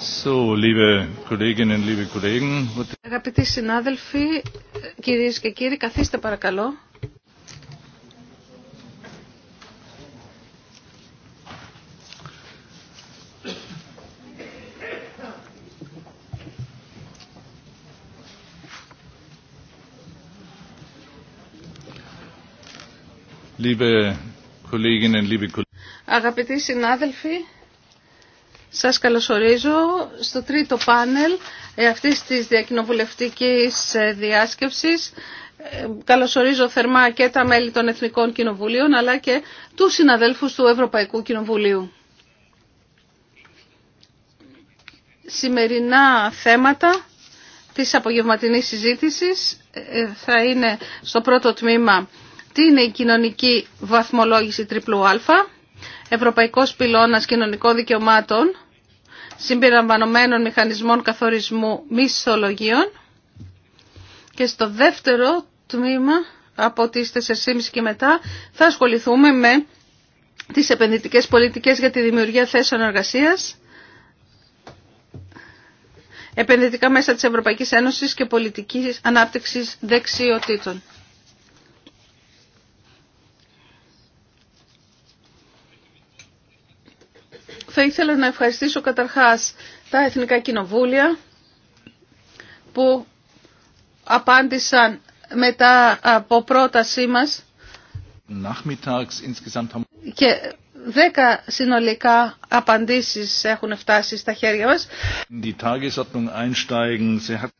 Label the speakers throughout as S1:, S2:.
S1: So, liebe Kolleginnen, liebe Kollegen.
S2: Αγαπητοί συνάδελφοι, κυρίες και κύριοι, καθίστε παρακαλώ.
S3: Liebe Kolleginnen, liebe Kollegen.
S2: Αγαπητοί συνάδελφοι, σας καλωσορίζω στο τρίτο πάνελ ε, αυτής της διακοινοβουλευτικής ε, διάσκεψης. Ε, καλωσορίζω θερμά και τα μέλη των Εθνικών Κοινοβουλίων αλλά και τους συναδέλφους του Ευρωπαϊκού Κοινοβουλίου. Σημερινά θέματα της απογευματινής συζήτησης θα είναι στο πρώτο τμήμα τι είναι η κοινωνική βαθμολόγηση τριπλού αλφα Ευρωπαϊκός Πυλώνας Κοινωνικών Δικαιωμάτων, συμπεριλαμβανομένων μηχανισμών καθορισμού μισθολογίων και στο δεύτερο τμήμα από τις 4.30 και μετά θα ασχοληθούμε με τις επενδυτικές πολιτικές για τη δημιουργία θέσεων εργασίας, επενδυτικά μέσα της Ευρωπαϊκής Ένωσης και πολιτικής ανάπτυξης δεξιοτήτων. θα ήθελα να ευχαριστήσω καταρχάς τα Εθνικά Κοινοβούλια που απάντησαν μετά από πρότασή μας και Δέκα συνολικά απαντήσεις έχουν φτάσει στα χέρια μας.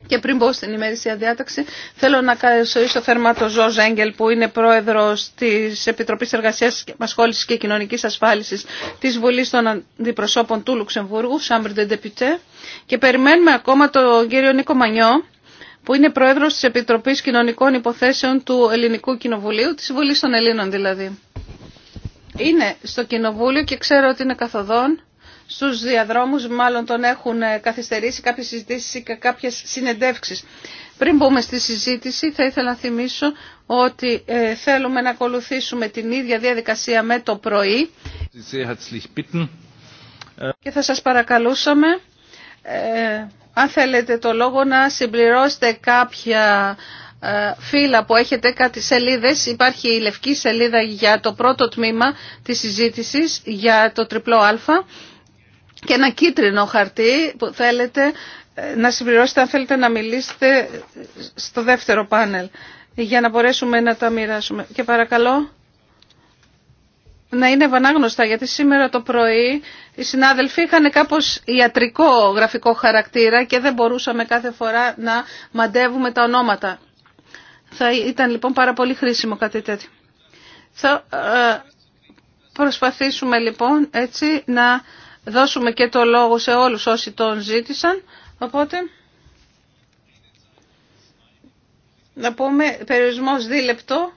S2: Και πριν πω στην ημέρηση αδιάταξη θέλω να καλωσορίσω θερμά το Ζωζ Έγγελ, που είναι πρόεδρος της Επιτροπής Εργασίας, Ασχόλησης και Κοινωνικής Ασφάλισης της Βουλής των Αντιπροσώπων του Λουξεμβούργου, Σάμπρ Ντεπιτέ. Και περιμένουμε ακόμα τον κύριο Νίκο Μανιό, που είναι πρόεδρος της Επιτροπής Κοινωνικών Υποθέσεων του Ελληνικού Κοινοβουλίου, της Βουλής των Ελλήνων δηλαδή είναι στο Κοινοβούλιο και ξέρω ότι είναι καθοδόν. Στους διαδρόμους μάλλον τον έχουν ε, καθυστερήσει κάποιε συζητήσει ή κάποιες συνεντεύξει. Πριν μπούμε στη συζήτηση θα ήθελα να θυμίσω ότι ε, θέλουμε να ακολουθήσουμε την ίδια διαδικασία με το πρωί
S3: ε,
S2: και θα σας παρακαλούσαμε αν θέλετε το λόγο να συμπληρώσετε κάποια ε, φύλλα που έχετε κάτι σελίδες. Υπάρχει η λευκή σελίδα για το πρώτο τμήμα της συζήτησης για το τριπλό α και ένα κίτρινο χαρτί που θέλετε ε, να συμπληρώσετε αν θέλετε να μιλήσετε ε, στο δεύτερο πάνελ για να μπορέσουμε να τα μοιράσουμε. Και παρακαλώ να είναι βανάγνωστα γιατί σήμερα το πρωί οι συνάδελφοι είχαν κάπως ιατρικό γραφικό χαρακτήρα και δεν μπορούσαμε κάθε φορά να μαντεύουμε τα ονόματα. Θα ήταν λοιπόν πάρα πολύ χρήσιμο κάτι τέτοιο. Θα ε, προσπαθήσουμε λοιπόν έτσι να δώσουμε και το λόγο σε όλους όσοι τον ζήτησαν. Οπότε να πούμε περιορισμός δίλεπτο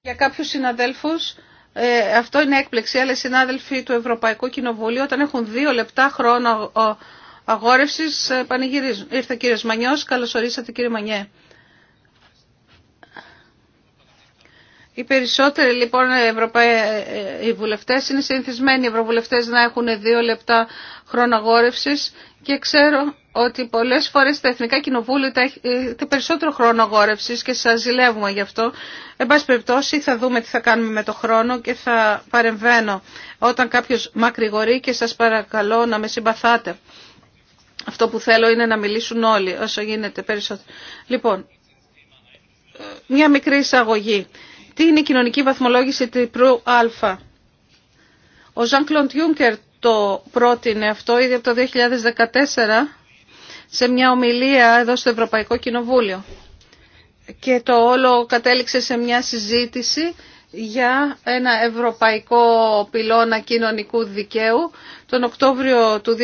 S2: για κάποιους συναδέλφους. Ε, αυτό είναι έκπληξη, αλλά οι συνάδελφοι του Ευρωπαϊκού Κοινοβουλίου όταν έχουν δύο λεπτά χρόνο ο, Αγόρευση ε, πανηγυρίζουν. Ήρθε ο κύριο Μανιό, καλώ ορίσατε κύριε Μανιέ. Οι περισσότεροι λοιπόν ε, ε, οι βουλευτές είναι συνηθισμένοι οι ευρωβουλευτές να έχουν δύο λεπτά χρόνο αγόρευση. και ξέρω ότι πολλές φορές τα Εθνικά Κοινοβούλια έχετε περισσότερο χρόνο αγόρευση και σας ζηλεύουμε γι' αυτό. Εν πάση περιπτώσει θα δούμε τι θα κάνουμε με το χρόνο και θα παρεμβαίνω όταν κάποιο μακρηγορεί και σας παρακαλώ να με συμπαθάτε. Αυτό που θέλω είναι να μιλήσουν όλοι, όσο γίνεται περισσότερο. Λοιπόν, μια μικρή εισαγωγή. Τι είναι η κοινωνική βαθμολόγηση τυπρού ΑΛΦΑ. Ο Ζαν Κλοντ Ιούνκερ το πρότεινε αυτό ήδη από το 2014 σε μια ομιλία εδώ στο Ευρωπαϊκό Κοινοβούλιο. Και το όλο κατέληξε σε μια συζήτηση για ένα ευρωπαϊκό πυλώνα κοινωνικού δικαίου τον Οκτώβριο του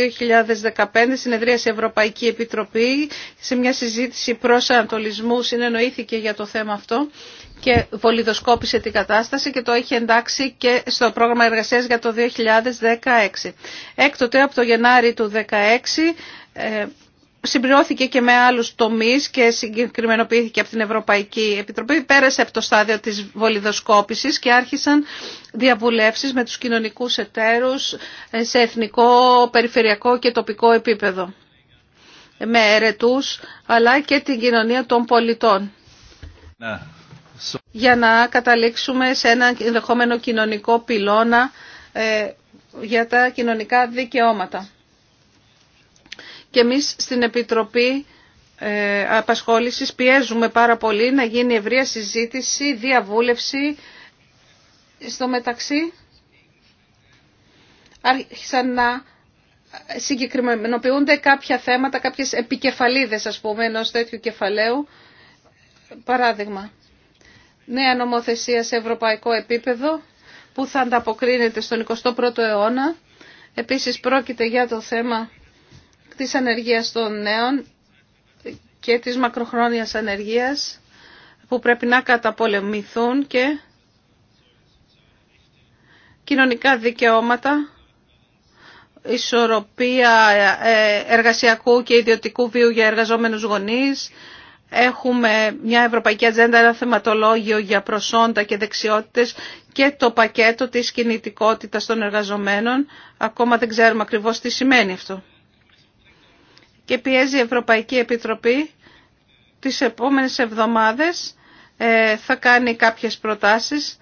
S2: 2015 συνεδρίασε η Ευρωπαϊκή Επιτροπή σε μια συζήτηση ανατολισμού συνεννοήθηκε για το θέμα αυτό και βολιδοσκόπησε την κατάσταση και το έχει εντάξει και στο πρόγραμμα εργασίας για το 2016. Έκτοτε από το Γενάρη του 2016 συμπληρώθηκε και με άλλους τομείς και συγκεκριμενοποιήθηκε από την Ευρωπαϊκή Επιτροπή. Πέρασε από το στάδιο της βολιδοσκόπησης και άρχισαν διαβουλεύσεις με τους κοινωνικούς εταίρους σε εθνικό, περιφερειακό και τοπικό επίπεδο. Με αιρετούς αλλά και την κοινωνία των πολιτών. Για να καταλήξουμε σε ένα ενδεχόμενο κοινωνικό πυλώνα ε, για τα κοινωνικά δικαιώματα και εμείς στην Επιτροπή ε, Απασχόλησης πιέζουμε πάρα πολύ να γίνει ευρεία συζήτηση, διαβούλευση. Στο μεταξύ άρχισαν να συγκεκριμενοποιούνται κάποια θέματα, κάποιες επικεφαλίδες ας πούμε ενός τέτοιου κεφαλαίου. Παράδειγμα, νέα νομοθεσία σε ευρωπαϊκό επίπεδο που θα ανταποκρίνεται στον 21ο αιώνα. Επίσης πρόκειται για το θέμα της ανεργίας των νέων και της μακροχρόνιας ανεργίας που πρέπει να καταπολεμηθούν και κοινωνικά δικαιώματα, ισορροπία ε, εργασιακού και ιδιωτικού βίου για εργαζόμενους γονείς. Έχουμε μια ευρωπαϊκή ατζέντα, ένα θεματολόγιο για προσόντα και δεξιότητες και το πακέτο της κινητικότητας των εργαζομένων. Ακόμα δεν ξέρουμε ακριβώς τι σημαίνει αυτό και πιέζει η Ευρωπαϊκή Επιτροπή τις επόμενες εβδομάδες ε, θα κάνει κάποιες προτάσεις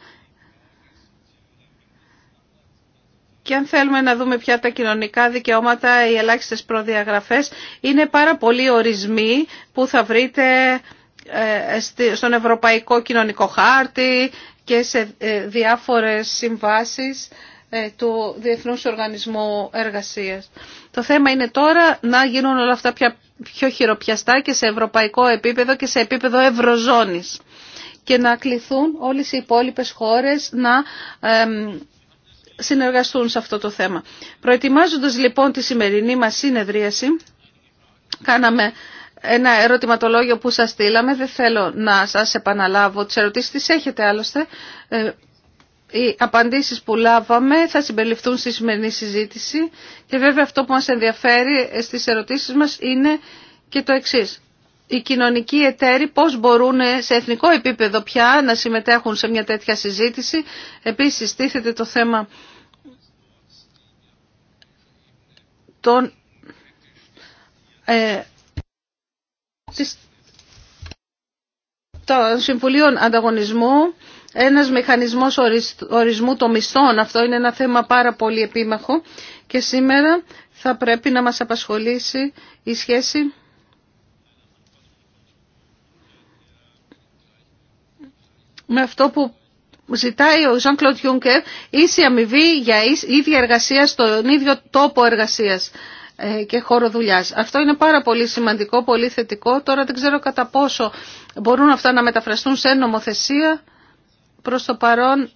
S2: και αν θέλουμε να δούμε ποια τα κοινωνικά δικαιώματα, οι ελάχιστες προδιαγραφές, είναι πάρα πολλοί ορισμοί που θα βρείτε ε, στον Ευρωπαϊκό Κοινωνικό Χάρτη και σε ε, διάφορες συμβάσεις ε, του Διεθνού Οργανισμού Εργασίας. Το θέμα είναι τώρα να γίνουν όλα αυτά πια πιο χειροπιαστά και σε ευρωπαϊκό επίπεδο και σε επίπεδο ευρωζώνης και να κληθούν όλες οι υπόλοιπες χώρες να συνεργαστούν σε αυτό το θέμα. Προετοιμάζοντας λοιπόν τη σημερινή μας συνεδρίαση, κάναμε ένα ερωτηματολόγιο που σας στείλαμε. Δεν θέλω να σας επαναλάβω τις ερωτήσεις, τις έχετε άλλωστε ε, οι απαντήσεις που λάβαμε θα συμπεριληφθούν στη σημερινή συζήτηση και βέβαια αυτό που μας ενδιαφέρει στις ερωτήσεις μας είναι και το εξής. Οι κοινωνικοί εταίροι πώς μπορούν σε εθνικό επίπεδο πια να συμμετέχουν σε μια τέτοια συζήτηση. Επίσης τίθεται το θέμα των, ε, των Συμβουλίων Ανταγωνισμού ένας μηχανισμός ορισμού των μισθών. Αυτό είναι ένα θέμα πάρα πολύ επίμαχο και σήμερα θα πρέπει να μας απασχολήσει η σχέση με αυτό που ζητάει ο Ζαν Κλοντ Ιούνκερ, ίση αμοιβή για ίδια εργασία στον ίδιο τόπο εργασίας ε, και χώρο δουλειά. Αυτό είναι πάρα πολύ σημαντικό, πολύ θετικό. Τώρα δεν ξέρω κατά πόσο μπορούν αυτά να μεταφραστούν σε νομοθεσία προς το παρόν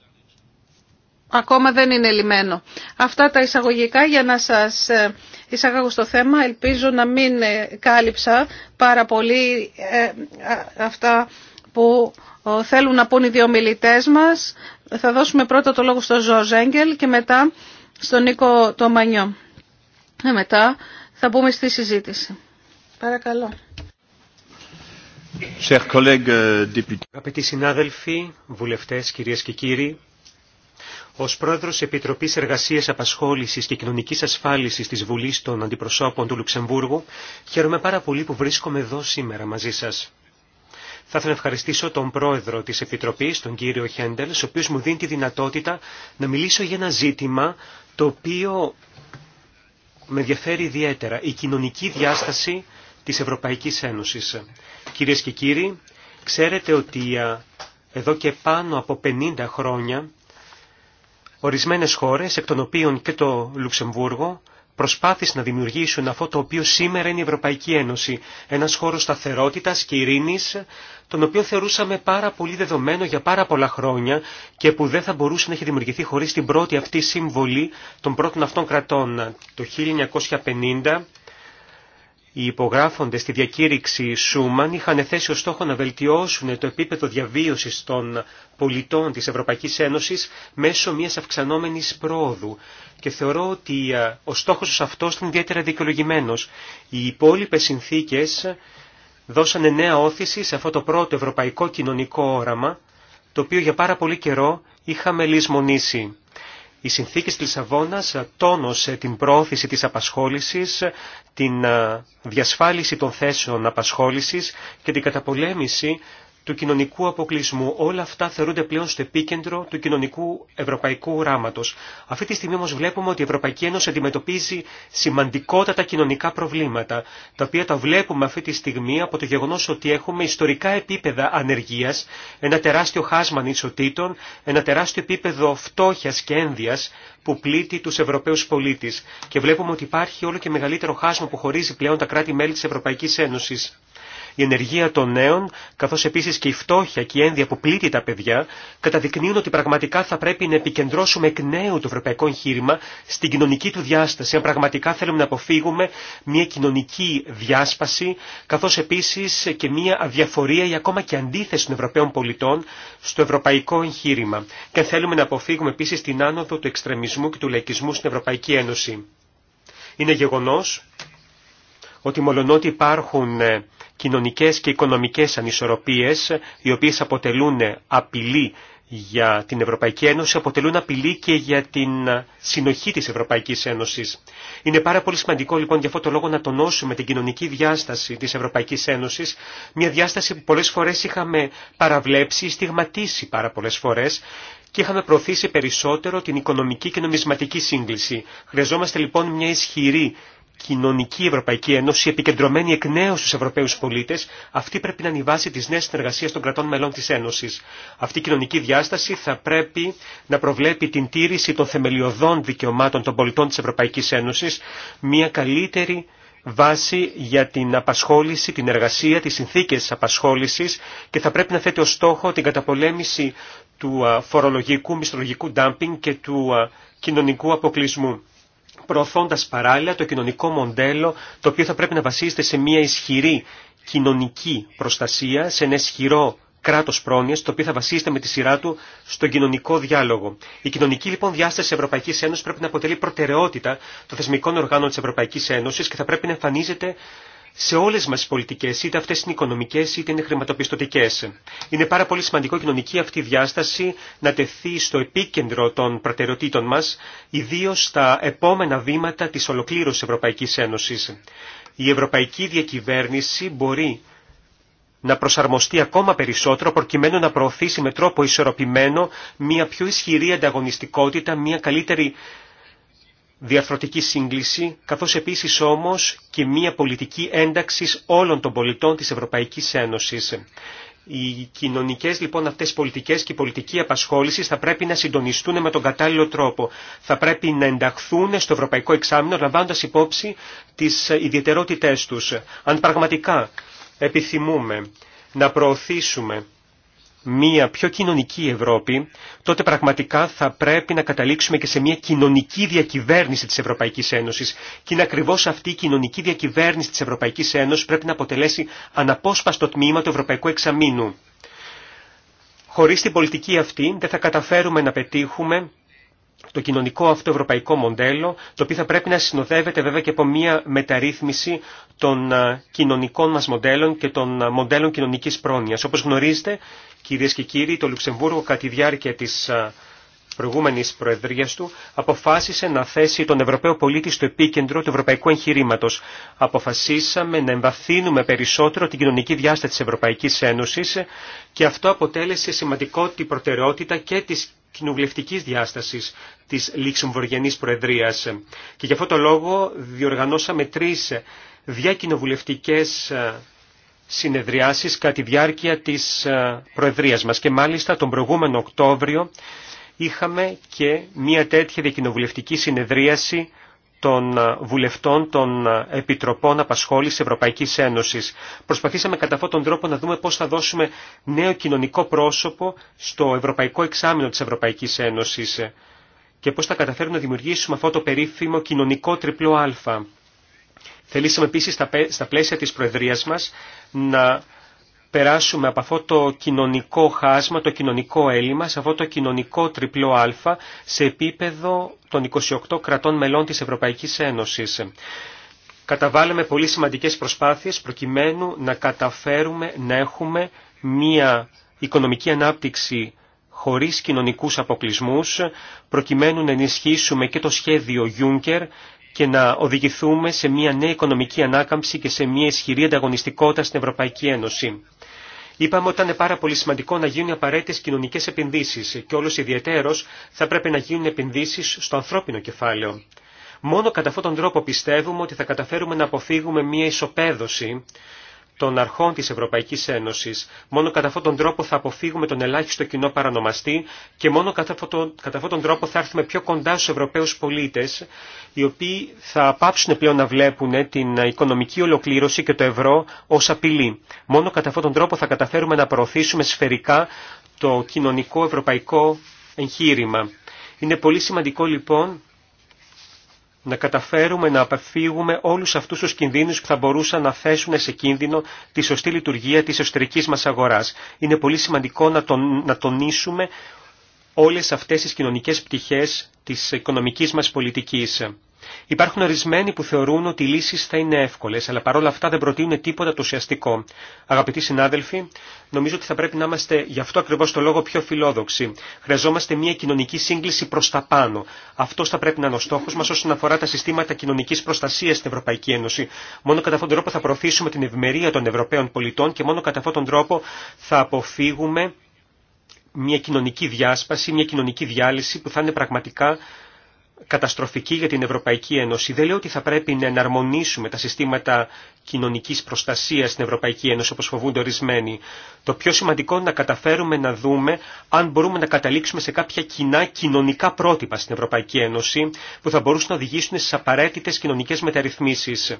S2: ακόμα δεν είναι λυμένο. Αυτά τα εισαγωγικά για να σας ε, εισαγάγω στο θέμα. Ελπίζω να μην ε, κάλυψα πάρα πολύ ε, αυτά που θέλουν να πούν οι δύο μιλητές μας. Θα δώσουμε πρώτα το λόγο στον Ζωζέγγελ και μετά στον Νίκο Τομανιό. Μανιό. μετά θα μπούμε στη συζήτηση. Παρακαλώ.
S4: Euh, Αγαπητοί συνάδελφοι, βουλευτές, κυρίες και κύριοι, ως πρόεδρος Επιτροπής Εργασίας Απασχόλησης και Κοινωνικής Ασφάλισης της Βουλή των Αντιπροσώπων του Λουξεμβούργου, χαίρομαι πάρα πολύ που βρίσκομαι εδώ σήμερα μαζί σας. Θα ήθελα να ευχαριστήσω τον πρόεδρο της Επιτροπής, τον κύριο Χέντελ, ο οποίος μου δίνει τη δυνατότητα να μιλήσω για ένα ζήτημα το οποίο με ενδιαφέρει ιδιαίτερα, η κοινωνική διάσταση της Ευρωπαϊκής Ένωσης. Κυρίες και κύριοι, ξέρετε ότι εδώ και πάνω από 50 χρόνια ορισμένες χώρες, εκ των οποίων και το Λουξεμβούργο, προσπάθησαν να δημιουργήσουν αυτό το οποίο σήμερα είναι η Ευρωπαϊκή Ένωση, ένας χώρος σταθερότητας και ειρήνης, τον οποίο θεωρούσαμε πάρα πολύ δεδομένο για πάρα πολλά χρόνια και που δεν θα μπορούσε να έχει δημιουργηθεί χωρίς την πρώτη αυτή συμβολή των πρώτων αυτών κρατών. Το 1950 οι υπογράφοντες στη διακήρυξη Σούμαν είχαν θέσει ως στόχο να βελτιώσουν το επίπεδο διαβίωσης των πολιτών της Ευρωπαϊκής Ένωσης μέσω μιας αυξανόμενης πρόοδου και θεωρώ ότι ε, ο στόχος αυτός ήταν ιδιαίτερα δικαιολογημένο. Οι υπόλοιπε συνθήκες δώσανε νέα όθηση σε αυτό το πρώτο ευρωπαϊκό κοινωνικό όραμα το οποίο για πάρα πολύ καιρό είχαμε λησμονήσει. Η συνθήκη της Λισαβόνας τόνωσε την πρόθεση της απασχόλησης, την ε, διασφάλιση των θέσεων απασχόλησης και την καταπολέμηση του κοινωνικού αποκλεισμού. Όλα αυτά θεωρούνται πλέον στο επίκεντρο του κοινωνικού ευρωπαϊκού οράματο. Αυτή τη στιγμή όμω βλέπουμε ότι η Ευρωπαϊκή Ένωση αντιμετωπίζει σημαντικότατα κοινωνικά προβλήματα, τα οποία τα βλέπουμε αυτή τη στιγμή από το γεγονό ότι έχουμε ιστορικά επίπεδα ανεργία, ένα τεράστιο χάσμα ανισοτήτων, ένα τεράστιο επίπεδο φτώχεια και ένδυα που πλήττει του Ευρωπαίου πολίτε. Και βλέπουμε ότι υπάρχει όλο και μεγαλύτερο χάσμα που χωρίζει πλέον τα κράτη-μέλη τη Ευρωπαϊκή Ένωση η ενεργία των νέων, καθώς επίσης και η φτώχεια και η ένδια που πλήττει τα παιδιά, καταδεικνύουν ότι πραγματικά θα πρέπει να επικεντρώσουμε εκ νέου το ευρωπαϊκό εγχείρημα στην κοινωνική του διάσταση, αν πραγματικά θέλουμε να αποφύγουμε μια κοινωνική διάσπαση, καθώς επίσης και μια αδιαφορία ή ακόμα και αντίθεση των Ευρωπαίων πολιτών στο ευρωπαϊκό εγχείρημα. Και θέλουμε να αποφύγουμε επίσης την άνοδο του εξτρεμισμού και του λαϊκισμού στην Ευρωπαϊκή Ένωση. Είναι γεγονός ότι μολονότι υπάρχουν ε, κοινωνικές και οικονομικές ανισορροπίες, οι οποίες αποτελούν απειλή για την Ευρωπαϊκή Ένωση, αποτελούν απειλή και για την συνοχή της Ευρωπαϊκής Ένωσης. Είναι πάρα πολύ σημαντικό λοιπόν για αυτό το λόγο να τονώσουμε την κοινωνική διάσταση της Ευρωπαϊκής Ένωσης, μια διάσταση που πολλές φορές είχαμε παραβλέψει, ή στιγματίσει πάρα πολλές φορές και είχαμε προωθήσει περισσότερο την οικονομική και νομισματική σύγκληση. Χρειαζόμαστε λοιπόν μια ισχυρή κοινωνική Ευρωπαϊκή Ένωση, επικεντρωμένη εκ νέου στους Ευρωπαίους πολίτες, αυτή πρέπει να είναι η βάση της νέας συνεργασίας των κρατών μελών της Ένωσης. Αυτή η κοινωνική διάσταση θα πρέπει να προβλέπει την τήρηση των θεμελιωδών δικαιωμάτων των πολιτών της Ευρωπαϊκής Ένωσης, μια καλύτερη βάση για την απασχόληση, την εργασία, τις συνθήκες απασχόλησης και θα πρέπει να θέτει ως στόχο την καταπολέμηση του φορολογικού, μισθολογικού ντάμπινγκ και του κοινωνικού αποκλεισμού προωθώντας παράλληλα το κοινωνικό μοντέλο το οποίο θα πρέπει να βασίζεται σε μια ισχυρή κοινωνική προστασία, σε ένα ισχυρό κράτος πρόνοιας το οποίο θα βασίζεται με τη σειρά του στον κοινωνικό διάλογο. Η κοινωνική λοιπόν διάσταση της Ευρωπαϊκή Ένωση πρέπει να αποτελεί προτεραιότητα των θεσμικών οργάνων τη Ευρωπαϊκή Ένωση και θα πρέπει να εμφανίζεται σε όλε μα τι πολιτικές, είτε αυτέ είναι οικονομικέ είτε είναι χρηματοπιστωτικέ. Είναι πάρα πολύ σημαντικό η κοινωνική αυτή διάσταση να τεθεί στο επίκεντρο των προτεραιοτήτων μα ιδίω στα επόμενα βήματα τη ολοκλήρωση Ευρωπαϊκή Ένωση. Η Ευρωπαϊκή Διακυβέρνηση μπορεί να προσαρμοστεί ακόμα περισσότερο προκειμένου να προωθήσει με τρόπο ισορροπημένο μια πιο ισχυρή ανταγωνιστικότητα, μια καλύτερη διαφορετική σύγκληση, καθώς επίσης όμως και μια πολιτική ένταξης όλων των πολιτών της Ευρωπαϊκής Ένωσης. Οι κοινωνικές λοιπόν αυτέ πολιτικές και η πολιτική απασχόληση θα πρέπει να συντονιστούν με τον κατάλληλο τρόπο. Θα πρέπει να ενταχθούν στο ευρωπαϊκό εξάμεινο λαμβάνοντα υπόψη τις ιδιαιτερότητέ τους. Αν πραγματικά επιθυμούμε να προωθήσουμε μία πιο κοινωνική Ευρώπη, τότε πραγματικά θα πρέπει να καταλήξουμε και σε μία κοινωνική διακυβέρνηση της Ευρωπαϊκής Ένωσης. Και είναι ακριβώς αυτή η κοινωνική διακυβέρνηση της Ευρωπαϊκής Ένωσης πρέπει να αποτελέσει αναπόσπαστο τμήμα του Ευρωπαϊκού Εξαμήνου. Χωρίς την πολιτική αυτή δεν θα καταφέρουμε να πετύχουμε το κοινωνικό αυτό ευρωπαϊκό μοντέλο, το οποίο θα πρέπει να συνοδεύεται βέβαια και από μια μεταρρύθμιση των ε, κοινωνικών μας μοντέλων και των ε, μοντέλων κοινωνικής πρόνοιας. Όπως γνωρίζετε, κυρίες και κύριοι, το Λουξεμβούργο κατά τη διάρκεια της ε, προηγούμενης προεδρίας του, αποφάσισε να θέσει τον Ευρωπαίο πολίτη στο επίκεντρο του ευρωπαϊκού εγχειρήματος. Αποφασίσαμε να εμβαθύνουμε περισσότερο την κοινωνική διάσταση της Ευρωπαϊκής Ένωσης και αυτό αποτέλεσε σημαντικότητα προτεραιότητα και της κοινοβουλευτική διάστασης της Λίξεμβουργιανής προεδρία. Και για αυτό το λόγο διοργανώσαμε τρει διακοινοβουλευτικέ ε, συνεδριάσεις κατά τη διάρκεια της ε, Προεδρίας μας και μάλιστα τον προηγούμενο Οκτώβριο είχαμε και μια τέτοια διακοινοβουλευτική συνεδρίαση των βουλευτών των Επιτροπών Απασχόλησης Ευρωπαϊκή Ένωσης. Προσπαθήσαμε κατά αυτόν τον τρόπο να δούμε πώς θα δώσουμε νέο κοινωνικό πρόσωπο στο Ευρωπαϊκό Εξάμεινο της Ευρωπαϊκής Ένωσης και πώς θα καταφέρουμε να δημιουργήσουμε αυτό το περίφημο κοινωνικό τριπλό α. Θελήσαμε επίσης στα πλαίσια της Προεδρίας μας να περάσουμε από αυτό το κοινωνικό χάσμα, το κοινωνικό έλλειμμα, σε αυτό το κοινωνικό τριπλό α, σε επίπεδο των 28 κρατών μελών της Ευρωπαϊκής Ένωσης. Καταβάλλουμε πολύ σημαντικές προσπάθειες προκειμένου να καταφέρουμε να έχουμε μία οικονομική ανάπτυξη χωρίς κοινωνικούς αποκλεισμούς, προκειμένου να ενισχύσουμε και το σχέδιο Juncker και να οδηγηθούμε σε μια νέα οικονομική ανάκαμψη και σε μια ισχυρή ανταγωνιστικότητα στην Ευρωπαϊκή Ένωση. Είπαμε ότι ήταν πάρα πολύ σημαντικό να γίνουν απαραίτητε κοινωνικέ επενδύσει και όλο ιδιαίτερο θα πρέπει να γίνουν επενδύσει στο ανθρώπινο κεφάλαιο. Μόνο κατά αυτόν τον τρόπο πιστεύουμε ότι θα καταφέρουμε να αποφύγουμε μια ισοπαίδωση των αρχών της Ευρωπαϊκής Ένωσης. Μόνο κατά αυτόν τον τρόπο θα αποφύγουμε τον ελάχιστο κοινό παρανομαστή και μόνο κατά αυτόν τον τρόπο θα έρθουμε πιο κοντά στους Ευρωπαίους πολίτες, οι οποίοι θα πάψουν πλέον να βλέπουν την οικονομική ολοκλήρωση και το ευρώ ως απειλή. Μόνο κατά αυτόν τον τρόπο θα καταφέρουμε να προωθήσουμε σφαιρικά το κοινωνικό ευρωπαϊκό εγχείρημα. Είναι πολύ σημαντικό λοιπόν να καταφέρουμε να απεφύγουμε όλους αυτούς τους κινδύνους που θα μπορούσαν να θέσουν σε κίνδυνο τη σωστή λειτουργία της εσωτερικής μας αγοράς. Είναι πολύ σημαντικό να, τον, να τονίσουμε όλες αυτές τις κοινωνικές πτυχές της οικονομικής μας πολιτικής. Υπάρχουν ορισμένοι που θεωρούν ότι οι λύσει θα είναι εύκολε, αλλά παρόλα αυτά δεν προτείνουν τίποτα το ουσιαστικό. Αγαπητοί συνάδελφοι, νομίζω ότι θα πρέπει να είμαστε γι' αυτό ακριβώ το λόγο πιο φιλόδοξοι. Χρειαζόμαστε μια κοινωνική σύγκληση προ τα πάνω. Αυτό θα πρέπει να είναι ο στόχο μα όσον αφορά τα συστήματα κοινωνική προστασία στην Ευρωπαϊκή Ένωση. Μόνο κατά αυτόν τον τρόπο θα προωθήσουμε την ευημερία των Ευρωπαίων πολιτών και μόνο κατά αυτόν τον τρόπο θα αποφύγουμε μια κοινωνική διάσπαση, μια κοινωνική διάλυση που θα είναι πραγματικά καταστροφική για την Ευρωπαϊκή Ένωση. Δεν λέω ότι θα πρέπει να εναρμονίσουμε τα συστήματα κοινωνικής προστασίας στην Ευρωπαϊκή Ένωση όπως φοβούνται ορισμένοι. Το πιο σημαντικό είναι να καταφέρουμε να δούμε αν μπορούμε να καταλήξουμε σε κάποια κοινά κοινωνικά πρότυπα στην Ευρωπαϊκή Ένωση που θα μπορούσαν να οδηγήσουν στις απαραίτητες κοινωνικές μεταρρυθμίσεις.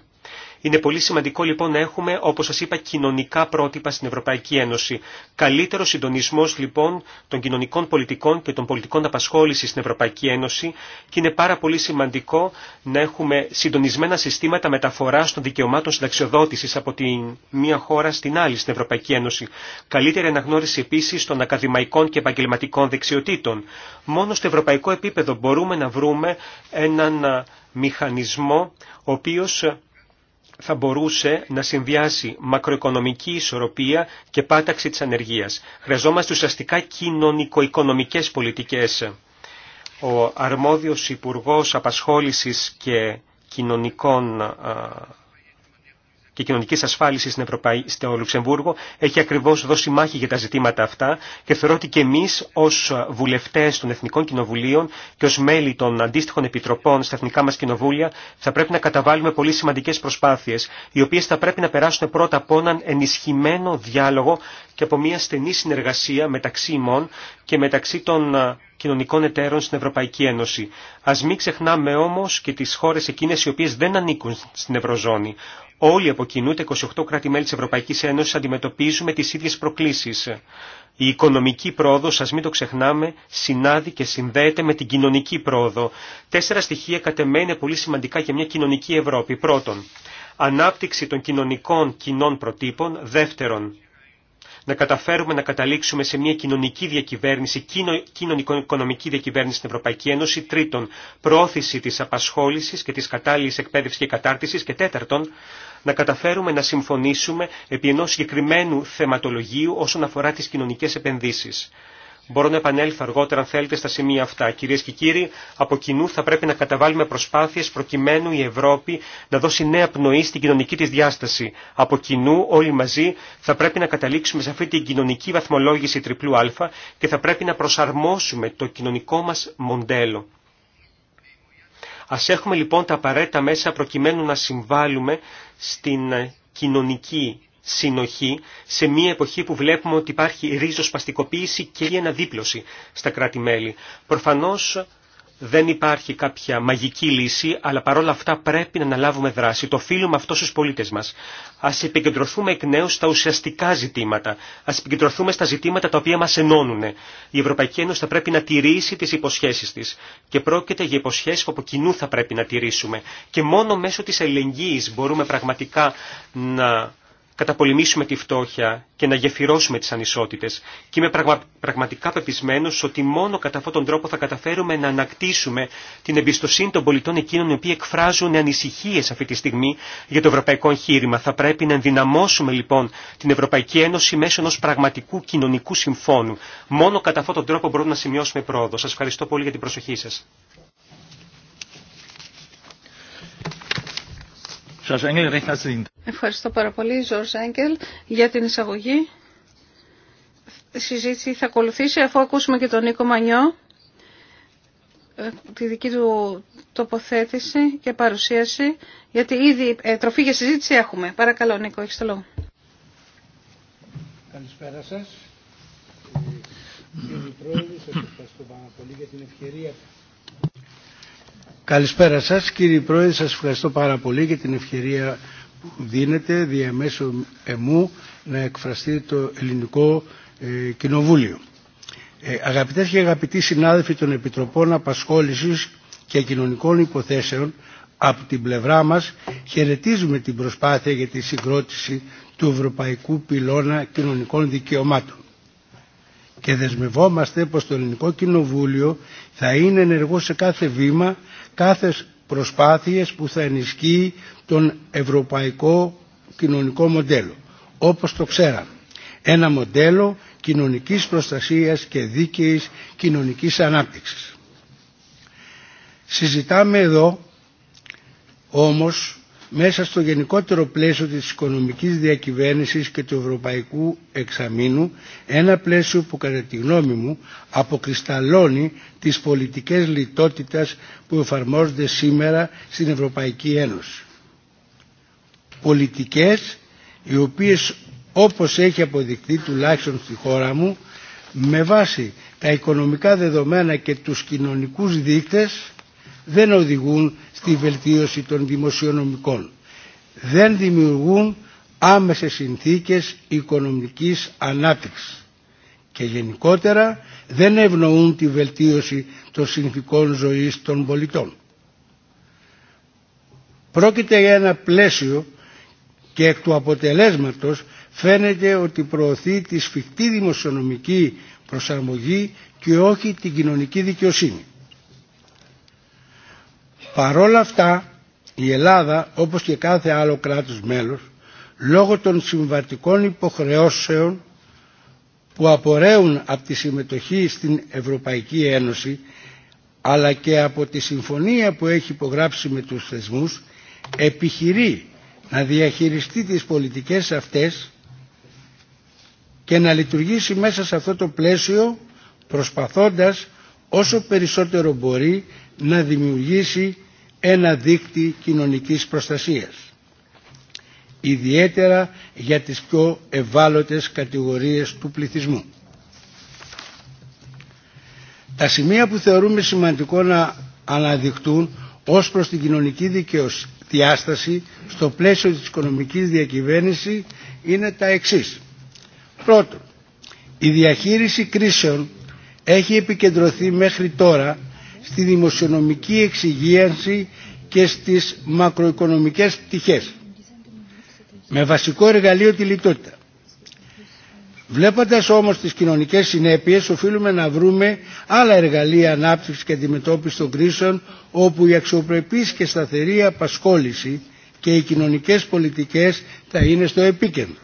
S4: Είναι πολύ σημαντικό λοιπόν να έχουμε, όπω σα είπα, κοινωνικά πρότυπα στην Ευρωπαϊκή Ένωση. Καλύτερο συντονισμό λοιπόν των κοινωνικών πολιτικών και των πολιτικών απασχόληση στην Ευρωπαϊκή Ένωση και είναι πάρα πολύ σημαντικό να έχουμε συντονισμένα συστήματα μεταφορά των δικαιωμάτων συνταξιοδότηση από τη μία χώρα στην άλλη στην Ευρωπαϊκή Ένωση. Καλύτερη αναγνώριση επίση των ακαδημαϊκών και επαγγελματικών δεξιοτήτων. Μόνο στο ευρωπαϊκό επίπεδο μπορούμε να βρούμε έναν μηχανισμό ο οποίος θα μπορούσε να συνδυάσει μακροοικονομική ισορροπία και πάταξη της ανεργίας. Χρειαζόμαστε ουσιαστικά κοινωνικο-οικονομικές πολιτικές. Ο αρμόδιος Υπουργός Απασχόλησης και Κοινωνικών και κοινωνική ασφάλισης στην Ευρωπαϊ... στο Λουξεμβούργο έχει ακριβώ δώσει μάχη για τα ζητήματα αυτά και θεωρώ ότι και εμείς ως βουλευτές των Εθνικών Κοινοβουλίων και ω μέλη των αντίστοιχων επιτροπών στα Εθνικά μα Κοινοβούλια θα πρέπει να καταβάλουμε πολύ σημαντικέ προσπάθειε, οι οποίε θα πρέπει να περάσουν πρώτα από έναν ενισχυμένο διάλογο και από μια στενή συνεργασία μεταξύ ημών και μεταξύ των ε, κοινωνικών εταίρων στην Ευρωπαϊκή Ένωση. Α μην ξεχνάμε όμω και τι χώρε εκείνε οι οποίες δεν ανήκουν στην Ευρωζώνη. Όλοι από κοινού, τα 28 κράτη-μέλη της Ευρωπαϊκής Ένωσης, αντιμετωπίζουμε τις ίδιες προκλήσεις. Η οικονομική πρόοδο, ας μην το ξεχνάμε, συνάδει και συνδέεται με την κοινωνική πρόοδο. Τέσσερα στοιχεία κατ' είναι πολύ σημαντικά για μια κοινωνική Ευρώπη. Πρώτον, ανάπτυξη των κοινωνικών κοινών προτύπων. Δεύτερον, να καταφέρουμε να καταλήξουμε σε μια κοινωνική διακυβέρνηση, κοινωνικο-οικονομική διακυβέρνηση στην Ευρωπαϊκή Ένωση. Τρίτον, προώθηση τη απασχόληση και τη κατάλληλη εκπαίδευση και κατάρτιση. Και τέταρτον, να καταφέρουμε να συμφωνήσουμε επί ενό συγκεκριμένου θεματολογίου όσον αφορά τι κοινωνικέ επενδύσει. Μπορώ να επανέλθω αργότερα αν θέλετε στα σημεία αυτά. Κυρίες και κύριοι, από κοινού θα πρέπει να καταβάλουμε προσπάθειες προκειμένου η Ευρώπη να δώσει νέα πνοή στην κοινωνική της διάσταση. Από κοινού όλοι μαζί θα πρέπει να καταλήξουμε σε αυτή την κοινωνική βαθμολόγηση τριπλού α και θα πρέπει να προσαρμόσουμε το κοινωνικό μας μοντέλο. Ας έχουμε λοιπόν τα απαραίτητα μέσα προκειμένου να συμβάλλουμε στην κοινωνική συνοχή σε μια εποχή που βλέπουμε ότι υπάρχει ρίζοσπαστικοποίηση και η αναδίπλωση στα κράτη-μέλη. Προφανώς δεν υπάρχει κάποια μαγική λύση, αλλά παρόλα αυτά πρέπει να αναλάβουμε δράση. Το οφείλουμε αυτό στους πολίτες μας. Ας επικεντρωθούμε εκ νέου στα ουσιαστικά ζητήματα. Ας επικεντρωθούμε στα ζητήματα τα οποία μας ενώνουν. Η Ευρωπαϊκή Ένωση θα πρέπει να τηρήσει τις υποσχέσεις της. Και πρόκειται για υποσχέσεις που από κοινού θα πρέπει να τηρήσουμε. Και μόνο μέσω της ελεγγύης μπορούμε πραγματικά να καταπολεμήσουμε τη φτώχεια και να γεφυρώσουμε τις ανισότητες. Και είμαι πραγματικά πεπισμένος ότι μόνο κατά αυτόν τον τρόπο θα καταφέρουμε να ανακτήσουμε την εμπιστοσύνη των πολιτών εκείνων οι οποίοι εκφράζουν ανησυχίες αυτή τη στιγμή για το ευρωπαϊκό εγχείρημα. Θα πρέπει να ενδυναμώσουμε λοιπόν την Ευρωπαϊκή Ένωση μέσω ενός πραγματικού κοινωνικού συμφώνου. Μόνο κατά αυτόν τον τρόπο μπορούμε να σημειώσουμε πρόοδο. Σας ευχαριστώ πολύ για την προσοχή σας.
S2: Ευχαριστώ πάρα πολύ, Ζορ για την εισαγωγή. Η συζήτηση θα ακολουθήσει αφού ακούσουμε και τον Νίκο Μανιό, ε, τη δική του τοποθέτηση και παρουσίαση, γιατί ήδη ε, τροφή για συζήτηση έχουμε. Παρακαλώ, Νίκο, έχεις το λόγο.
S5: Καλησπέρα σας. Ε, κύριε Πρόεδρε, σας ευχαριστώ πάρα πολύ για την ευκαιρία Καλησπέρα σας κύριε Πρόεδρε, σας ευχαριστώ πάρα πολύ για την ευκαιρία που δίνετε διαμέσω εμού να εκφραστεί το ελληνικό ε, κοινοβούλιο. Ε, αγαπητές και αγαπητοί συνάδελφοι των Επιτροπών Απασχόλησης και Κοινωνικών Υποθέσεων, από την πλευρά μας χαιρετίζουμε την προσπάθεια για τη συγκρότηση του Ευρωπαϊκού Πυλώνα Κοινωνικών Δικαιωμάτων και δεσμευόμαστε πως το Ελληνικό Κοινοβούλιο θα είναι ενεργό σε κάθε βήμα, κάθε προσπάθειες που θα ενισχύει τον ευρωπαϊκό κοινωνικό μοντέλο, όπως το ξέραμε. Ένα μοντέλο κοινωνικής προστασίας και δίκαιης κοινωνικής ανάπτυξης. Συζητάμε εδώ όμως μέσα στο γενικότερο πλαίσιο της οικονομικής διακυβέρνησης και του ευρωπαϊκού εξαμήνου ένα πλαίσιο που κατά τη γνώμη μου αποκρισταλώνει τις πολιτικές λιτότητας που εφαρμόζονται σήμερα στην Ευρωπαϊκή Ένωση. Πολιτικές οι οποίες όπως έχει αποδειχθεί τουλάχιστον στη χώρα μου με βάση τα οικονομικά δεδομένα και τους κοινωνικούς δείκτες δεν οδηγούν στη βελτίωση των δημοσιονομικών. Δεν δημιουργούν άμεσες συνθήκες οικονομικής ανάπτυξης και γενικότερα δεν ευνοούν τη βελτίωση των συνθήκων ζωής των πολιτών. Πρόκειται για ένα πλαίσιο και εκ του αποτελέσματος φαίνεται ότι προωθεί τη σφιχτή δημοσιονομική προσαρμογή και όχι την κοινωνική δικαιοσύνη. Παρόλα αυτά η Ελλάδα όπως και κάθε άλλο κράτος μέλος λόγω των συμβατικών υποχρεώσεων που απορρέουν από τη συμμετοχή στην Ευρωπαϊκή Ένωση αλλά και από τη συμφωνία που έχει υπογράψει με τους θεσμούς επιχειρεί να διαχειριστεί τις πολιτικές αυτές και να λειτουργήσει μέσα σε αυτό το πλαίσιο προσπαθώντας όσο περισσότερο μπορεί να δημιουργήσει ένα δίκτυ κοινωνικής προστασίας ιδιαίτερα για τις πιο ευάλωτες κατηγορίες του πληθυσμού. Τα σημεία που θεωρούμε σημαντικό να αναδειχτούν ως προς την κοινωνική δικαιοσύνη στο πλαίσιο της οικονομικής διακυβέρνησης είναι τα εξής. Πρώτον, η διαχείριση κρίσεων έχει επικεντρωθεί μέχρι τώρα στη δημοσιονομική εξυγίανση και στις μακροοικονομικές πτυχές με βασικό εργαλείο τη λιτότητα. Βλέποντας όμως τις κοινωνικές συνέπειες οφείλουμε να βρούμε άλλα εργαλεία ανάπτυξης και αντιμετώπισης των κρίσεων όπου η αξιοπρεπής και σταθερή απασχόληση και οι κοινωνικές πολιτικές θα είναι στο επίκεντρο.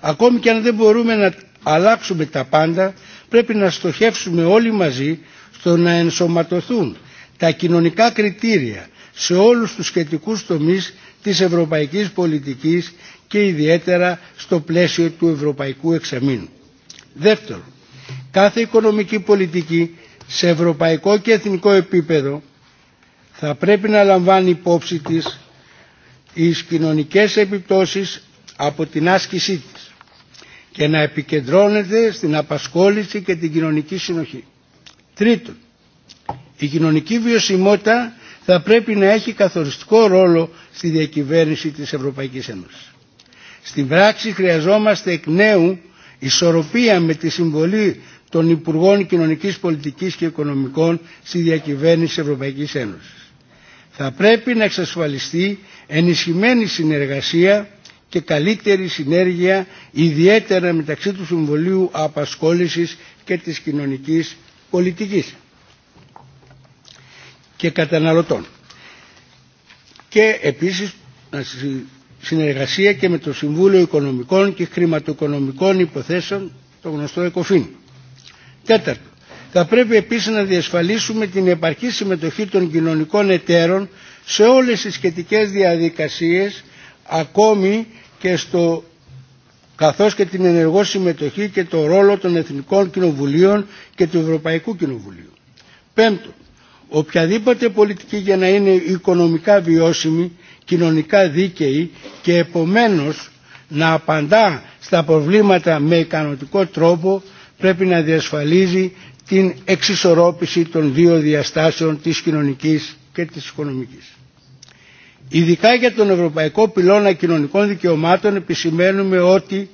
S5: Ακόμη και αν δεν μπορούμε να αλλάξουμε τα πάντα πρέπει να στοχεύσουμε όλοι μαζί στο να ενσωματωθούν τα κοινωνικά κριτήρια σε όλους τους σχετικούς τομείς της ευρωπαϊκής πολιτικής και ιδιαίτερα στο πλαίσιο του ευρωπαϊκού εξαμήνου. Δεύτερον, κάθε οικονομική πολιτική σε ευρωπαϊκό και εθνικό επίπεδο θα πρέπει να λαμβάνει υπόψη της τις κοινωνικές επιπτώσεις από την άσκησή της και να επικεντρώνεται στην απασχόληση και την κοινωνική συνοχή. Τρίτον, η κοινωνική βιωσιμότητα θα πρέπει να έχει καθοριστικό ρόλο στη διακυβέρνηση της Ευρωπαϊκής Ένωσης. Στην πράξη χρειαζόμαστε εκ νέου ισορροπία με τη συμβολή των Υπουργών Κοινωνικής Πολιτικής και Οικονομικών στη διακυβέρνηση της Ευρωπαϊκής Ένωσης. Θα πρέπει να εξασφαλιστεί ενισχυμένη συνεργασία και καλύτερη συνέργεια ιδιαίτερα μεταξύ του Συμβολίου Απασχόλησης και της Κοινωνικής πολιτικής και καταναλωτών. Και επίσης συνεργασία και με το Συμβούλιο Οικονομικών και Χρηματοοικονομικών Υποθέσεων, το γνωστό ΕΚΟΦΗΝ. Τέταρτο, θα πρέπει επίσης να διασφαλίσουμε την επαρκή συμμετοχή των κοινωνικών εταίρων σε όλες τις σχετικές διαδικασίες, ακόμη και στο καθώς και την ενεργό συμμετοχή και το ρόλο των Εθνικών Κοινοβουλίων και του Ευρωπαϊκού Κοινοβουλίου. Πέμπτον, οποιαδήποτε πολιτική για να είναι οικονομικά βιώσιμη, κοινωνικά δίκαιη και επομένως να απαντά στα προβλήματα με ικανοτικό τρόπο πρέπει να διασφαλίζει την εξισορρόπηση των δύο διαστάσεων της κοινωνικής και της οικονομικής. Ειδικά για τον Ευρωπαϊκό Πυλώνα Κοινωνικών Δικαιωμάτων επισημαίνουμε ότι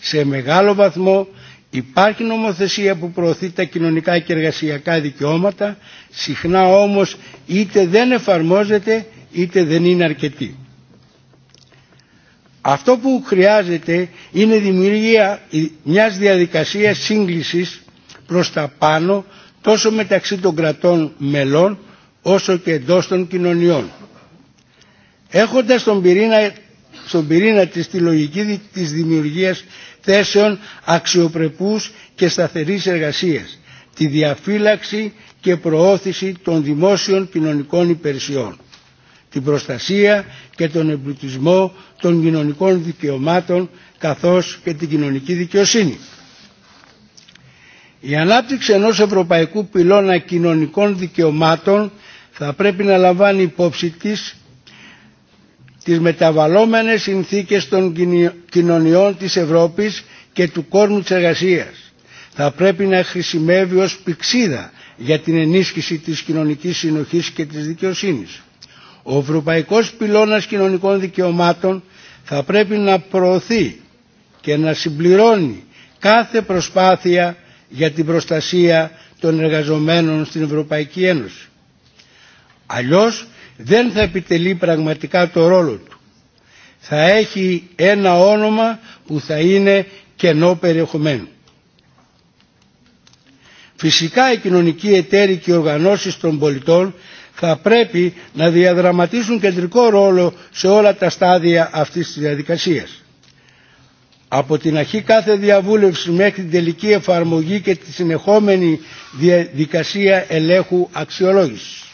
S5: σε μεγάλο βαθμό υπάρχει νομοθεσία που προωθεί τα κοινωνικά και εργασιακά δικαιώματα, συχνά όμως είτε δεν εφαρμόζεται είτε δεν είναι αρκετή. Αυτό που χρειάζεται είναι δημιουργία μιας διαδικασίας σύγκλησης προς τα πάνω τόσο μεταξύ των κρατών μελών όσο και εντός των κοινωνιών έχοντας στον πυρήνα, στον πυρήνα της τη λογική της δημιουργίας θέσεων αξιοπρεπούς και σταθερής εργασίας, τη διαφύλαξη και προώθηση των δημόσιων κοινωνικών υπηρεσιών, την προστασία και τον εμπλουτισμό των κοινωνικών δικαιωμάτων καθώς και την κοινωνική δικαιοσύνη. Η ανάπτυξη ενός ευρωπαϊκού πυλώνα κοινωνικών δικαιωμάτων θα πρέπει να λαμβάνει υπόψη της τις μεταβαλλόμενες συνθήκες των κοινωνιών της Ευρώπης και του κόσμου της εργασίας. Θα πρέπει να χρησιμεύει ως πηξίδα για την ενίσχυση της κοινωνικής συνοχής και της δικαιοσύνης. Ο Ευρωπαϊκός Πυλώνας Κοινωνικών Δικαιωμάτων θα πρέπει να προωθεί και να συμπληρώνει κάθε προσπάθεια για την προστασία των εργαζομένων στην Ευρωπαϊκή Ένωση. Αλλιώς δεν θα επιτελεί πραγματικά το ρόλο του. Θα έχει ένα όνομα που θα είναι κενό περιεχομένου. Φυσικά οι κοινωνικοί εταίροι και οι οργανώσεις των πολιτών θα πρέπει να διαδραματίσουν κεντρικό ρόλο σε όλα τα στάδια αυτής της διαδικασίας. Από την αρχή κάθε διαβούλευση μέχρι την τελική εφαρμογή και τη συνεχόμενη διαδικασία ελέγχου αξιολόγησης.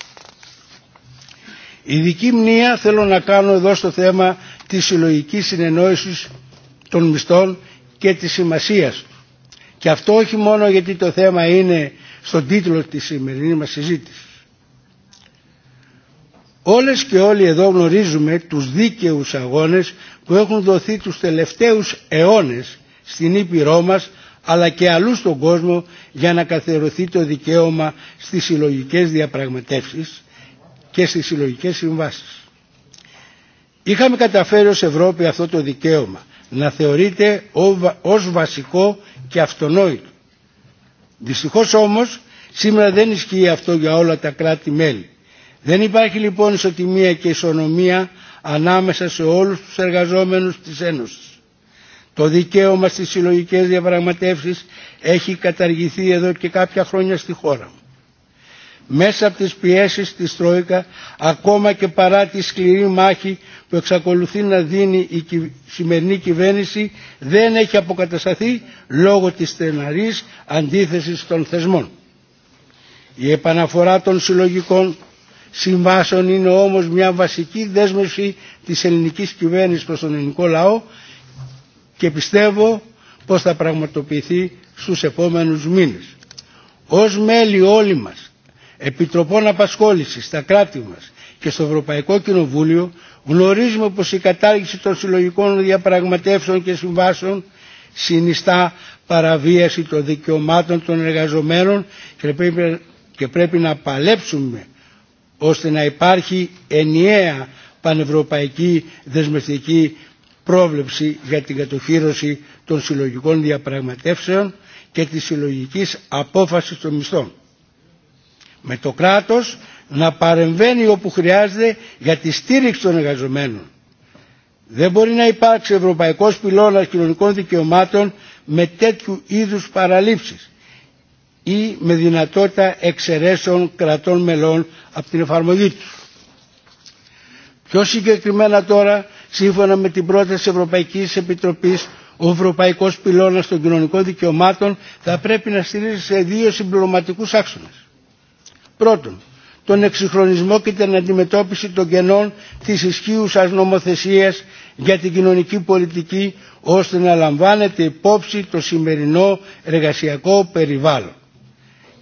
S5: Ειδική μνήμα θέλω να κάνω εδώ στο θέμα της συλλογική συνεννόησης των μισθών και της σημασίας. Και αυτό όχι μόνο γιατί το θέμα είναι στον τίτλο της σημερινή μας συζήτησης. Όλες και όλοι εδώ γνωρίζουμε τους δίκαιους αγώνες που έχουν δοθεί τους τελευταίους αιώνες στην Ήπειρό μας αλλά και αλλού στον κόσμο για να καθερωθεί το δικαίωμα στις συλλογικέ διαπραγματεύσεις και στις συλλογικές συμβάσεις. Είχαμε καταφέρει ως Ευρώπη αυτό το δικαίωμα να θεωρείται ως βασικό και αυτονόητο. Δυστυχώς όμως σήμερα δεν ισχύει αυτό για όλα τα κράτη-μέλη. Δεν υπάρχει λοιπόν ισοτιμία και ισονομία ανάμεσα σε όλους τους εργαζόμενους της Ένωσης. Το δικαίωμα στις συλλογικές διαπραγματεύσεις έχει καταργηθεί εδώ και κάποια χρόνια στη χώρα μου μέσα από τις πιέσεις της Τρόικα ακόμα και παρά τη σκληρή μάχη που εξακολουθεί να δίνει η σημερινή κυβέρνηση δεν έχει αποκατασταθεί λόγω της στεναρής αντίθεσης των θεσμών. Η επαναφορά των συλλογικών συμβάσεων είναι όμως μια βασική δέσμευση της ελληνικής κυβέρνησης προς τον ελληνικό λαό και πιστεύω πως θα πραγματοποιηθεί στους επόμενους μήνες. Ως μέλη όλοι μας επιτροπών απασχόλησης στα κράτη μας και στο Ευρωπαϊκό Κοινοβούλιο γνωρίζουμε πως η κατάργηση των συλλογικών διαπραγματεύσεων και συμβάσεων συνιστά παραβίαση των δικαιωμάτων των εργαζομένων και πρέπει, και πρέπει να παλέψουμε ώστε να υπάρχει ενιαία πανευρωπαϊκή δεσμευτική πρόβλεψη για την κατοχήρωση των συλλογικών διαπραγματεύσεων και της συλλογικής απόφασης των μισθών με το κράτος να παρεμβαίνει όπου χρειάζεται για τη στήριξη των εργαζομένων. Δεν μπορεί να υπάρξει ευρωπαϊκός πυλώνας κοινωνικών δικαιωμάτων με τέτοιου είδους παραλήψεις ή με δυνατότητα εξαιρέσεων κρατών μελών από την εφαρμογή τους. Πιο συγκεκριμένα τώρα, σύμφωνα με την πρόταση Ευρωπαϊκής Επιτροπής, ο Ευρωπαϊκός Πυλώνας των Κοινωνικών Δικαιωμάτων θα πρέπει να στηρίζει σε δύο συμπληρωματικούς άξονες. Πρώτον, τον εξυγχρονισμό και την αντιμετώπιση των κενών της ισχύουσας νομοθεσίας για την κοινωνική πολιτική ώστε να λαμβάνεται υπόψη το σημερινό εργασιακό περιβάλλον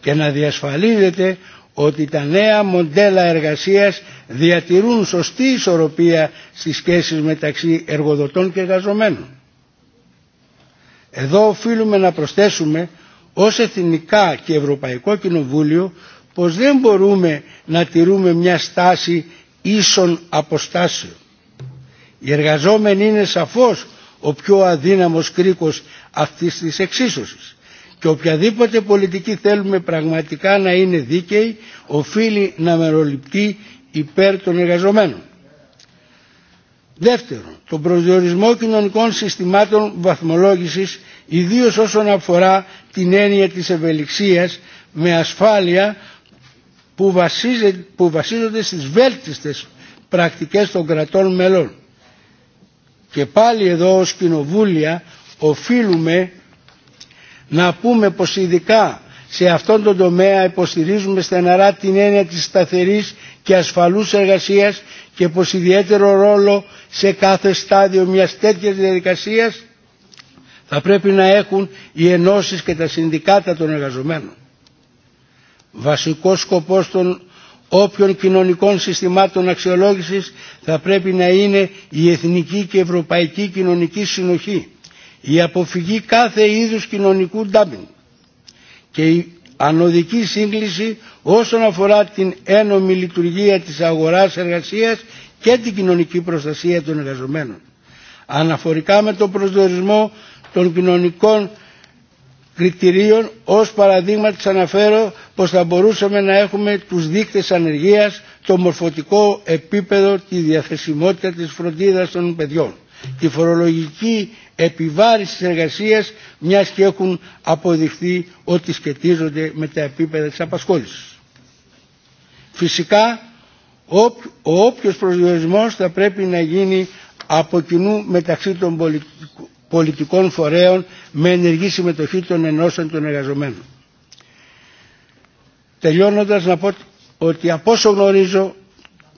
S5: και να διασφαλίζεται ότι τα νέα μοντέλα εργασίας διατηρούν σωστή ισορροπία στις σχέσεις μεταξύ εργοδοτών και εργαζομένων. Εδώ οφείλουμε να προσθέσουμε ως Εθνικά και Ευρωπαϊκό Κοινοβούλιο πως δεν μπορούμε να τηρούμε μια στάση ίσων αποστάσεων. Οι εργαζόμενοι είναι σαφώς ο πιο αδύναμος κρίκος αυτής της εξίσωσης και οποιαδήποτε πολιτική θέλουμε πραγματικά να είναι δίκαιη οφείλει να μεροληπτεί υπέρ των εργαζομένων. Δεύτερον, τον προσδιορισμό κοινωνικών συστημάτων βαθμολόγησης ιδίως όσον αφορά την έννοια της ευελιξίας με ασφάλεια που, βασίζε, που βασίζονται στις βέλτιστες πρακτικές των κρατών μελών. Και πάλι εδώ ως κοινοβούλια οφείλουμε να πούμε πως ειδικά σε αυτόν τον τομέα υποστηρίζουμε στεναρά την έννοια της σταθερής και ασφαλούς εργασίας και πως ιδιαίτερο ρόλο σε κάθε στάδιο μιας τέτοιας διαδικασίας θα πρέπει να έχουν οι ενώσεις και τα συνδικάτα των εργαζομένων βασικός σκοπός των όποιων κοινωνικών συστημάτων αξιολόγησης θα πρέπει να είναι η εθνική και ευρωπαϊκή κοινωνική συνοχή, η αποφυγή κάθε είδους κοινωνικού ντάμπινγκ και η ανωδική σύγκληση όσον αφορά την ένομη λειτουργία της αγοράς εργασίας και την κοινωνική προστασία των εργαζομένων. Αναφορικά με τον προσδιορισμό των κοινωνικών κριτηρίων ως παραδείγμα της αναφέρω πως θα μπορούσαμε να έχουμε τους δείκτες ανεργίας, το μορφωτικό επίπεδο, τη διαθεσιμότητα της φροντίδας των παιδιών, τη φορολογική επιβάρηση της εργασίας, μιας και έχουν αποδειχθεί ότι σχετίζονται με τα επίπεδα της απασχόλησης. Φυσικά, ο όποιος προσδιορισμός θα πρέπει να γίνει από κοινού μεταξύ των πολιτικών φορέων με ενεργή συμμετοχή των ενώσεων των εργαζομένων. Τελειώνοντας να πω ότι από όσο γνωρίζω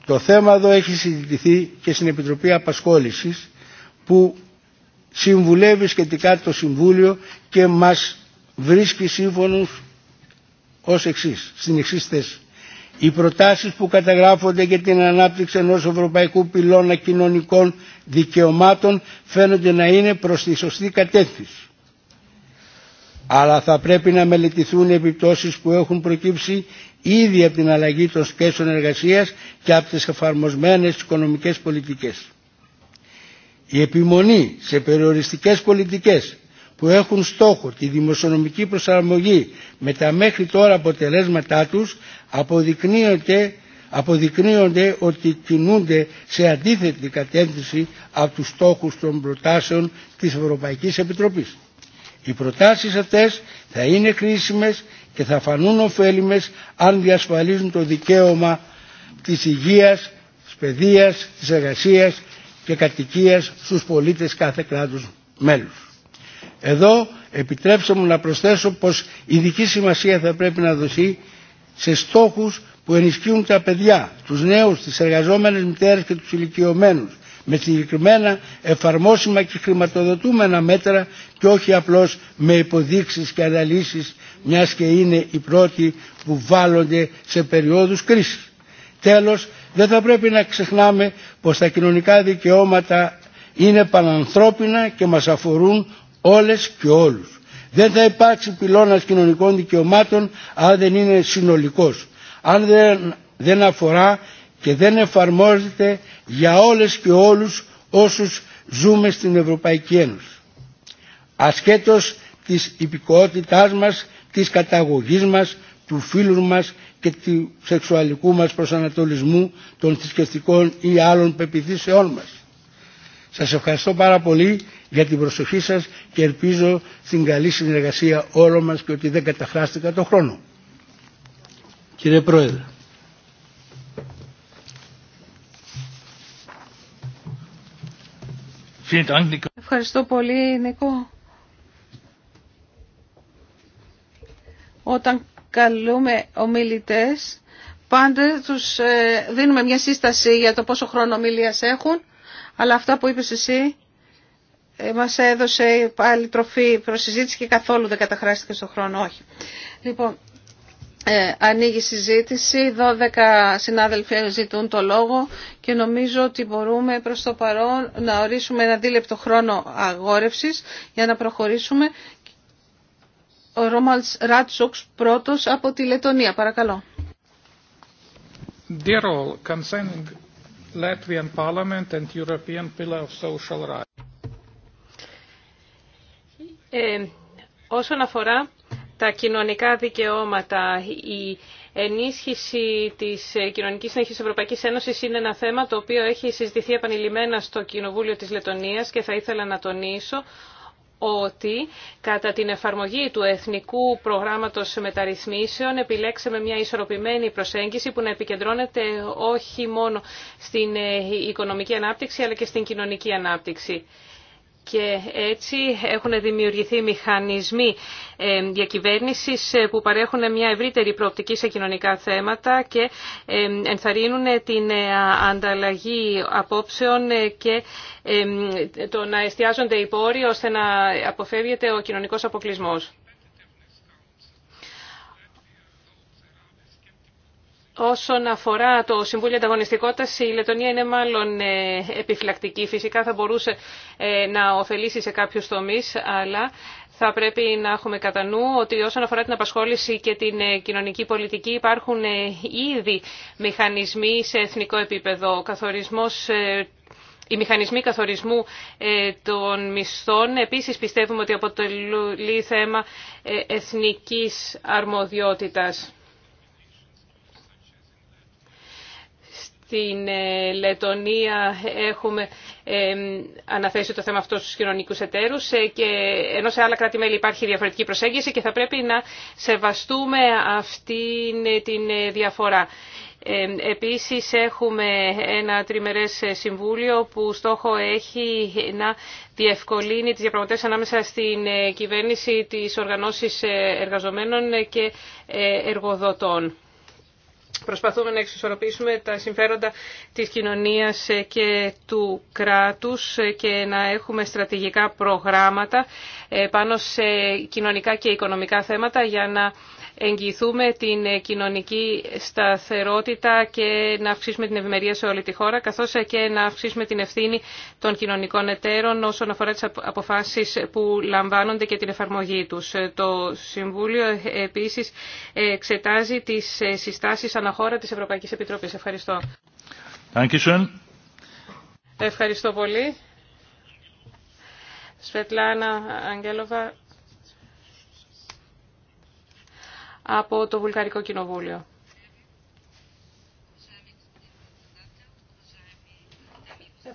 S5: το θέμα εδώ έχει συζητηθεί και στην Επιτροπή Απασχόλησης που συμβουλεύει σχετικά το Συμβούλιο και μας βρίσκει σύμφωνους ως εξής, στην εξής θέση. Οι προτάσεις που καταγράφονται για την ανάπτυξη ενός ευρωπαϊκού πυλώνα κοινωνικών δικαιωμάτων φαίνονται να είναι προς τη σωστή κατεύθυνση αλλά θα πρέπει να μελετηθούν οι επιπτώσεις που έχουν προκύψει ήδη από την αλλαγή των σχέσεων εργασίας και από τις εφαρμοσμένες οικονομικές πολιτικές. Η επιμονή σε περιοριστικές πολιτικές που έχουν στόχο τη δημοσιονομική προσαρμογή με τα μέχρι τώρα αποτελέσματά τους αποδεικνύονται, αποδεικνύονται ότι κινούνται σε αντίθετη κατεύθυνση από τους στόχους των προτάσεων της Ευρωπαϊκής Επιτροπής. Οι προτάσεις αυτές θα είναι χρήσιμες και θα φανούν ωφέλιμες αν διασφαλίζουν το δικαίωμα της υγείας, της παιδείας, της εργασίας και κατοικίας στους πολίτες κάθε κράτους μέλους. Εδώ επιτρέψτε μου να προσθέσω πως ειδική σημασία θα πρέπει να δοθεί σε στόχους που ενισχύουν τα παιδιά, τους νέους, τις εργαζόμενες μητέρες και τους ηλικιωμένους με συγκεκριμένα εφαρμόσιμα και χρηματοδοτούμενα μέτρα και όχι απλώς με υποδείξεις και αναλύσεις μιας και είναι οι πρώτοι που βάλλονται σε περιόδους κρίσης. Τέλος, δεν θα πρέπει να ξεχνάμε πως τα κοινωνικά δικαιώματα είναι πανανθρώπινα και μας αφορούν όλες και όλους. Δεν θα υπάρξει πυλώνας κοινωνικών δικαιωμάτων αν δεν είναι συνολικός, αν δεν, δεν αφορά και δεν εφαρμόζεται για όλες και όλους όσους ζούμε στην Ευρωπαϊκή Ένωση. Ασχέτως της υπηκότητάς μας, της καταγωγής μας, του φίλου μας και του σεξουαλικού μας προσανατολισμού, των θρησκευτικών ή άλλων πεπιθήσεών μας. Σας ευχαριστώ πάρα πολύ για την προσοχή σας και ελπίζω στην καλή συνεργασία όλων μας και ότι δεν καταχράστηκα τον χρόνο. Κύριε Πρόεδρε.
S2: Ευχαριστώ πολύ, Νίκο. Όταν καλούμε ομιλητές, πάντα τους ε, δίνουμε μια σύσταση για το πόσο χρόνο ομιλιά έχουν, αλλά αυτά που είπες εσύ ε, μας έδωσε πάλι τροφή προς συζήτηση και καθόλου δεν καταχράστηκε στον χρόνο, όχι. Λοιπόν, ε, ανοίγει συζήτηση, 12 συνάδελφοι ζητούν το λόγο και νομίζω ότι μπορούμε προς το παρόν να ορίσουμε ένα δίλεπτο χρόνο αγόρευσης για να προχωρήσουμε. Ο Ρόμαλς Ράτσοξ πρώτος από τη Λετωνία. Παρακαλώ.
S1: Parliament and European Social Rights.
S6: Ε, όσον αφορά τα κοινωνικά δικαιώματα, η ενίσχυση της κοινωνικής συνέχισης Ευρωπαϊκής Ένωσης είναι ένα θέμα το οποίο έχει συζητηθεί επανειλημμένα στο Κοινοβούλιο της Λετωνίας και θα ήθελα να τονίσω ότι κατά την εφαρμογή του Εθνικού Προγράμματος Μεταρρυθμίσεων επιλέξαμε μια ισορροπημένη προσέγγιση που να επικεντρώνεται όχι μόνο στην ε, οικονομική ανάπτυξη αλλά και στην κοινωνική ανάπτυξη και έτσι έχουν δημιουργηθεί μηχανισμοί ε, διακυβέρνησης ε, που παρέχουν μια ευρύτερη προοπτική σε κοινωνικά θέματα και ε, ενθαρρύνουν την ανταλλαγή απόψεων και το να εστιάζονται οι πόροι ώστε να αποφεύγεται ο κοινωνικός αποκλεισμός. Όσον αφορά το Συμβούλιο ανταγωνιστικότητα, η Λετωνία είναι μάλλον ε, επιφυλακτική. Φυσικά θα μπορούσε ε, να ωφελήσει σε κάποιους τομείς, αλλά θα πρέπει να έχουμε κατά νου ότι όσον αφορά την απασχόληση και την ε, κοινωνική πολιτική υπάρχουν ήδη μηχανισμοί σε εθνικό επίπεδο. Ο καθορισμός οι μηχανισμοί καθορισμού των μισθών επίσης πιστεύουμε ότι αποτελεί θέμα εθνικής αρμοδιότητας. Στην ε, Λετωνία έχουμε αναθέσει το θέμα αυτό στους κοινωνικούς εταίρους ε, και ενώ σε άλλα κράτη-μέλη υπάρχει διαφορετική προσέγγιση και θα πρέπει να σεβαστούμε αυτή ε, την διαφορά. Επίσης έχουμε ένα τριμερές συμβούλιο που στόχο έχει να διευκολύνει τις διαπραγματεύσεις ανάμεσα στην κυβέρνηση της οργανώσεις εργαζομένων και εργοδοτών. Προσπαθούμε να εξισορροπήσουμε τα συμφέροντα της κοινωνίας ε, και του κράτους ε, και να έχουμε στρατηγικά προγράμματα ε, πάνω σε κοινωνικά και οικονομικά θέματα για να εγγυηθούμε την κοινωνική σταθερότητα και να αυξήσουμε την ευημερία σε όλη τη χώρα, καθώς και να αυξήσουμε την ευθύνη των κοινωνικών εταίρων όσον αφορά τις αποφάσεις που λαμβάνονται και την εφαρμογή τους. Το Συμβούλιο ε, επίσης εξετάζει τις ε, συστάσεις αναχώρα της Ευρωπαϊκής Επιτροπής. Ευχαριστώ. Ευχαριστώ πολύ. Σβετλάνα από το Βουλγαρικό Κοινοβούλιο.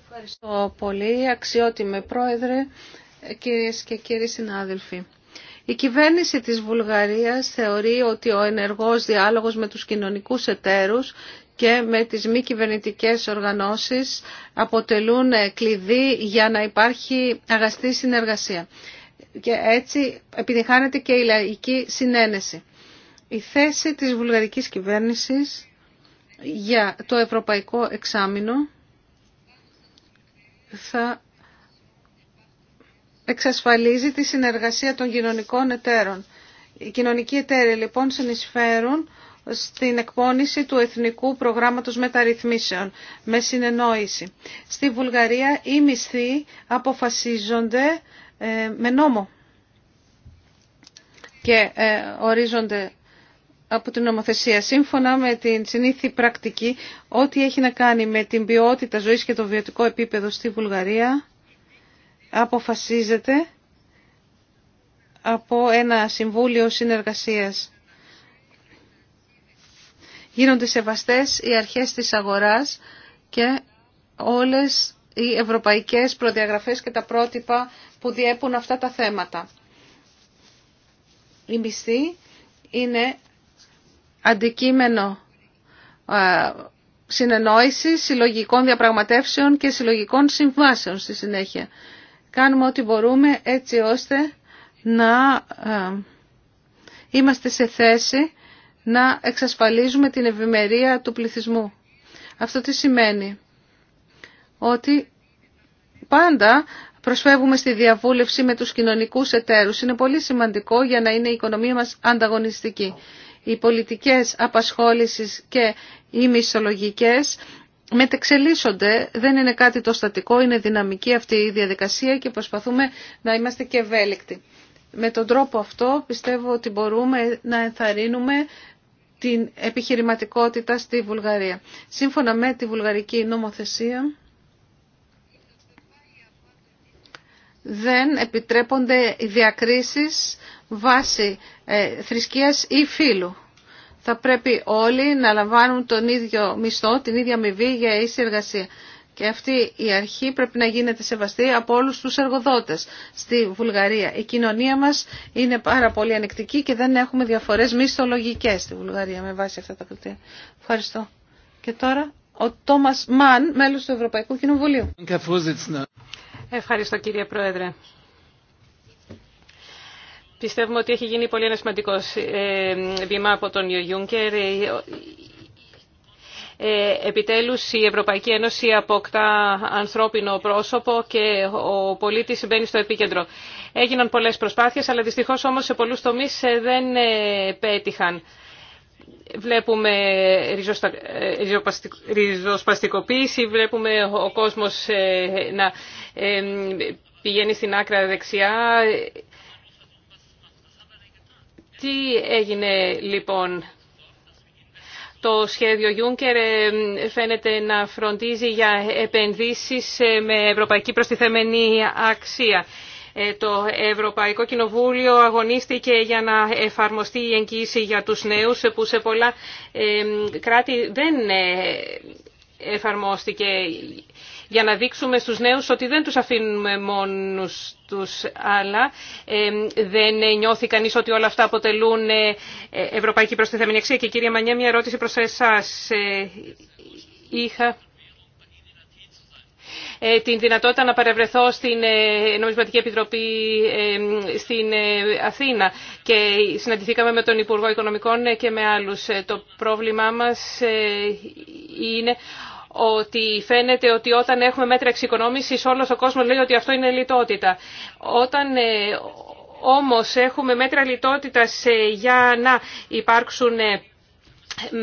S2: Ευχαριστώ πολύ, αξιότιμε πρόεδρε, κυρίες και κύριοι συνάδελφοι. Η κυβέρνηση της Βουλγαρίας θεωρεί ότι ο ενεργός διάλογος με τους κοινωνικούς εταίρους και με τις μη κυβερνητικέ οργανώσεις αποτελούν κλειδί για να υπάρχει αγαστή συνεργασία. Και έτσι επιτυχάνεται και η λαϊκή συνένεση. Η θέση της βουλγαρικής κυβέρνησης για το ευρωπαϊκό εξάμεινο θα εξασφαλίζει τη συνεργασία των κοινωνικών εταίρων. Οι κοινωνικοί εταίροι λοιπόν συνεισφέρουν στην εκπόνηση του Εθνικού Προγράμματος Μεταρρυθμίσεων με συνεννόηση. Στη Βουλγαρία οι μισθοί αποφασίζονται ε, με νόμο και ε, ορίζονται από την νομοθεσία. Σύμφωνα με την συνήθη πρακτική, ό,τι έχει να κάνει με την ποιότητα ζωής και το βιωτικό επίπεδο στη Βουλγαρία αποφασίζεται από ένα Συμβούλιο Συνεργασίας. Γίνονται σεβαστές οι αρχές της αγοράς και όλες οι ευρωπαϊκές προδιαγραφές και τα πρότυπα που διέπουν αυτά τα θέματα. Οι μισθοί είναι αντικείμενο συνεννόησης, συλλογικών διαπραγματεύσεων και συλλογικών συμβάσεων στη συνέχεια. Κάνουμε ό,τι μπορούμε έτσι ώστε να είμαστε σε θέση να εξασφαλίζουμε την ευημερία του πληθυσμού. Αυτό τι σημαίνει. Ότι πάντα προσφεύγουμε στη διαβούλευση με τους κοινωνικούς εταίρους. Είναι πολύ σημαντικό για να είναι η οικονομία μας ανταγωνιστική οι πολιτικές απασχόλησης και οι μισολογικές μετεξελίσσονται, δεν είναι κάτι το στατικό, είναι δυναμική αυτή η διαδικασία και προσπαθούμε να είμαστε και ευέλικτοι. Με τον τρόπο αυτό πιστεύω ότι μπορούμε να ενθαρρύνουμε την επιχειρηματικότητα στη Βουλγαρία. Σύμφωνα με τη βουλγαρική νομοθεσία, δεν επιτρέπονται διακρίσεις βάσει ε, θρησκείας ή οι φύλου. Θα πρέπει όλοι να λαμβάνουν τον ίδιο μισθό, την ίδια αμοιβή για ίση εργασία. Και αυτή η αρχή πρέπει να γίνεται σεβαστή από όλους τους εργοδότες στη Βουλγαρία. Η κοινωνία μας είναι πάρα πολύ ανεκτική και δεν έχουμε διαφορές μισθολογικές στη Βουλγαρία με βάση αυτά τα κριτήρια. Ευχαριστώ. Και τώρα ο Τόμας Μαν, μέλος του Ευρωπαϊκού Κοινοβουλίου.
S6: Ευχαριστώ κύριε Πρόεδρε. Πιστεύουμε ότι έχει γίνει πολύ ένα σημαντικό ε, βήμα από τον Ιούνκερ. Ε, ε, επιτέλους η Ευρωπαϊκή Ένωση αποκτά ανθρώπινο πρόσωπο και ο πολίτης μπαίνει στο επίκεντρο. Έγιναν πολλές προσπάθειες, αλλά δυστυχώς όμως σε πολλούς τομείς δεν πέτυχαν. Βλέπουμε ε, ριζοσπαστικοποίηση, βλέπουμε ο κόσμος ε, να ε, πηγαίνει στην άκρα δεξιά. Τι έγινε λοιπόν το σχέδιο Juncker φαίνεται να φροντίζει για επενδύσεις με ευρωπαϊκή προστιθέμενη αξία. Ε, το Ευρωπαϊκό Κοινοβούλιο αγωνίστηκε για να εφαρμοστεί η εγγύηση για τους νέους που σε πολλά ε, κράτη δεν ε, εφαρμόστηκε για να δείξουμε στους νέους ότι δεν τους αφήνουμε μόνους τους, αλλά δεν νιώθει κανείς ότι όλα αυτά αποτελούν ευρωπαϊκή προστιθέμενη αξία. Και κυρία Μανιέ, μια ερώτηση προς εσάς. είχα ε, την δυνατότητα να παρευρεθώ στην ε, Νομισματική Επιτροπή ε, στην Αθήνα και συναντηθήκαμε με τον Υπουργό Οικονομικών και με άλλους. Το πρόβλημά μας είναι ότι φαίνεται ότι όταν έχουμε μέτρα εξοικονόμησης όλος ο κόσμος λέει ότι αυτό είναι λιτότητα. Όταν όμως έχουμε μέτρα λιτότητας για να υπάρξουν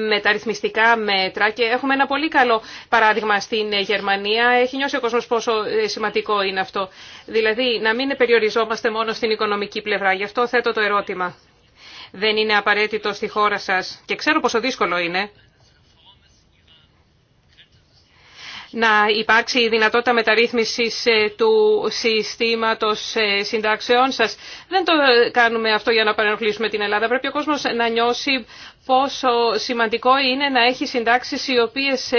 S6: μεταρρυθμιστικά μέτρα και έχουμε ένα πολύ καλό παράδειγμα στην Γερμανία. Έχει νιώσει ο κόσμος πόσο ε, σημαντικό είναι αυτό. Δηλαδή να μην περιοριζόμαστε μόνο στην οικονομική πλευρά. Γι' αυτό θέτω το ερώτημα. Δεν είναι απαραίτητο στη χώρα σας και ξέρω πόσο δύσκολο είναι να υπάρξει η δυνατότητα μεταρρύθμισης ε, του συστήματος ε, συντάξεών σας. Δεν το κάνουμε αυτό για να παρενοχλήσουμε την Ελλάδα. Πρέπει ο κόσμος να νιώσει πόσο σημαντικό είναι να έχει συντάξεις οι οποίες ε,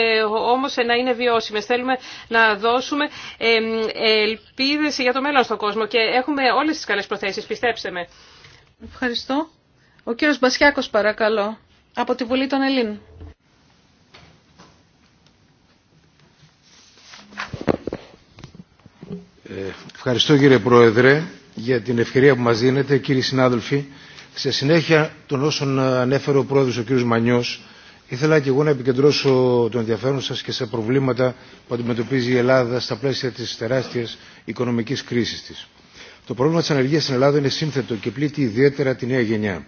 S6: όμως ε, να είναι βιώσιμες. Θέλουμε να δώσουμε ελπίδες για το μέλλον στον κόσμο και έχουμε όλες τις καλές προθέσεις, πιστέψτε με.
S2: Ευχαριστώ. Ο κύριος Μπασιάκος παρακαλώ, από τη Βουλή των Ελλήνων.
S3: Ε,
S1: ευχαριστώ κύριε Πρόεδρε για την ευκαιρία που μας δίνετε, κύριοι συνάδελφοι. Σε συνέχεια των όσων ανέφερε ο πρόεδρος ο κ. Μανιός, ήθελα και εγώ να επικεντρώσω τον ενδιαφέρον σας και σε προβλήματα που αντιμετωπίζει η Ελλάδα στα πλαίσια της τεράστιας οικονομικής κρίσης της. Το πρόβλημα της ανεργίας στην Ελλάδα είναι σύνθετο και πλήττει ιδιαίτερα τη νέα γενιά.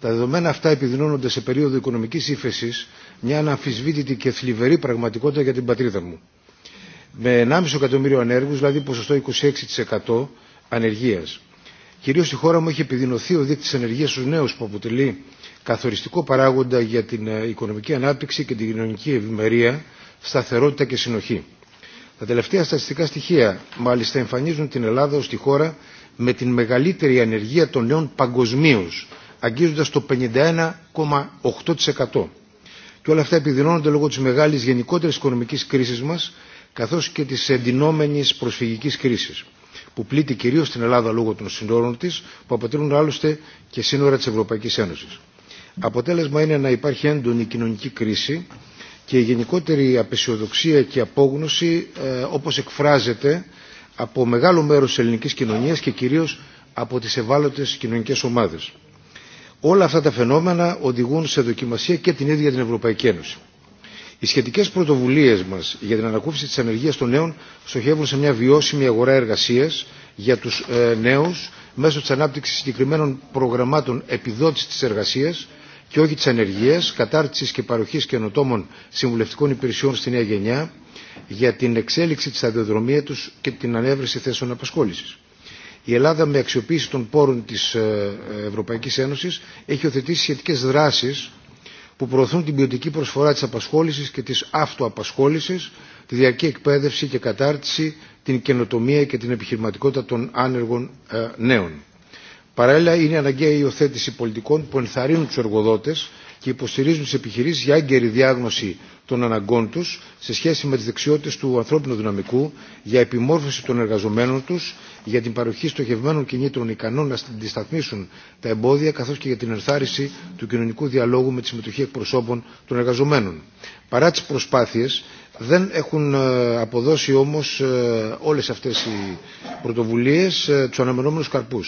S1: Τα δεδομένα αυτά επιδεινώνονται σε περίοδο οικονομικής ύφεση μια αναμφισβήτητη και θλιβερή πραγματικότητα για την πατρίδα μου. Με 1,5 εκατομμύριο ανέργου, δηλαδή ποσοστό 26% ανεργίας. Κυρίως στη χώρα μου έχει επιδεινωθεί ο δείκτης ενεργείας στους νέους που αποτελεί καθοριστικό παράγοντα για την ε, οικονομική ανάπτυξη και την κοινωνική ευημερία, σταθερότητα και συνοχή. Τα τελευταία στατιστικά στοιχεία μάλιστα εμφανίζουν την Ελλάδα ως τη χώρα με την μεγαλύτερη ανεργία των νέων παγκοσμίω, αγγίζοντας το 51,8%. Και όλα αυτά επιδεινώνονται λόγω της μεγάλης γενικότερης οικονομικής κρίσης μας, καθώς και της εντυνόμενης προσφυγικής κρίσης που πλήττει κυρίω την Ελλάδα λόγω των συνόρων τη, που αποτελούν άλλωστε και σύνορα τη Ευρωπαϊκή Ένωση. Αποτέλεσμα είναι να υπάρχει έντονη κοινωνική κρίση και η γενικότερη απεσιοδοξία και απόγνωση ε, όπως εκφράζεται από μεγάλο μέρος τη ελληνικής κοινωνίας και κυρίως από τις ευάλωτε κοινωνικές ομάδε. Όλα αυτά τα φαινόμενα οδηγούν σε δοκιμασία και την ίδια την Ευρωπαϊκή Ένωση. Οι σχετικέ πρωτοβουλίε μα για την ανακούφιση τη ανεργία των νέων στοχεύουν σε μια βιώσιμη αγορά εργασία για του ε, νέου μέσω τη ανάπτυξη συγκεκριμένων προγραμμάτων επιδότηση τη εργασία και όχι τη ανεργία, κατάρτιση και παροχή καινοτόμων συμβουλευτικών υπηρεσιών στη νέα γενιά για την εξέλιξη τη σταδιοδρομία του και την ανέβρεση θέσεων απασχόληση. Η Ελλάδα με αξιοποίηση των πόρων τη ε, ε, Ευρωπαϊκή Ένωση έχει οθετήσει σχετικές δράσει που προωθούν την ποιοτική προσφορά της απασχόλησης και της αυτοαπασχόλησης, τη διαρκή εκπαίδευση και κατάρτιση, την καινοτομία και την επιχειρηματικότητα των άνεργων ε, νέων. Παράλληλα, είναι αναγκαία η υιοθέτηση πολιτικών που ενθαρρύνουν τους εργοδότες και υποστηρίζουν τι επιχειρήσει για έγκαιρη διάγνωση των αναγκών του σε σχέση με τι δεξιότητε του ανθρώπινου δυναμικού, για επιμόρφωση των εργαζομένων του, για την παροχή στοχευμένων κινήτρων ικανών να αντισταθμίσουν τα εμπόδια, καθώ και για την ενθάρρυνση του κοινωνικού διαλόγου με τη συμμετοχή εκπροσώπων των εργαζομένων. Παρά τι προσπάθειε, δεν έχουν ε, αποδώσει όμω ε, όλε αυτέ οι πρωτοβουλίε ε, του αναμενόμενου καρπού.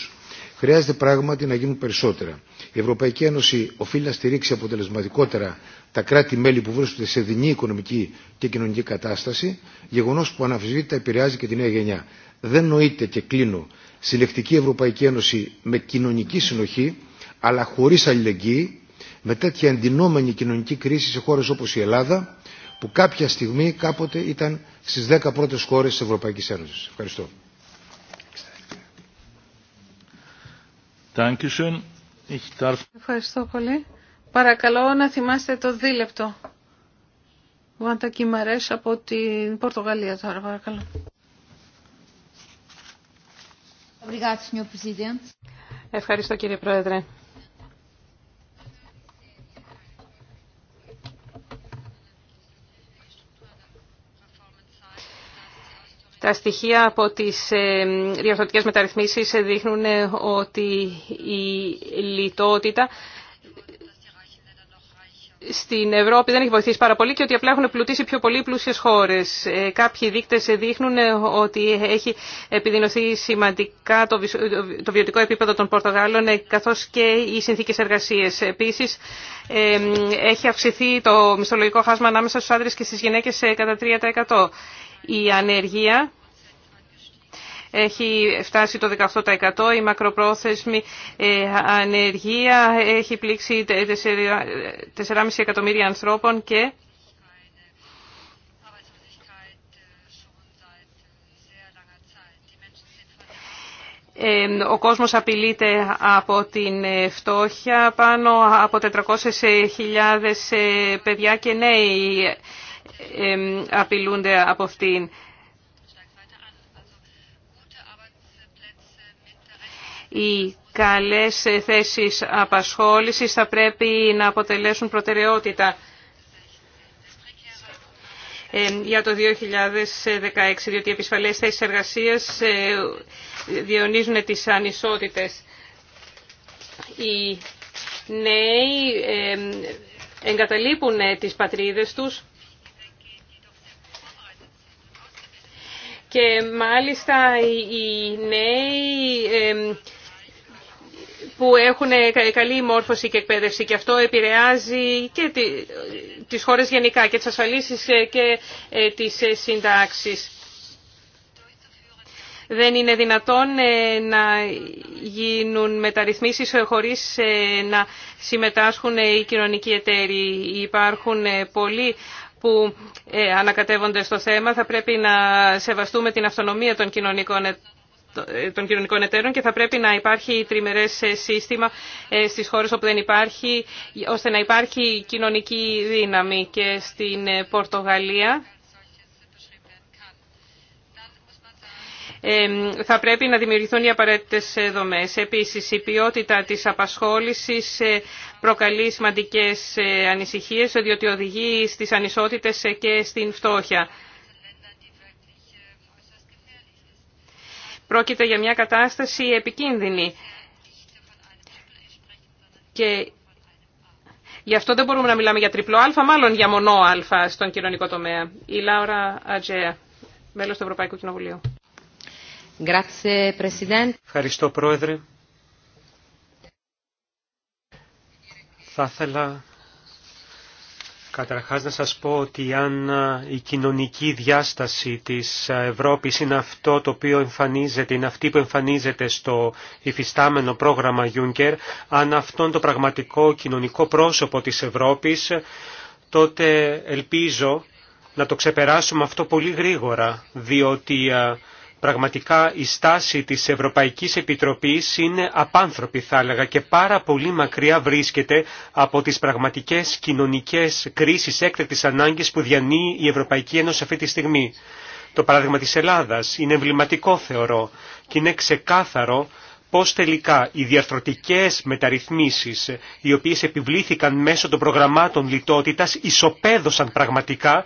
S1: Χρειάζεται πράγματι να γίνουν περισσότερα. Η Ευρωπαϊκή Ένωση οφείλει να στηρίξει αποτελεσματικότερα τα κράτη-μέλη που βρίσκονται σε δεινή οικονομική και κοινωνική κατάσταση, γεγονό που αναφυσβήτητα επηρεάζει και τη νέα γενιά. Δεν νοείται, και κλείνω, συλλεκτική Ευρωπαϊκή Ένωση με κοινωνική συνοχή, αλλά χωρί αλληλεγγύη, με τέτοια εντυνόμενη κοινωνική κρίση σε χώρε όπω η Ελλάδα, που κάποια στιγμή κάποτε ήταν στι 10 πρώτε χώρε τη Ευρωπαϊκή Ένωση. Ευχαριστώ.
S2: Ευχαριστώ πολύ. Παρακαλώ να θυμάστε το δίλεπτο. Βάντα Κιμαρές από την Πορτογαλία τώρα, παρακαλώ.
S6: Ευχαριστώ κύριε Πρόεδρε. Τα στοιχεία από τις ε, διαρθρωτικές μεταρρυθμίσεις ε, δείχνουν ε, ότι η λιτότητα στην Ευρώπη δεν έχει βοηθήσει πάρα πολύ και ότι απλά έχουν πλουτίσει πιο πολύ πλούσιες χώρες. Κάποιοι δείκτες δείχνουν ότι έχει επιδεινωθεί σημαντικά το βιωτικό επίπεδο των Πορτογάλων καθώς και οι συνθήκες εργασίες. Επίσης, έχει αυξηθεί το μισθολογικό χάσμα ανάμεσα στους άντρες και στις γυναίκες κατά 3%. Η ανεργία έχει φτάσει το 18%, η μακροπρόθεσμη ε, ανεργία έχει πλήξει 4,5 εκατομμύρια ανθρώπων και ε, ο κόσμος απειλείται από την ε, φτώχεια. Πάνω από 400.000 παιδιά και νέοι απειλούνται από αυτήν. Οι καλές θέσεις απασχόλησης θα πρέπει να αποτελέσουν προτεραιότητα για το 2016, διότι οι επισφαλές θέσεις εργασίας ε, διονύζουν τις ανισότητες. Οι νέοι εγκαταλείπουν ε, τις πατρίδες τους και μάλιστα οι νέοι που έχουν καλή μόρφωση και εκπαίδευση και αυτό επηρεάζει και τις χώρες γενικά και τις ασφαλίσεις και ε, τις ε, συντάξεις. Δεν είναι δυνατόν ε, να γίνουν μεταρρυθμίσεις χωρίς να συμμετάσχουν οι κοινωνικοί εταίροι. Υπάρχουν πολλοί που ε, ανακατεύονται στο θέμα. Θα πρέπει να σεβαστούμε την αυτονομία των κοινωνικών των κοινωνικών εταίρων και θα πρέπει να υπάρχει τριμερές ε, σύστημα ε, στις χώρες όπου δεν υπάρχει, ώστε να υπάρχει κοινωνική δύναμη. Και στην Πορτογαλία θα πρέπει να δημιουργηθούν οι απαραίτητες δομές. Επίσης, η ποιότητα της απασχόλησης ε, προκαλεί σημαντικές ε, ανησυχίες, διότι οδηγεί στις ανισότητες ε, και στην φτώχεια. Πρόκειται για μια κατάσταση επικίνδυνη. Και γι' αυτό δεν μπορούμε να μιλάμε για τριπλό α, μάλλον για μονό α στον κοινωνικό τομέα. Η Λάουρα Ατζέα, μέλος του Ευρωπαϊκού Κοινοβουλίου.
S4: Ευχαριστώ Πρόεδρε. Θα ήθελα καταρχάς να σας πω ότι αν η κοινωνική διάσταση της Ευρώπης είναι αυτό το οποίο εμφανίζεται, είναι αυτή που εμφανίζεται στο υφιστάμενο πρόγραμμα Juncker, αν αυτό είναι το πραγματικό κοινωνικό πρόσωπο της Ευρώπης, τότε ελπίζω να το ξεπεράσουμε αυτό πολύ γρήγορα, διότι Πραγματικά η στάση της Ευρωπαϊκής Επιτροπής είναι απάνθρωπη θα έλεγα και πάρα πολύ μακριά βρίσκεται από τις πραγματικές κοινωνικές κρίσεις έκτακτης ανάγκης που διανύει η Ευρωπαϊκή Ένωση αυτή τη στιγμή. Το παράδειγμα της Ελλάδας είναι εμβληματικό θεωρώ και είναι ξεκάθαρο πώς τελικά οι διαρθρωτικές μεταρρυθμίσεις οι οποίες επιβλήθηκαν μέσω των προγραμμάτων λιτότητας ισοπαίδωσαν πραγματικά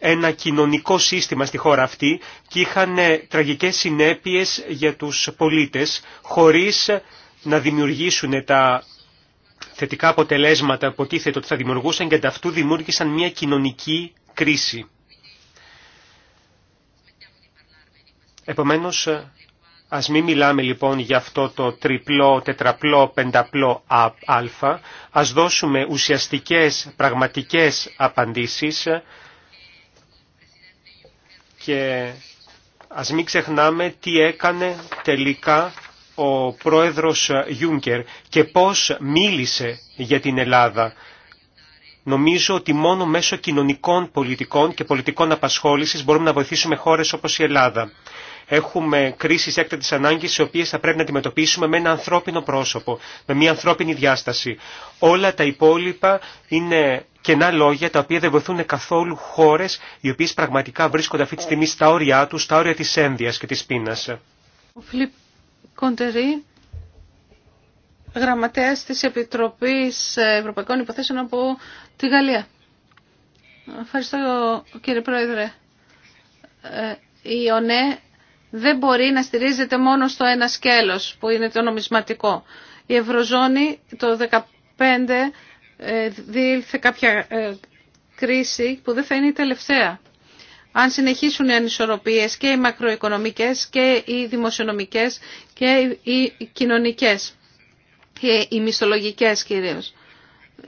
S4: ένα κοινωνικό σύστημα στη χώρα αυτή και είχαν ε, τραγικές συνέπειες για τους πολίτες χωρίς να δημιουργήσουν τα θετικά αποτελέσματα που τίθεται ότι θα δημιουργούσαν και ανταυτού δημιούργησαν μια κοινωνική κρίση. Επομένως, ε, ας μην μιλάμε λοιπόν για αυτό το τριπλό, τετραπλό, πενταπλό α, ας δώσουμε ουσιαστικές, πραγματικές απαντήσεις ε, και ας μην ξεχνάμε τι έκανε τελικά ο πρόεδρος Γιούγκερ και πώς μίλησε για την Ελλάδα. Νομίζω ότι μόνο μέσω κοινωνικών πολιτικών και πολιτικών απασχόλησης μπορούμε να βοηθήσουμε χώρες όπως η Ελλάδα. Έχουμε κρίσεις έκτακτης ανάγκης, οι οποίες θα πρέπει να αντιμετωπίσουμε με ένα ανθρώπινο πρόσωπο, με μια ανθρώπινη διάσταση. Όλα τα υπόλοιπα είναι και να λόγια τα οποία δεν βοηθούν καθόλου χώρε οι οποίε πραγματικά βρίσκονται αυτή τη στιγμή στα όρια του, στα όρια τη ένδυα και τη πείνα.
S2: Ο Φιλιπ Κοντερή, γραμματέα τη Επιτροπή Ευρωπαϊκών Υποθέσεων από τη Γαλλία. Ευχαριστώ κύριε Πρόεδρε. Ε, η ΟΝΕ δεν μπορεί να στηρίζεται μόνο στο ένα σκέλος που είναι το νομισματικό. Η Ευρωζώνη το 2015 ε, διήλθε κάποια ε, κρίση που δεν θα είναι η τελευταία. Αν συνεχίσουν οι ανισορροπίες και οι μακροοικονομικές και οι δημοσιονομικές και οι κοινωνικές και οι μισθολογικές κυρίως.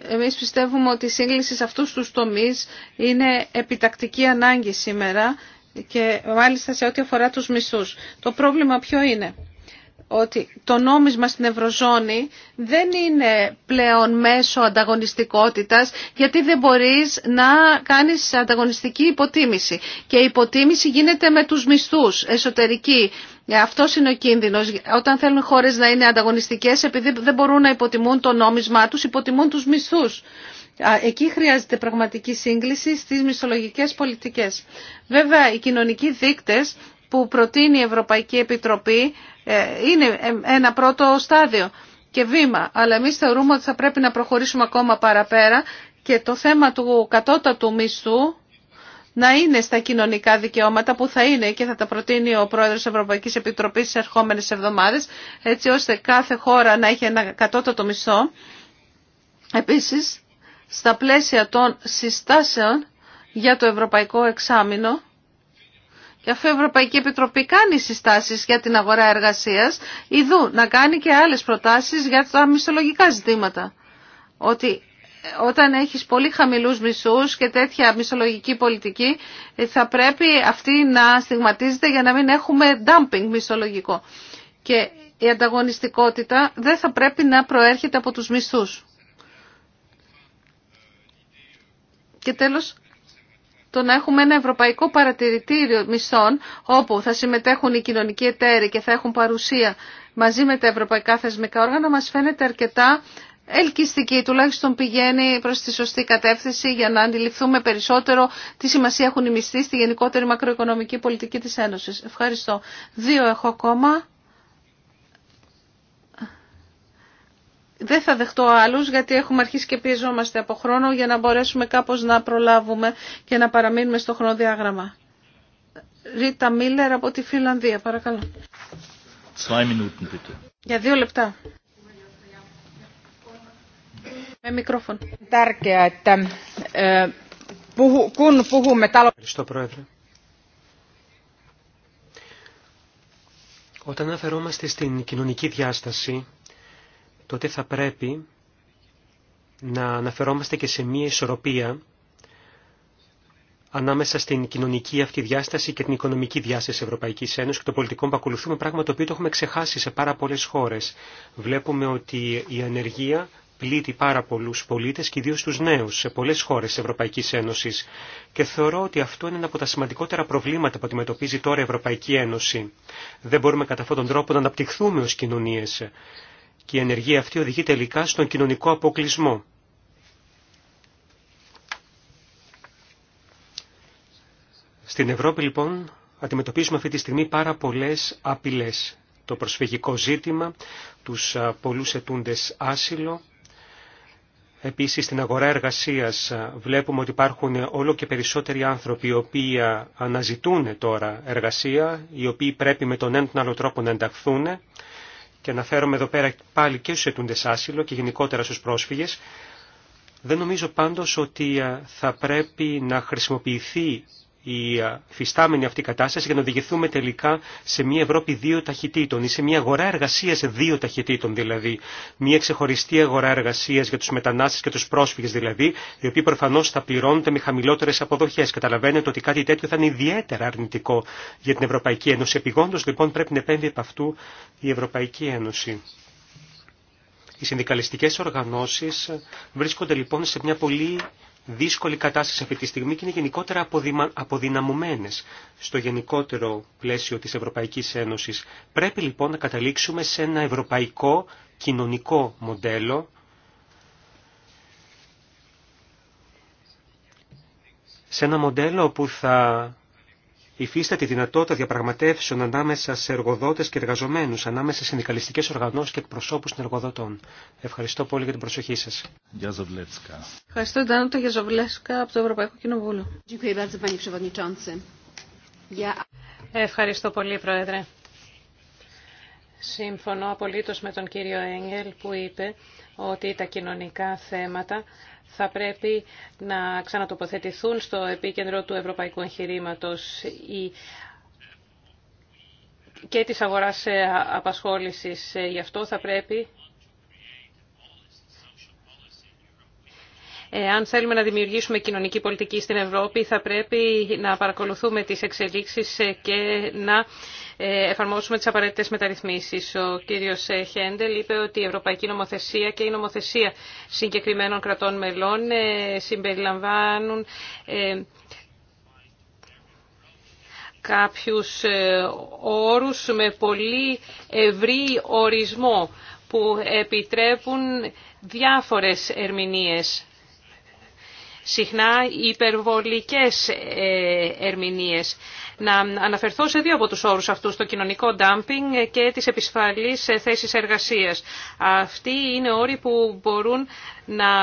S2: Εμείς πιστεύουμε ότι η σύγκληση σε αυτούς τους τομείς είναι επιτακτική ανάγκη σήμερα και μάλιστα σε ό,τι αφορά τους μισθούς. Το πρόβλημα ποιο είναι ότι το νόμισμα στην Ευρωζώνη δεν είναι πλέον μέσο ανταγωνιστικότητας γιατί δεν μπορείς να κάνεις ανταγωνιστική υποτίμηση. Και η υποτίμηση γίνεται με τους μισθούς εσωτερική. Αυτό είναι ο κίνδυνο. Όταν θέλουν χώρε να είναι ανταγωνιστικέ, επειδή δεν μπορούν να υποτιμούν το νόμισμά του, υποτιμούν του μισθού. Εκεί χρειάζεται πραγματική σύγκληση στι μισθολογικέ πολιτικέ. Βέβαια, οι κοινωνικοί δείκτες που προτείνει η Ευρωπαϊκή Επιτροπή ε, είναι ε, ένα πρώτο στάδιο και βήμα, αλλά εμείς θεωρούμε ότι θα πρέπει να προχωρήσουμε ακόμα παραπέρα και το θέμα του κατώτατου μισθού να είναι στα κοινωνικά δικαιώματα που θα είναι και θα τα προτείνει ο Πρόεδρος Ευρωπαϊκής Επιτροπής στις ερχόμενες εβδομάδες, έτσι ώστε κάθε χώρα να έχει ένα κατώτατο μισθό. Επίσης, στα πλαίσια των συστάσεων για το Ευρωπαϊκό Εξάμεινο, αφού η Ευρωπαϊκή Επιτροπή κάνει συστάσεις για την αγορά εργασίας, ειδού να κάνει και άλλες προτάσεις για τα μισθολογικά ζητήματα. Ότι όταν έχει πολύ χαμηλούς μισούς και τέτοια μισθολογική πολιτική, ε, θα πρέπει αυτή να στιγματίζεται για να μην έχουμε dumping μισθολογικό. Και η ανταγωνιστικότητα δεν θα πρέπει να προέρχεται από τους μισθούς. Και τέλος, το να έχουμε ένα ευρωπαϊκό παρατηρητήριο μισθών όπου θα συμμετέχουν οι κοινωνικοί εταίροι και θα έχουν παρουσία μαζί με τα ευρωπαϊκά θεσμικά όργανα μας φαίνεται αρκετά ελκυστική, τουλάχιστον πηγαίνει προς τη σωστή κατεύθυνση για να αντιληφθούμε περισσότερο τι σημασία έχουν οι μισθοί στη γενικότερη μακροοικονομική πολιτική της Ένωσης. Ευχαριστώ. Δύο έχω ακόμα. δεν θα δεχτώ άλλους γιατί έχουμε αρχίσει και πιεζόμαστε από χρόνο για να μπορέσουμε κάπως να προλάβουμε και να παραμείνουμε στο χρονοδιάγραμμα. Ρίτα Μίλλερ από τη Φιλανδία, παρακαλώ. για δύο λεπτά. Με μικρόφωνο. Ε, Ευχαριστώ, Πρόεδρε.
S4: Όταν αναφερόμαστε στην κοινωνική διάσταση, τότε θα πρέπει να αναφερόμαστε και σε μία ισορροπία ανάμεσα στην κοινωνική αυτή διάσταση και την οικονομική διάσταση της Ευρωπαϊκής Ένωσης και των πολιτικών που ακολουθούμε, πράγμα το οποίο το έχουμε ξεχάσει σε πάρα πολλές χώρες. Βλέπουμε ότι η ανεργία πλήττει πάρα πολλούς πολίτες και ιδίως τους νέους σε πολλές χώρες της Ευρωπαϊκής Ένωσης και θεωρώ ότι αυτό είναι ένα από τα σημαντικότερα προβλήματα που αντιμετωπίζει τώρα η Ευρωπαϊκή Ένωση. Δεν μπορούμε κατά αυτόν τον τρόπο να αναπτυχθούμε ως κοινωνίες και η ενεργία αυτή οδηγεί τελικά στον κοινωνικό αποκλεισμό. Στην Ευρώπη λοιπόν αντιμετωπίζουμε αυτή τη στιγμή πάρα πολλές απειλές. Το προσφυγικό ζήτημα, τους πολλούς ετούντες άσυλο, Επίσης στην αγορά εργασίας βλέπουμε ότι υπάρχουν όλο και περισσότεροι άνθρωποι οι οποίοι αναζητούν τώρα εργασία, οι οποίοι πρέπει με τον έναν τον άλλο τρόπο να ενταχθούν και αναφέρομαι εδώ πέρα πάλι και στους ετούντες άσυλο και γενικότερα στους πρόσφυγες, δεν νομίζω πάντως ότι ε, θα πρέπει να χρησιμοποιηθεί η φυστάμενη αυτή κατάσταση για να οδηγηθούμε τελικά σε μια Ευρώπη δύο ταχυτήτων ή σε μια αγορά εργασίας δύο ταχυτήτων δηλαδή. Μια ξεχωριστή αγορά εργασίας για τους μετανάστες και τους πρόσφυγες δηλαδή, οι οποίοι προφανώς θα πληρώνονται με χαμηλότερες αποδοχές. Καταλαβαίνετε ότι κάτι τέτοιο θα είναι ιδιαίτερα αρνητικό για την Ευρωπαϊκή Ένωση. Επιγόντως λοιπόν πρέπει να επέμβει από αυτού η Ευρωπαϊκή Ένωση. Οι συνδικαλιστικές οργανώσεις βρίσκονται λοιπόν σε μια πολύ δύσκολη κατάσταση αυτή τη στιγμή και είναι γενικότερα αποδυναμωμένες στο γενικότερο πλαίσιο της Ευρωπαϊκής Ένωσης. Πρέπει λοιπόν να καταλήξουμε σε ένα ευρωπαϊκό κοινωνικό μοντέλο σε ένα μοντέλο που θα υφίσταται η δυνατότητα διαπραγματεύσεων ανάμεσα σε εργοδότες και εργαζομένους, ανάμεσα σε συνδικαλιστικές οργανώσεις και εκπροσώπους των εργοδοτών. Ευχαριστώ πολύ για την προσοχή σας.
S2: Ευχαριστώ, από το Ευρωπαϊκό Κοινοβούλιο.
S6: Ευχαριστώ πολύ, Πρόεδρε. Συμφωνώ απολύτως με τον κύριο Έγγελ που είπε ότι τα κοινωνικά θέματα θα πρέπει να ξανατοποθετηθούν στο επίκεντρο του ευρωπαϊκού εγχειρήματο και της αγοράς ε, απασχόλησης. Ε, γι' αυτό θα πρέπει, ε, αν θέλουμε να δημιουργήσουμε κοινωνική πολιτική στην Ευρώπη, θα πρέπει να παρακολουθούμε τις εξελίξεις και να ε, εφαρμόσουμε τις απαραίτητες μεταρρυθμίσεις. Ο κύριος ε, Χέντελ είπε ότι η Ευρωπαϊκή Νομοθεσία και η νομοθεσία συγκεκριμένων κρατών μελών ε, συμπεριλαμβάνουν κάποιους όρους με πολύ ευρύ ορισμό που επιτρέπουν διάφορες ερμηνείες συχνά υπερβολικές ε, ερμηνείες. Να αναφερθώ σε δύο από τους όρους αυτούς, το κοινωνικό ντάμπινγκ και τις επισφαλείς ε, θέσεις εργασίας. Αυτοί είναι όροι που μπορούν να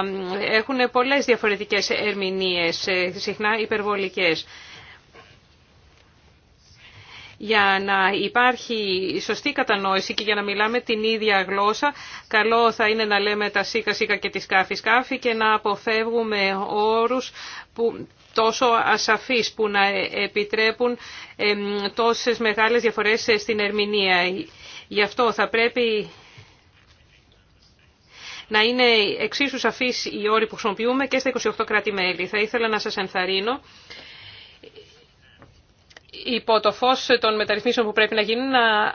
S6: έχουν πολλές διαφορετικές ερμηνείες, ε, συχνά υπερβολικές για να υπάρχει σωστή κατανόηση και για να μιλάμε την ίδια γλώσσα. Καλό θα είναι να λέμε τα σίκα σίκα και τη σκάφη σκάφη και να αποφεύγουμε όρους που τόσο ασαφείς που να επιτρέπουν τόσες μεγάλες διαφορές στην ερμηνεία. Γι' αυτό θα πρέπει να είναι εξίσου σαφείς οι όροι που χρησιμοποιούμε και στα 28 κράτη-μέλη. Θα ήθελα να σας ενθαρρύνω υπό το φως των μεταρρυθμίσεων που πρέπει να γίνουν να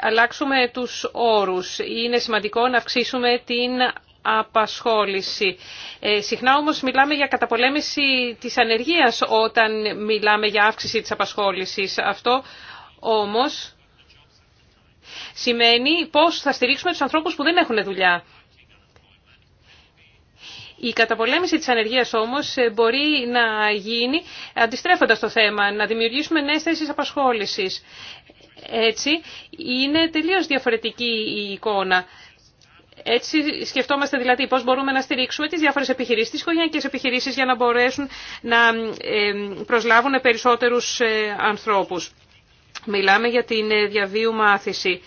S6: αλλάξουμε τους όρους. Είναι σημαντικό να αυξήσουμε την απασχόληση. Ε, συχνά όμως μιλάμε για καταπολέμηση της ανεργίας όταν μιλάμε για αύξηση της απασχόλησης. Αυτό όμως σημαίνει πώς θα στηρίξουμε τους ανθρώπους που δεν έχουν δουλειά. Η καταπολέμηση της ανεργίας όμως ε, μπορεί να γίνει αντιστρέφοντας το θέμα, να δημιουργήσουμε νέες θέσεις απασχόλησης. Έτσι είναι τελείως διαφορετική η εικόνα. Έτσι σκεφτόμαστε δηλαδή πώς μπορούμε να στηρίξουμε τις διάφορες επιχειρήσεις, τις οικογενειακές επιχειρήσεις για να μπορέσουν να ε, προσλάβουν περισσότερους ε, ανθρώπους. Μιλάμε για την διαβίου μάθηση.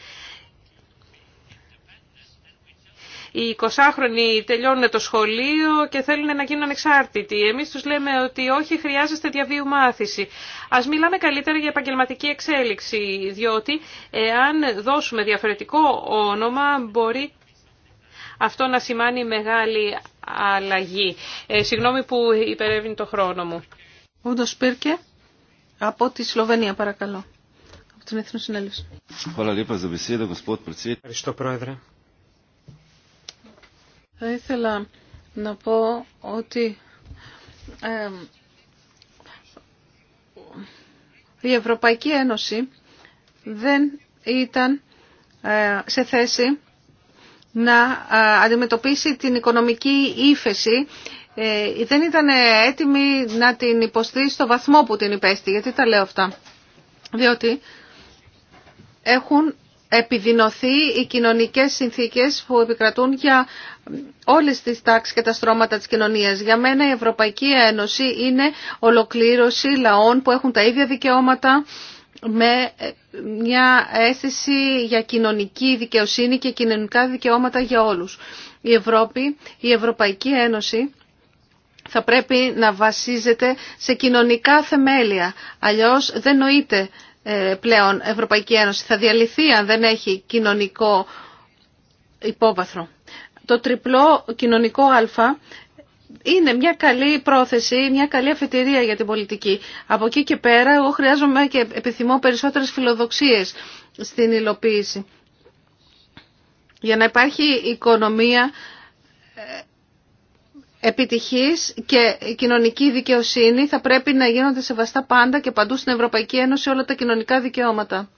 S6: Οι 20χρονοι τελειώνουν το σχολείο και θέλουν να γίνουν ανεξάρτητοι. Εμείς τους λέμε ότι όχι, χρειάζεστε διαβίου μάθηση. Ας μιλάμε καλύτερα για επαγγελματική εξέλιξη, διότι εάν δώσουμε διαφορετικό όνομα μπορεί αυτό να σημάνει μεγάλη αλλαγή. Ε, συγγνώμη που υπερεύει το χρόνο μου.
S2: Ούντο από τη Σλοβενία παρακαλώ. Από την Εθνική Συνέλευση.
S4: Ευχαριστώ Πρόεδρε.
S2: Θα ήθελα να πω ότι η Ευρωπαϊκή Ένωση δεν ήταν ε, σε θέση να ε, αντιμετωπίσει την οικονομική ύφεση ε, δεν ήταν έτοιμη να την υποστεί στο βαθμό που την υπέστη. Γιατί τα λέω αυτά. Διότι έχουν επιδεινωθεί οι κοινωνικές συνθήκες που επικρατούν για όλες τις τάξεις και τα στρώματα της κοινωνίας. Για μένα η Ευρωπαϊκή Ένωση είναι ολοκλήρωση λαών που έχουν τα ίδια δικαιώματα με μια αίσθηση για κοινωνική δικαιοσύνη και κοινωνικά δικαιώματα για όλους. Η Ευρώπη, η Ευρωπαϊκή Ένωση θα πρέπει να βασίζεται σε κοινωνικά θεμέλια, αλλιώς δεν νοείται ε, πλέον Ευρωπαϊκή Ένωση. Θα διαλυθεί αν δεν έχει κοινωνικό υπόβαθρο. Το τριπλό κοινωνικό α είναι μια καλή πρόθεση, μια καλή αφετηρία για την πολιτική. Από εκεί και πέρα εγώ χρειάζομαι και επιθυμώ περισσότερες φιλοδοξίες στην υλοποίηση. Για να υπάρχει οικονομία ε, επιτυχής και κοινωνική δικαιοσύνη θα πρέπει να γίνονται σεβαστά πάντα και παντού στην Ευρωπαϊκή Ένωση όλα τα κοινωνικά δικαιώματα.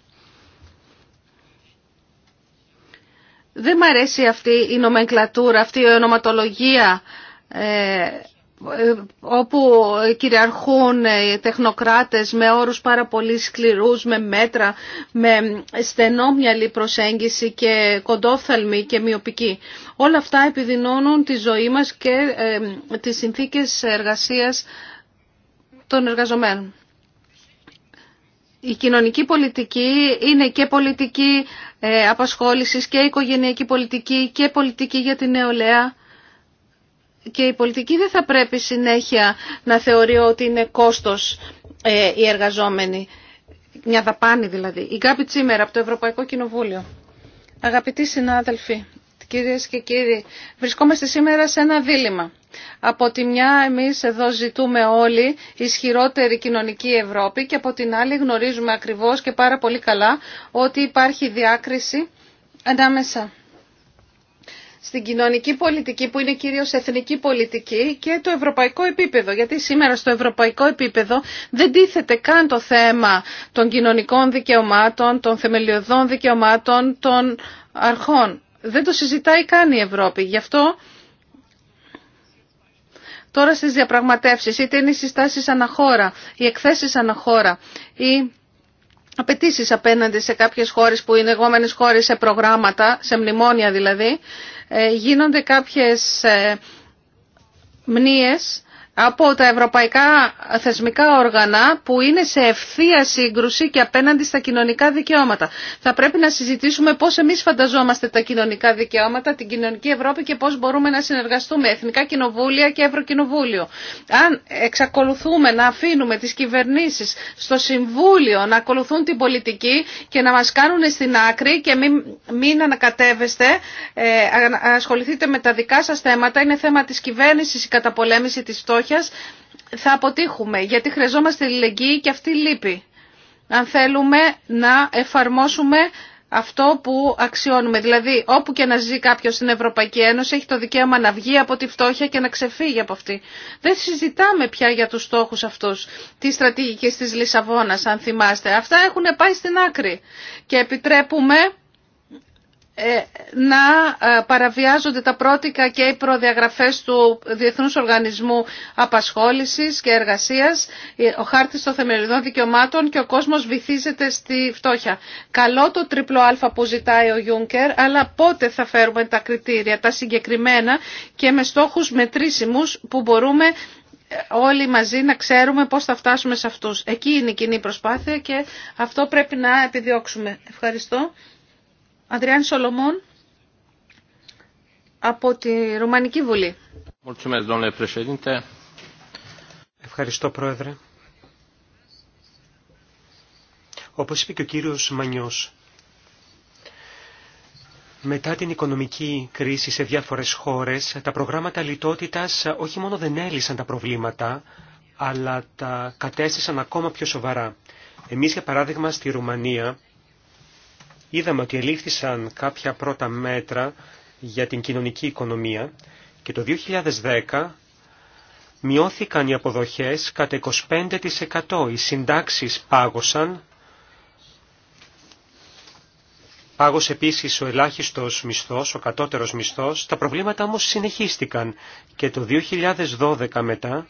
S2: Δεν μου αρέσει αυτή η νομεγκλατούρα, αυτή η ονοματολογία ε, όπου κυριαρχούν ε, τεχνοκράτες με όρους πάρα πολύ σκληρούς, με μέτρα, με στενόμυαλη προσέγγιση και κοντόφθαλμη και μειοπική. Όλα αυτά επιδεινώνουν τη ζωή μας και ε, τις συνθήκες εργασίας των εργαζομένων. Η κοινωνική πολιτική είναι και πολιτική ε, απασχόλησης και οικογενειακή πολιτική και πολιτική για την νεολαία και η πολιτική δεν θα πρέπει συνέχεια να θεωρεί ότι είναι κόστος ε, οι εργαζόμενοι. Μια δαπάνη δηλαδή. Η Γκάμπη Τσίμερα από το Ευρωπαϊκό Κοινοβούλιο. Αγαπητοί συνάδελφοι, κυρίες και κύριοι, βρισκόμαστε σήμερα σε ένα δίλημα. Από τη μια εμείς εδώ ζητούμε όλοι ισχυρότερη κοινωνική Ευρώπη και από την άλλη γνωρίζουμε ακριβώς και πάρα πολύ καλά ότι υπάρχει διάκριση ανάμεσα στην κοινωνική πολιτική που είναι κυρίως εθνική πολιτική και το ευρωπαϊκό επίπεδο. Γιατί σήμερα στο ευρωπαϊκό επίπεδο δεν τίθεται καν το θέμα των κοινωνικών δικαιωμάτων, των θεμελιωδών δικαιωμάτων, των αρχών. Δεν το συζητάει καν η Ευρώπη. Γι' αυτό τώρα στις διαπραγματεύσεις, είτε είναι οι συστάσεις αναχώρα, οι εκθέσεις αναχώρα, οι απαιτήσει απέναντι σε κάποιες χώρες που είναι εγώμενες χώρες σε προγράμματα, σε μνημόνια δηλαδή, ε, γίνονται κάποιες ε, μνήες από τα ευρωπαϊκά θεσμικά όργανα που είναι σε ευθεία σύγκρουση και απέναντι στα κοινωνικά δικαιώματα. Θα πρέπει να συζητήσουμε πώς εμείς φανταζόμαστε τα κοινωνικά δικαιώματα, την κοινωνική Ευρώπη και πώς μπορούμε να συνεργαστούμε Εθνικά Κοινοβούλια και Ευρωκοινοβούλιο. Αν εξακολουθούμε να αφήνουμε τις κυβερνήσεις στο Συμβούλιο να ακολουθούν την πολιτική και να μας κάνουν στην άκρη και μην, μην ανακατεύεστε, ε, ασχοληθείτε με τα δικά σας θέματα, είναι θέμα της κυβέρνησης η καταπολέμηση της θα αποτύχουμε γιατί χρειαζόμαστε αλληλεγγύη και αυτή λείπει. Αν θέλουμε να εφαρμόσουμε αυτό που αξιώνουμε. Δηλαδή όπου και να ζει κάποιο στην Ευρωπαϊκή Ένωση έχει το δικαίωμα να βγει από τη φτώχεια και να ξεφύγει από αυτή. Δεν συζητάμε πια για τους στόχους αυτούς τη στρατηγική τη Λισαβόνας αν θυμάστε. Αυτά έχουν πάει στην άκρη και επιτρέπουμε ε, να ε, παραβιάζονται τα πρότυκα και οι προδιαγραφές του Διεθνούς Οργανισμού Απασχόλησης και Εργασίας, ε, ο χάρτης των θεμελιωδών δικαιωμάτων και ο κόσμος βυθίζεται στη φτώχεια. Καλό το τριπλό αλφα που ζητάει ο Γιούνκερ, αλλά πότε θα φέρουμε τα κριτήρια, τα συγκεκριμένα και με στόχους μετρήσιμους που μπορούμε όλοι μαζί να ξέρουμε πώς θα φτάσουμε σε αυτούς. Εκεί είναι η κοινή προσπάθεια και αυτό πρέπει να επιδιώξουμε. Ευχαριστώ. Αντριάν Σολομών από τη Ρουμανική Βουλή.
S4: Ευχαριστώ Πρόεδρε. Όπως είπε και ο κύριος Μανιός, μετά την οικονομική κρίση σε διάφορες χώρες, τα προγράμματα λιτότητας όχι μόνο δεν έλυσαν τα προβλήματα, αλλά τα κατέστησαν ακόμα πιο σοβαρά. Εμείς, για παράδειγμα, στη Ρουμανία είδαμε ότι ελήφθησαν κάποια πρώτα μέτρα για την κοινωνική οικονομία και το 2010 μειώθηκαν οι αποδοχές κατά 25%. Οι συντάξεις πάγωσαν. Πάγωσε επίσης ο ελάχιστος μισθός, ο κατώτερος μισθός. Τα προβλήματα όμως συνεχίστηκαν και το 2012 μετά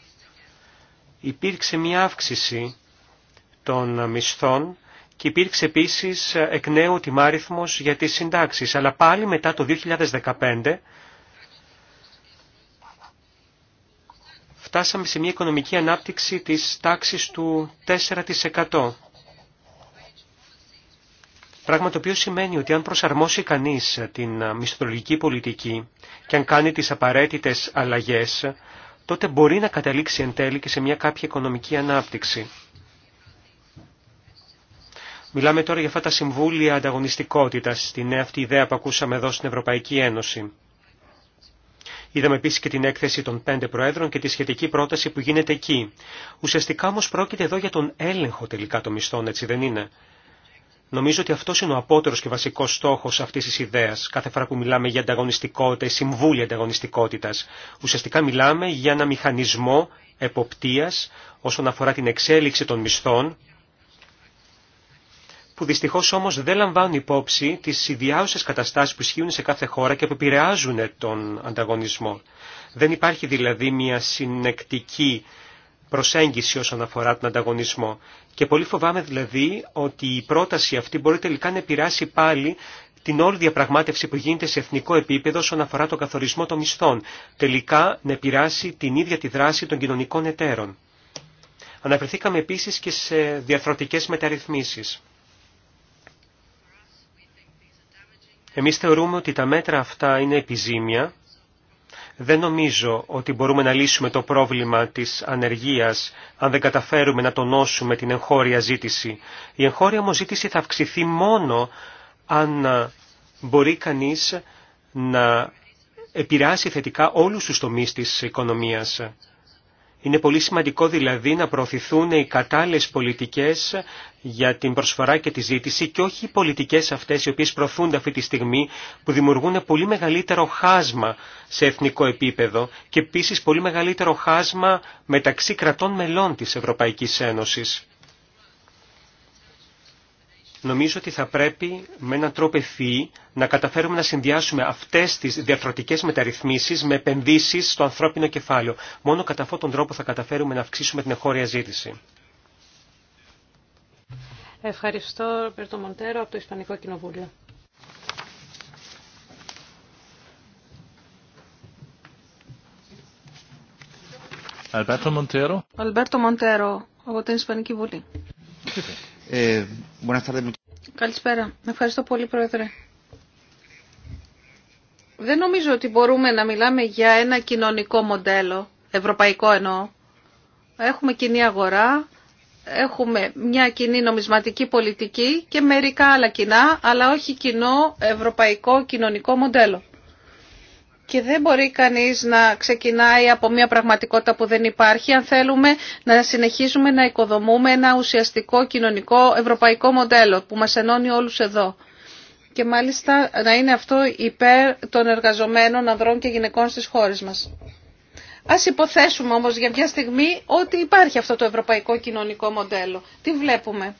S4: υπήρξε μια αύξηση των μισθών και υπήρξε επίσης ε, εκ νέου τιμάριθμος για τις συντάξεις. Αλλά πάλι μετά το 2015 φτάσαμε σε μια οικονομική ανάπτυξη της τάξης του 4%. Πράγμα το οποίο σημαίνει ότι αν προσαρμόσει κανείς ε, την ε, μισθολογική πολιτική και αν κάνει τις απαραίτητες αλλαγές, τότε μπορεί να καταλήξει εν τέλει και σε μια κάποια οικονομική ανάπτυξη. Μιλάμε τώρα για αυτά τα συμβούλια ανταγωνιστικότητας, την νέα αυτή ιδέα που ακούσαμε εδώ στην Ευρωπαϊκή Ένωση. Είδαμε επίση και την έκθεση των πέντε προέδρων και τη σχετική πρόταση που γίνεται εκεί. Ουσιαστικά όμω πρόκειται εδώ για τον έλεγχο τελικά των μισθών, έτσι δεν είναι. Νομίζω ότι αυτό είναι ο απότερο και βασικό στόχο αυτή τη ιδέα. Κάθε φορά που μιλάμε για ανταγωνιστικότητα, συμβούλια ανταγωνιστικότητα, ουσιαστικά μιλάμε για ένα μηχανισμό εποπτεία όσον αφορά την εξέλιξη των μισθών που δυστυχώ όμω δεν λαμβάνουν υπόψη τι ιδιάουσε καταστάσει που ισχύουν σε κάθε χώρα και που επηρεάζουν τον ανταγωνισμό. Δεν υπάρχει δηλαδή μια συνεκτική προσέγγιση όσον αφορά τον ανταγωνισμό. Και πολύ φοβάμαι δηλαδή ότι η πρόταση αυτή μπορεί τελικά να επηρεάσει πάλι την όλη διαπραγμάτευση που γίνεται σε εθνικό επίπεδο όσον αφορά τον καθορισμό των μισθών, τελικά να επηρεάσει την ίδια τη δράση των κοινωνικών εταίρων. Αναφερθήκαμε επίσης και σε διαθροτικές μεταρρυθμίσεις. Εμείς θεωρούμε ότι τα μέτρα αυτά είναι επιζήμια. Δεν νομίζω ότι μπορούμε να λύσουμε το πρόβλημα της ανεργίας αν δεν καταφέρουμε να τονώσουμε την εγχώρια ζήτηση. Η εγχώρια όμως ζήτηση θα αυξηθεί μόνο αν μπορεί κανείς να επηρεάσει θετικά όλους τους τομείς της οικονομίας. Είναι πολύ σημαντικό δηλαδή να προωθηθούν οι κατάλληλες πολιτικές για την προσφορά και τη ζήτηση και όχι οι πολιτικές αυτές οι οποίες προωθούνται αυτή τη στιγμή που δημιουργούν πολύ μεγαλύτερο χάσμα σε εθνικό επίπεδο και επίσης πολύ μεγαλύτερο χάσμα μεταξύ κρατών μελών της Ευρωπαϊκής Ένωσης νομίζω ότι θα πρέπει με έναν τρόπο ευφυή να καταφέρουμε να συνδυάσουμε αυτές τις διαρθρωτικές μεταρρυθμίσεις με επενδύσεις στο ανθρώπινο κεφάλαιο. Μόνο κατά αυτόν τον τρόπο θα καταφέρουμε να αυξήσουμε την εγχώρια ζήτηση.
S6: Ευχαριστώ, Ρομπέρτο Μοντέρο, από το Ισπανικό Κοινοβούλιο.
S3: Αλμπέρτο Μοντέρο.
S2: Αλμπέρτο Μοντέρο, από την Ισπανική Βουλή. Ε, Καλησπέρα. Ευχαριστώ πολύ, Πρόεδρε. Δεν νομίζω ότι μπορούμε να μιλάμε για ένα κοινωνικό μοντέλο, ευρωπαϊκό εννοώ. Έχουμε κοινή αγορά, έχουμε μια κοινή νομισματική πολιτική και μερικά άλλα κοινά, αλλά όχι κοινό ευρωπαϊκό κοινωνικό μοντέλο και δεν μπορεί κανείς να ξεκινάει από μια πραγματικότητα που δεν υπάρχει αν θέλουμε να συνεχίσουμε να οικοδομούμε ένα ουσιαστικό κοινωνικό ευρωπαϊκό μοντέλο που μας ενώνει όλους εδώ. Και μάλιστα να είναι αυτό υπέρ των εργαζομένων ανδρών και γυναικών στις χώρες μας. Ας υποθέσουμε όμως για μια στιγμή ότι υπάρχει αυτό το ευρωπαϊκό κοινωνικό μοντέλο. Τι βλέπουμε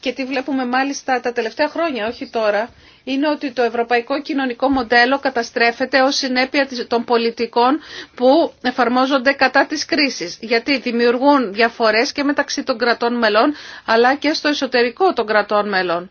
S2: και τι βλέπουμε μάλιστα τα τελευταία χρόνια, όχι τώρα, είναι ότι το ευρωπαϊκό κοινωνικό μοντέλο καταστρέφεται ως συνέπεια των πολιτικών που εφαρμόζονται κατά της κρίσης. Γιατί δημιουργούν διαφορές και μεταξύ των κρατών μελών, αλλά και στο εσωτερικό των κρατών μελών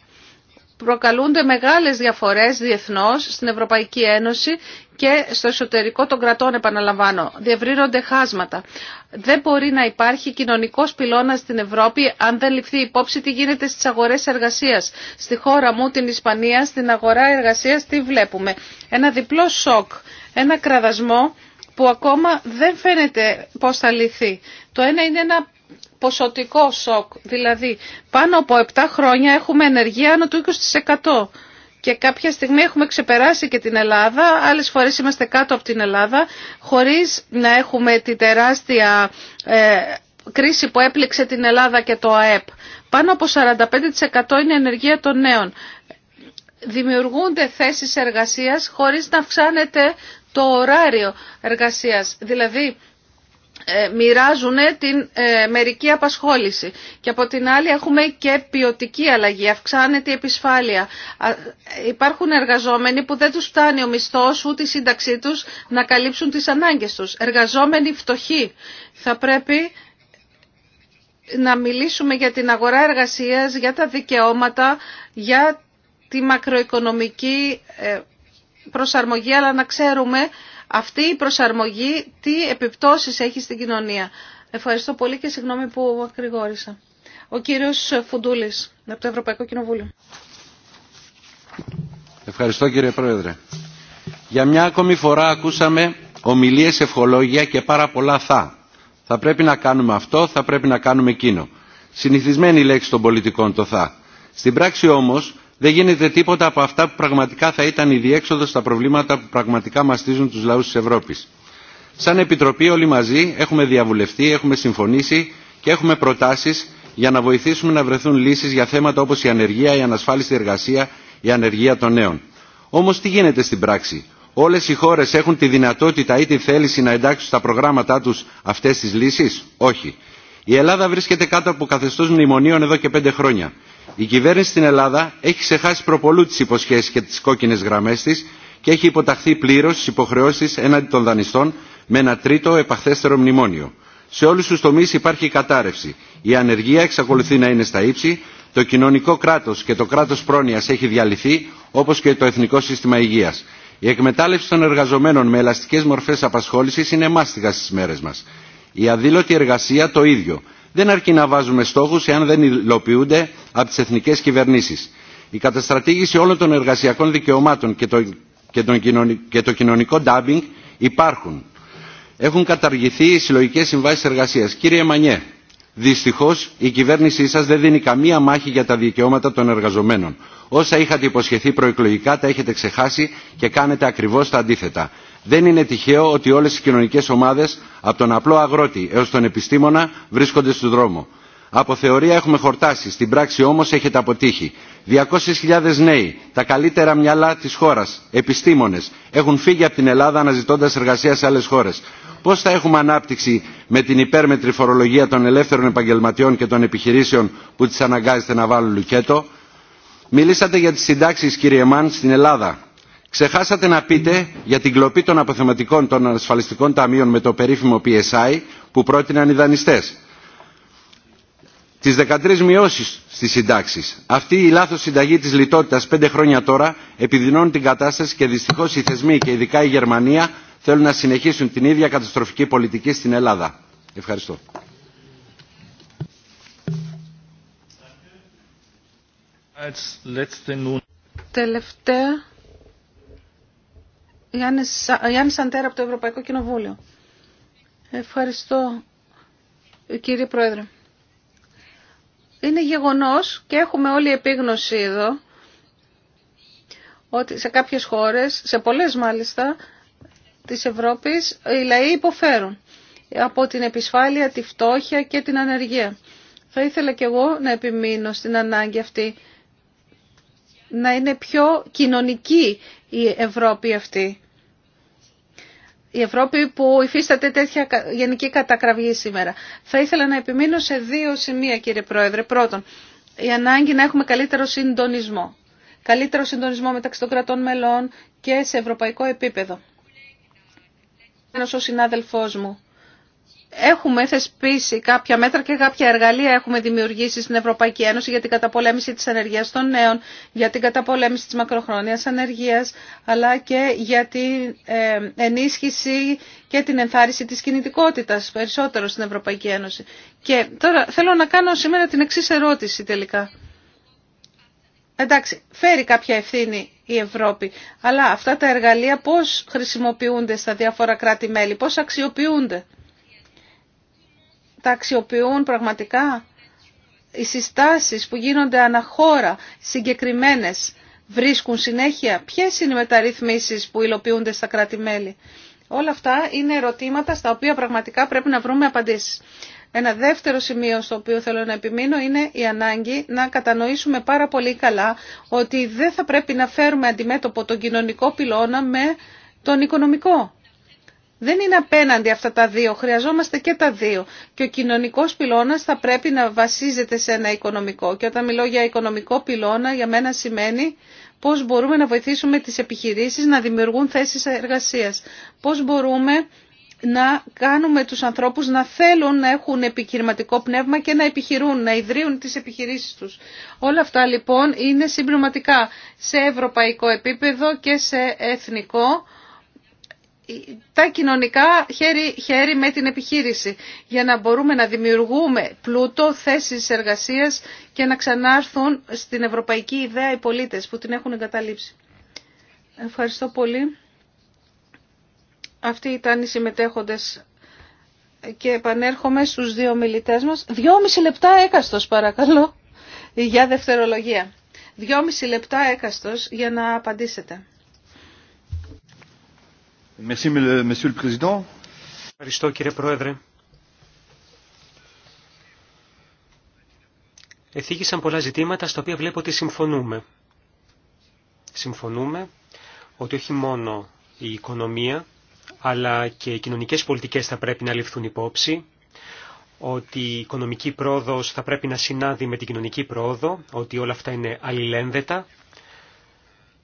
S2: προκαλούνται μεγάλες διαφορές διεθνώς στην Ευρωπαϊκή Ένωση και στο εσωτερικό των κρατών, επαναλαμβάνω. Διευρύνονται χάσματα. Δεν μπορεί να υπάρχει κοινωνικός πυλώνας στην Ευρώπη αν δεν ληφθεί υπόψη τι γίνεται στις αγορές εργασίας. Στη χώρα μου, την Ισπανία, στην αγορά εργασίας τι βλέπουμε. Ένα διπλό σοκ, ένα κραδασμό που ακόμα δεν φαίνεται πώς θα λυθεί. Το ένα είναι ένα ποσοτικό σοκ. Δηλαδή πάνω από 7 χρόνια έχουμε ενεργεία άνω του 20%. Και κάποια στιγμή έχουμε ξεπεράσει και την Ελλάδα, άλλες φορές είμαστε κάτω από την Ελλάδα, χωρίς να έχουμε τη τεράστια ε, κρίση που έπληξε την Ελλάδα και το ΑΕΠ. Πάνω από 45% είναι ενεργία των νέων. Δημιουργούνται θέσεις εργασίας χωρίς να αυξάνεται το ωράριο εργασίας. Δηλαδή, ε, μοιράζουν την ε, μερική απασχόληση. Και από την άλλη έχουμε και ποιοτική αλλαγή, αυξάνεται η επισφάλεια. Υπάρχουν εργαζόμενοι που δεν τους φτάνει ο μισθός ούτε η σύνταξή τους να καλύψουν τις ανάγκες τους. Εργαζόμενοι φτωχοί. Θα πρέπει να μιλήσουμε για την αγορά εργασίας, για τα δικαιώματα, για τη μακροοικονομική ε, προσαρμογή, αλλά να ξέρουμε αυτή η προσαρμογή τι επιπτώσεις έχει στην κοινωνία. Ευχαριστώ πολύ και συγγνώμη που ακρηγόρησα. Ο κύριος Φουντούλης από το Ευρωπαϊκό Κοινοβούλιο.
S7: Ευχαριστώ κύριε Πρόεδρε. Για μια ακόμη φορά ακούσαμε ομιλίες ευχολόγια και πάρα πολλά θα. Θα πρέπει να κάνουμε αυτό, θα πρέπει να κάνουμε εκείνο. Συνηθισμένη λέξη των πολιτικών το θα. Στην πράξη όμως δεν γίνεται τίποτα από αυτά που πραγματικά θα ήταν η διέξοδο στα προβλήματα που πραγματικά μαστίζουν του λαού τη Ευρώπη. Σαν Επιτροπή όλοι μαζί έχουμε διαβουλευτεί, έχουμε συμφωνήσει και έχουμε προτάσει για να βοηθήσουμε να βρεθούν λύσει για θέματα όπω η ανεργία, η ανασφάλιστη εργασία, η ανεργία των νέων. Όμω τι γίνεται στην πράξη. Όλε οι χώρε έχουν τη δυνατότητα ή τη θέληση να εντάξουν στα προγράμματά του αυτέ τι λύσει. Όχι. Η Ελλάδα βρίσκεται κάτω από καθεστώ μνημονίων εδώ και πέντε χρόνια. Η κυβέρνηση στην Ελλάδα έχει ξεχάσει προπολού τι υποσχέσει και τι κόκκινε γραμμέ τη και έχει υποταχθεί πλήρως στι υποχρεώσει έναντι των δανειστών με ένα τρίτο επαχθέστερο μνημόνιο. Σε όλους τους τομείς υπάρχει κατάρρευση. Η ανεργία εξακολουθεί να είναι στα ύψη, το κοινωνικό κράτος και το κράτος πρόνοιας έχει διαλυθεί, όπως και το εθνικό σύστημα υγείας. Η εκμετάλλευση των εργαζομένων με ελαστικές μορφές απασχόληση είναι μάστιγα στι μέρε μα. Η αδήλωτη εργασία το ίδιο δεν αρκεί να βάζουμε στόχου εάν δεν υλοποιούνται από τι εθνικέ κυβερνήσει. Η καταστρατήγηση όλων των εργασιακών δικαιωμάτων και το, και, κοινωνικό, και το κοινωνικό ντάμπινγκ υπάρχουν. Έχουν καταργηθεί οι συλλογικέ συμβάσει εργασία. Κύριε Μανιέ, δυστυχώ η κυβέρνησή σα δεν δίνει καμία μάχη για τα δικαιώματα των εργαζομένων. Όσα είχατε υποσχεθεί προεκλογικά τα έχετε ξεχάσει και κάνετε ακριβώ τα αντίθετα. Δεν είναι τυχαίο ότι όλες οι κοινωνικές ομάδες, από τον απλό αγρότη έως τον επιστήμονα, βρίσκονται στον δρόμο. Από θεωρία έχουμε χορτάσει, στην πράξη όμως έχετε αποτύχει. 200.000 νέοι, τα καλύτερα μυαλά της χώρας, επιστήμονες, έχουν φύγει από την Ελλάδα αναζητώντας εργασία σε άλλες χώρες. Πώς θα έχουμε ανάπτυξη με την υπέρμετρη φορολογία των ελεύθερων επαγγελματιών και των επιχειρήσεων που τις αναγκάζεται να βάλουν λουκέτο. Μιλήσατε για τις συντάξεις κύριε Μαν στην Ελλάδα Ξεχάσατε να πείτε για την κλοπή των αποθεματικών των ασφαλιστικών ταμείων με το περίφημο PSI που πρότειναν οι δανειστές. Τις 13 μειώσεις στις συντάξεις. Αυτή η λάθος συνταγή της λιτότητας πέντε χρόνια τώρα επιδεινώνει την κατάσταση και δυστυχώς οι θεσμοί και ειδικά η Γερμανία θέλουν να συνεχίσουν την ίδια καταστροφική πολιτική στην Ελλάδα. Ευχαριστώ.
S2: Τελευταία ε, Γιάννη Σαντέρα από το Ευρωπαϊκό Κοινοβούλιο. Ευχαριστώ κύριε Πρόεδρε. Είναι γεγονός και έχουμε όλη επίγνωση εδώ ότι σε κάποιες χώρες, σε πολλές μάλιστα της Ευρώπης, οι λαοί υποφέρουν από την επισφάλεια, τη φτώχεια και την ανεργία. Θα ήθελα κι εγώ να επιμείνω στην ανάγκη αυτή να είναι πιο κοινωνική η Ευρώπη αυτή η Ευρώπη που υφίσταται τέτοια γενική κατακραυγή σήμερα. Θα ήθελα να επιμείνω σε δύο σημεία κύριε Πρόεδρε. Πρώτον, η ανάγκη να έχουμε καλύτερο συντονισμό. Καλύτερο συντονισμό μεταξύ των κρατών μελών και σε ευρωπαϊκό επίπεδο. Ένας ο συνάδελφός μου Έχουμε θεσπίσει κάποια μέτρα και κάποια εργαλεία έχουμε δημιουργήσει στην Ευρωπαϊκή Ένωση για την καταπολέμηση της ανεργίας των νέων, για την καταπολέμηση της μακροχρόνιας ανεργίας, αλλά και για την ε, ενίσχυση και την ενθάρρυνση της κινητικότητας περισσότερο στην Ευρωπαϊκή Ένωση. Και τώρα θέλω να κάνω σήμερα την εξή ερώτηση τελικά. Εντάξει, φέρει κάποια ευθύνη η Ευρώπη, αλλά αυτά τα εργαλεία πώς χρησιμοποιούνται στα διάφορα κράτη-μέλη, πώς αξιοποιούνται τα αξιοποιούν πραγματικά. Οι συστάσεις που γίνονται αναχώρα, συγκεκριμένες, βρίσκουν συνέχεια. Ποιες είναι οι μεταρρυθμίσεις που υλοποιούνται στα κράτη-μέλη. Όλα αυτά είναι ερωτήματα στα οποία πραγματικά πρέπει να βρούμε απαντήσεις. Ένα δεύτερο σημείο στο οποίο θέλω να επιμείνω είναι η ανάγκη να κατανοήσουμε πάρα πολύ καλά ότι δεν θα πρέπει να φέρουμε αντιμέτωπο τον κοινωνικό πυλώνα με τον οικονομικό. Δεν είναι απέναντι αυτά τα δύο, χρειαζόμαστε και τα δύο. Και ο κοινωνικός πυλώνας θα πρέπει να βασίζεται σε ένα οικονομικό. Και όταν μιλώ για οικονομικό πυλώνα, για μένα σημαίνει πώς μπορούμε να βοηθήσουμε τις επιχειρήσεις να δημιουργούν θέσεις εργασίας. Πώς μπορούμε να κάνουμε τους ανθρώπους να θέλουν να έχουν επιχειρηματικό πνεύμα και να επιχειρούν, να ιδρύουν τις επιχειρήσεις τους. Όλα αυτά λοιπόν είναι συμπληρωματικά σε ευρωπαϊκό επίπεδο και σε εθνικό τα κοινωνικά χέρι, χέρι με την επιχείρηση για να μπορούμε να δημιουργούμε πλούτο, θέσεις εργασίας και να ξανάρθουν στην ευρωπαϊκή ιδέα οι πολίτες που την έχουν εγκαταλείψει. Ευχαριστώ πολύ. Αυτοί ήταν οι συμμετέχοντες και επανέρχομαι στους δύο μιλητές μας. Δυόμιση λεπτά έκαστος παρακαλώ για δευτερολογία. Δυόμιση λεπτά έκαστος για να απαντήσετε.
S4: Ευχαριστώ κύριε Πρόεδρε. Εθίγησαν πολλά ζητήματα στα οποία βλέπω ότι συμφωνούμε. Συμφωνούμε ότι όχι μόνο η οικονομία αλλά και οι κοινωνικές πολιτικές θα πρέπει να ληφθούν υπόψη, ότι η οικονομική πρόοδος θα πρέπει να συνάδει με την κοινωνική πρόοδο, ότι όλα αυτά είναι αλληλένδετα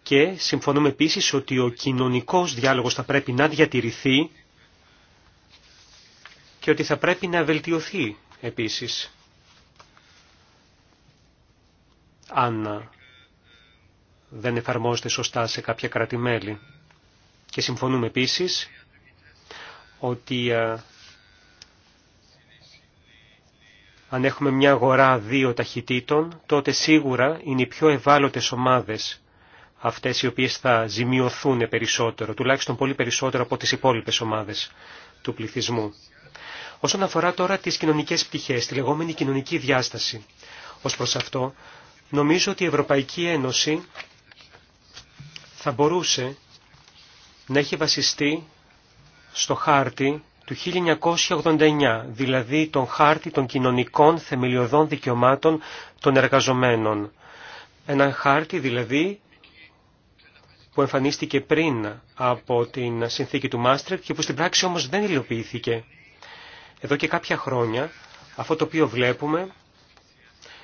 S4: και συμφωνούμε επίσης ότι ο κοινωνικός διάλογος θα πρέπει να διατηρηθεί και ότι θα πρέπει να βελτιωθεί επίσης. Αν δεν εφαρμόζεται σωστά σε κάποια κρατημέλη. Και συμφωνούμε επίσης ότι ε, αν έχουμε μια αγορά δύο ταχυτήτων, τότε σίγουρα είναι οι πιο ευάλωτες ομάδες αυτές οι οποίες θα ζημιωθούν περισσότερο, τουλάχιστον πολύ περισσότερο από τις υπόλοιπες ομάδες του πληθυσμού. Όσον αφορά τώρα τις κοινωνικές πτυχές, τη λεγόμενη κοινωνική διάσταση, ως προς αυτό, νομίζω ότι η Ευρωπαϊκή Ένωση θα μπορούσε να έχει βασιστεί στο χάρτη του 1989, δηλαδή τον χάρτη των κοινωνικών θεμελιωδών δικαιωμάτων των εργαζομένων. Ένα χάρτη δηλαδή που εμφανίστηκε πριν από την συνθήκη του Μάστρετ και που στην πράξη όμως δεν υλοποιήθηκε. Εδώ και κάποια χρόνια αυτό το οποίο βλέπουμε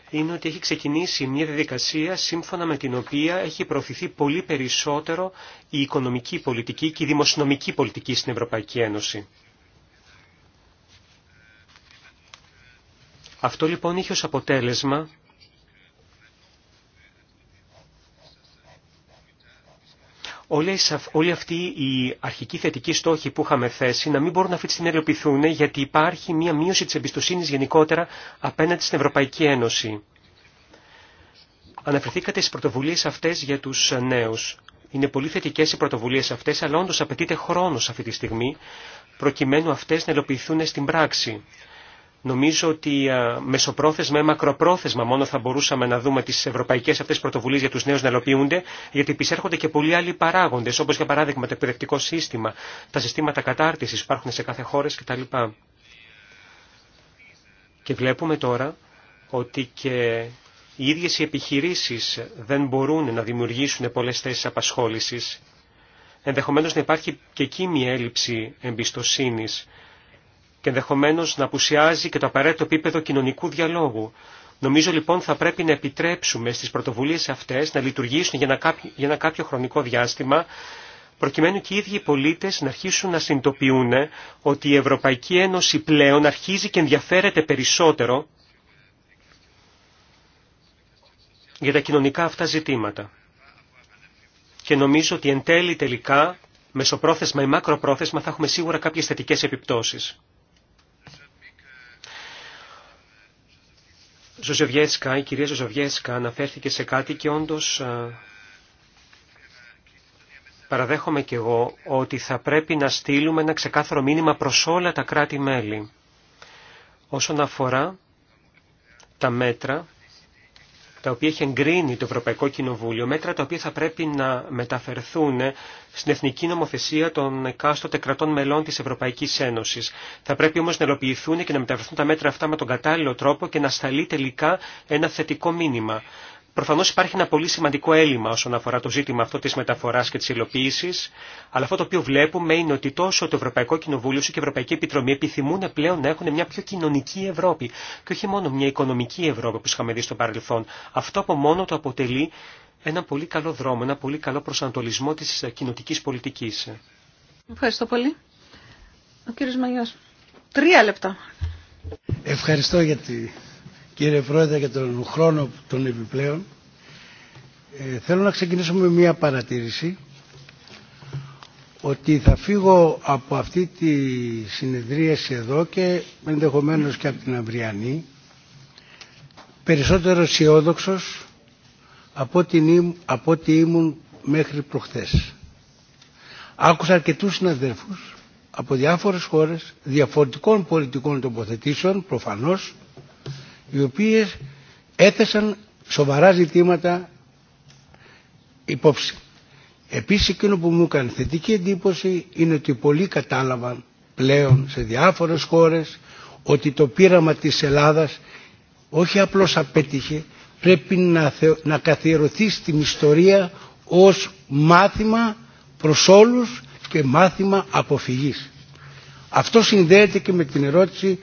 S4: είναι ότι έχει ξεκινήσει μια διαδικασία σύμφωνα με την οποία έχει προωθηθεί πολύ περισσότερο η οικονομική πολιτική και η δημοσιονομική πολιτική στην Ευρωπαϊκή Ένωση. Αυτό λοιπόν είχε ως αποτέλεσμα όλοι αυτοί οι αρχικοί θετικοί στόχοι που είχαμε θέσει να μην μπορούν αυτή τη να γιατί υπάρχει μια μείωση της εμπιστοσύνης γενικότερα απέναντι στην Ευρωπαϊκή Ένωση. Αναφερθήκατε στις πρωτοβουλίες αυτές για τους νέους. Είναι πολύ θετικέ οι πρωτοβουλίε αυτέ, αλλά όντω απαιτείται χρόνο αυτή τη στιγμή, προκειμένου αυτέ να υλοποιηθούν στην πράξη. Νομίζω ότι ε, μεσοπρόθεσμα ή μακροπρόθεσμα μόνο θα μπορούσαμε να δούμε τι ευρωπαϊκέ αυτέ πρωτοβουλίε για του νέου να ελοποιούνται, γιατί επισέρχονται και πολλοί άλλοι παράγοντε, όπω για παράδειγμα το εκπαιδευτικό σύστημα, τα συστήματα κατάρτιση που υπάρχουν σε κάθε χώρα κτλ. Και βλέπουμε τώρα ότι και οι ίδιες οι επιχειρήσεις δεν μπορούν να δημιουργήσουν πολλές θέσεις απασχόλησης. Ενδεχομένως να υπάρχει και εκεί μια έλλειψη εμπιστοσύνης και ενδεχομένω να απουσιάζει και το απαραίτητο επίπεδο κοινωνικού διαλόγου. Νομίζω λοιπόν θα πρέπει να επιτρέψουμε στις πρωτοβουλίες αυτές να λειτουργήσουν για ένα κάποιο, χρονικό διάστημα προκειμένου και οι ίδιοι οι πολίτες να αρχίσουν να συνειδητοποιούν ότι η Ευρωπαϊκή Ένωση πλέον αρχίζει και ενδιαφέρεται περισσότερο για τα κοινωνικά αυτά ζητήματα. Και νομίζω ότι εν τέλει τελικά, μεσοπρόθεσμα ή μακροπρόθεσμα, θα έχουμε σίγουρα κάποιες θετικές επιπτώσεις. η κυρία Ζωζοβιέσκα αναφέρθηκε σε κάτι και όντως παραδέχομαι και εγώ ότι θα πρέπει να στείλουμε ένα ξεκάθαρο μήνυμα προς όλα τα κράτη-μέλη όσον αφορά τα μέτρα τα οποία έχει εγκρίνει το Ευρωπαϊκό Κοινοβούλιο, μέτρα τα οποία θα πρέπει να μεταφερθούν στην εθνική νομοθεσία των εκάστοτε κρατών μελών της Ευρωπαϊκής Ένωσης. Θα πρέπει όμως να ελοποιηθούν και να μεταφερθούν τα μέτρα αυτά με τον κατάλληλο τρόπο και να σταλεί τελικά ένα θετικό μήνυμα. Προφανώ υπάρχει ένα πολύ σημαντικό έλλειμμα όσον αφορά το ζήτημα αυτό τη μεταφορά και τη υλοποίηση, αλλά αυτό το οποίο βλέπουμε είναι ότι τόσο το Ευρωπαϊκό Κοινοβούλιο όσο και η Ευρωπαϊκή Επιτροπή επιθυμούν πλέον να έχουν μια πιο κοινωνική Ευρώπη και όχι μόνο μια οικονομική Ευρώπη που είχαμε δει στο παρελθόν. Αυτό από μόνο το αποτελεί ένα πολύ καλό δρόμο, ένα πολύ καλό προσανατολισμό τη κοινοτική πολιτική.
S2: Ευχαριστώ πολύ. Ο κύριο Μαγιό. Τρία λεπτά.
S5: Ευχαριστώ για τη κύριε Πρόεδρε για τον χρόνο των επιπλέον. Ε, θέλω να ξεκινήσω με μια παρατήρηση ότι θα φύγω από αυτή τη συνεδρίαση εδώ και ενδεχομένως και από την αυριανή περισσότερο αισιόδοξο από, από ό,τι ήμουν μέχρι προχθές. Άκουσα αρκετούς συναδέλφους από διάφορες χώρες διαφορετικών πολιτικών τοποθετήσεων προφανώς οι οποίες έθεσαν σοβαρά ζητήματα υπόψη. Επίσης εκείνο που μου έκανε θετική εντύπωση είναι ότι πολλοί κατάλαβαν πλέον σε διάφορες χώρες ότι το πείραμα της Ελλάδας όχι απλώς απέτυχε, πρέπει να, καθιερωθεί στην ιστορία ως μάθημα προς όλους και μάθημα αποφυγής. Αυτό συνδέεται και με την ερώτηση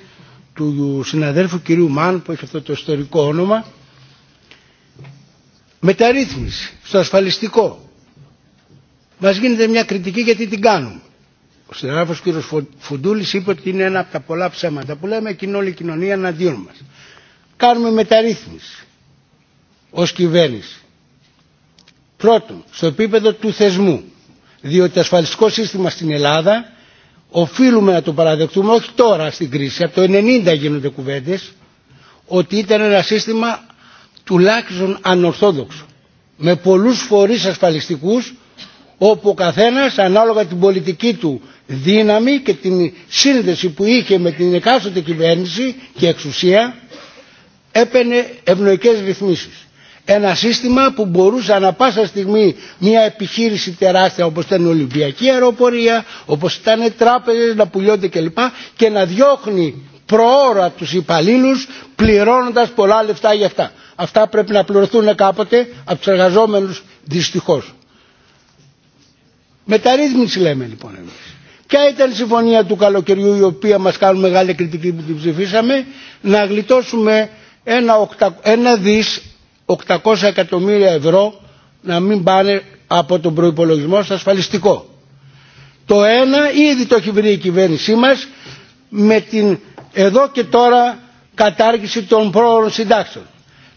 S5: του συναδέλφου κυρίου Μαν που έχει αυτό το ιστορικό όνομα μεταρρύθμιση στο ασφαλιστικό μας γίνεται μια κριτική γιατί την κάνουμε ο συνάδελφος κ. Φουντούλης είπε ότι είναι ένα από τα πολλά ψέματα που λέμε και είναι όλη η κοινωνία εναντίον μας κάνουμε μεταρρύθμιση ως κυβέρνηση πρώτον στο επίπεδο του θεσμού διότι το ασφαλιστικό σύστημα στην Ελλάδα οφείλουμε να το παραδεχτούμε όχι τώρα στην κρίση, από το 90 γίνονται κουβέντες, ότι ήταν ένα σύστημα τουλάχιστον ανορθόδοξο. Με πολλούς φορείς ασφαλιστικούς όπου ο καθένας ανάλογα την πολιτική του δύναμη και την σύνδεση που είχε με την εκάστοτε κυβέρνηση και εξουσία έπαινε ευνοϊκές ρυθμίσεις. Ένα σύστημα που μπορούσε ανα πάσα στιγμή μια επιχείρηση τεράστια όπως ήταν η Ολυμπιακή Αεροπορία, όπως ήταν οι τράπεζες να πουλιώνται κλπ. και να διώχνει προώρα τους υπαλλήλους πληρώνοντας πολλά λεφτά για αυτά. Αυτά πρέπει να πληρωθούν κάποτε από τους εργαζόμενους δυστυχώς. Μεταρρύθμιση λέμε λοιπόν εμείς. Ποια ήταν η συμφωνία του καλοκαιριού η οποία μας κάνουν μεγάλη κριτική που την ψηφίσαμε να γλιτώσουμε ένα, οκτα... ένα δις 800 εκατομμύρια ευρώ να μην πάνε από τον προϋπολογισμό στο ασφαλιστικό. Το ένα ήδη το έχει βρει η κυβέρνησή μας με την εδώ και τώρα κατάργηση των πρόωρων συντάξεων.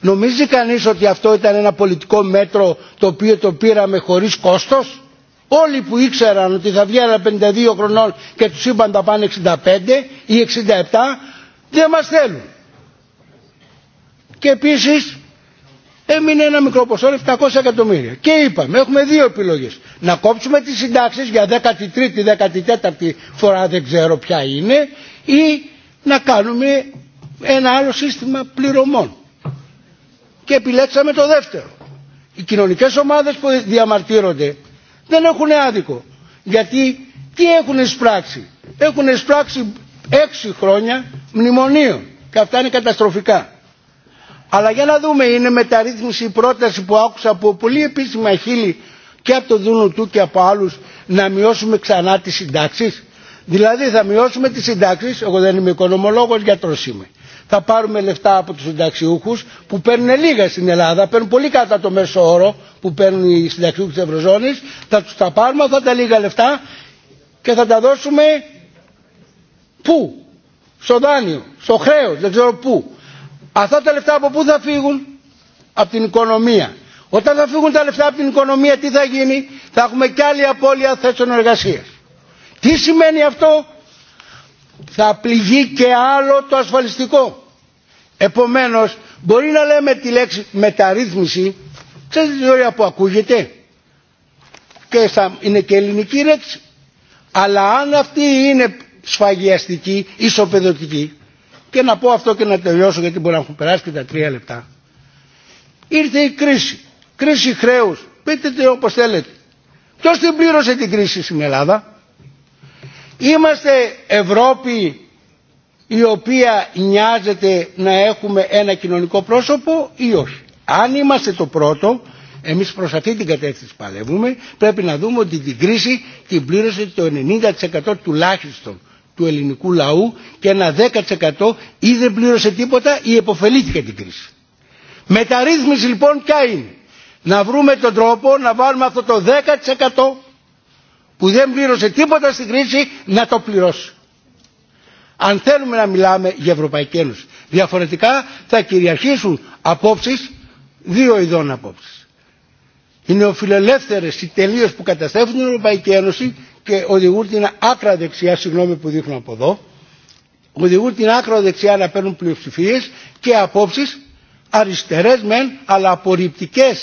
S5: Νομίζει κανείς ότι αυτό ήταν ένα πολιτικό μέτρο το οποίο το πήραμε χωρίς κόστος. Όλοι που ήξεραν ότι θα ένα 52 χρονών και τους είπαν τα πάνε 65 ή 67 δεν μας θέλουν. Και επίσης έμεινε ένα μικρό ποσό 700 εκατομμύρια. Και είπαμε, έχουμε δύο επιλογές. Να κόψουμε τις συντάξεις για 13η, 14η φορά δεν ξέρω ποια είναι ή να κάνουμε ένα άλλο σύστημα πληρωμών. Και επιλέξαμε το δεύτερο. Οι κοινωνικές ομάδες που διαμαρτύρονται δεν έχουν άδικο. Γιατί τι έχουν εισπράξει. Έχουν εισπράξει έξι χρόνια μνημονίων. Και αυτά είναι καταστροφικά. Αλλά για να δούμε, είναι μεταρρύθμιση η πρόταση που άκουσα από πολύ επίσημα χείλη και από το Δούνο του και από άλλους να μειώσουμε ξανά τις συντάξεις. Δηλαδή θα μειώσουμε τις συντάξεις, εγώ δεν είμαι οικονομολόγος, γιατρός είμαι. Θα πάρουμε λεφτά από τους συνταξιούχους που παίρνουν λίγα στην Ελλάδα, παίρνουν πολύ κάτω από το μέσο όρο που παίρνουν οι συνταξιούχοι της Ευρωζώνης, θα του τα πάρουμε αυτά τα λίγα λεφτά και θα τα δώσουμε πού, στο δάνειο, στο χρέος, δεν ξέρω πού Αυτά τα λεφτά από πού θα φύγουν? Από την οικονομία. Όταν θα φύγουν τα λεφτά από την οικονομία τι θα γίνει? Θα έχουμε κι άλλη απώλεια θέσεων εργασία. Τι σημαίνει αυτό? Θα πληγεί και άλλο το ασφαλιστικό. Επομένως μπορεί να λέμε τη λέξη μεταρρύθμιση. Ξέρετε τη ωραία που ακούγεται. Και είναι και ελληνική λέξη. Αλλά αν αυτή είναι σφαγιαστική, ισοπεδωτική, και να πω αυτό και να τελειώσω γιατί μπορεί να έχουν περάσει και τα τρία λεπτά. Ήρθε η κρίση. Κρίση χρέους. Πείτε το όπως θέλετε. Ποιος την πλήρωσε την κρίση στην Ελλάδα. Είμαστε Ευρώπη η οποία νοιάζεται να έχουμε ένα κοινωνικό πρόσωπο ή όχι. Αν είμαστε το πρώτο, εμείς προς αυτή την κατεύθυνση παλεύουμε, πρέπει να δούμε ότι την κρίση την πλήρωσε το 90% τουλάχιστον του ελληνικού λαού και ένα 10% ή δεν πλήρωσε τίποτα ή επωφελήθηκε την κρίση. Μεταρρύθμιση λοιπόν ποια είναι. Να βρούμε τον τρόπο να βάλουμε αυτό το 10% που δεν πλήρωσε τίποτα στην κρίση να το πληρώσει. Αν θέλουμε να μιλάμε για Ευρωπαϊκή Ένωση. Διαφορετικά θα κυριαρχήσουν απόψεις, δύο ειδών απόψεις. Οι νεοφιλελεύθερες, οι τελείως που καταστρέφουν την Ευρωπαϊκή Ένωση και οδηγούν την άκρα δεξιά, συγγνώμη που δείχνω από εδώ, οδηγούν την άκρα δεξιά να παίρνουν πλειοψηφίε και απόψει αριστερέ μεν, αλλά απορριπτικέ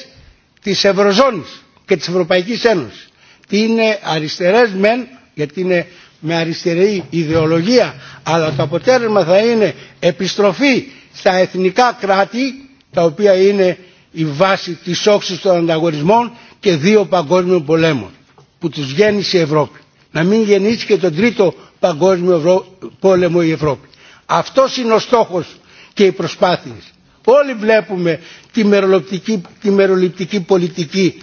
S5: τη Ευρωζώνη και τη Ευρωπαϊκή Ένωση. Τι είναι αριστερέ μεν, γιατί είναι με αριστερή ιδεολογία, αλλά το αποτέλεσμα θα είναι επιστροφή στα εθνικά κράτη, τα οποία είναι η βάση της όξης των ανταγωνισμών και δύο παγκόσμιων πολέμων που τους γέννησε η Ευρώπη. Να μην γεννήσει και τον τρίτο παγκόσμιο πόλεμο η Ευρώπη. Αυτός είναι ο στόχος και η προσπάθεια. Όλοι βλέπουμε τη μεροληπτική, τη μεροληπτική πολιτική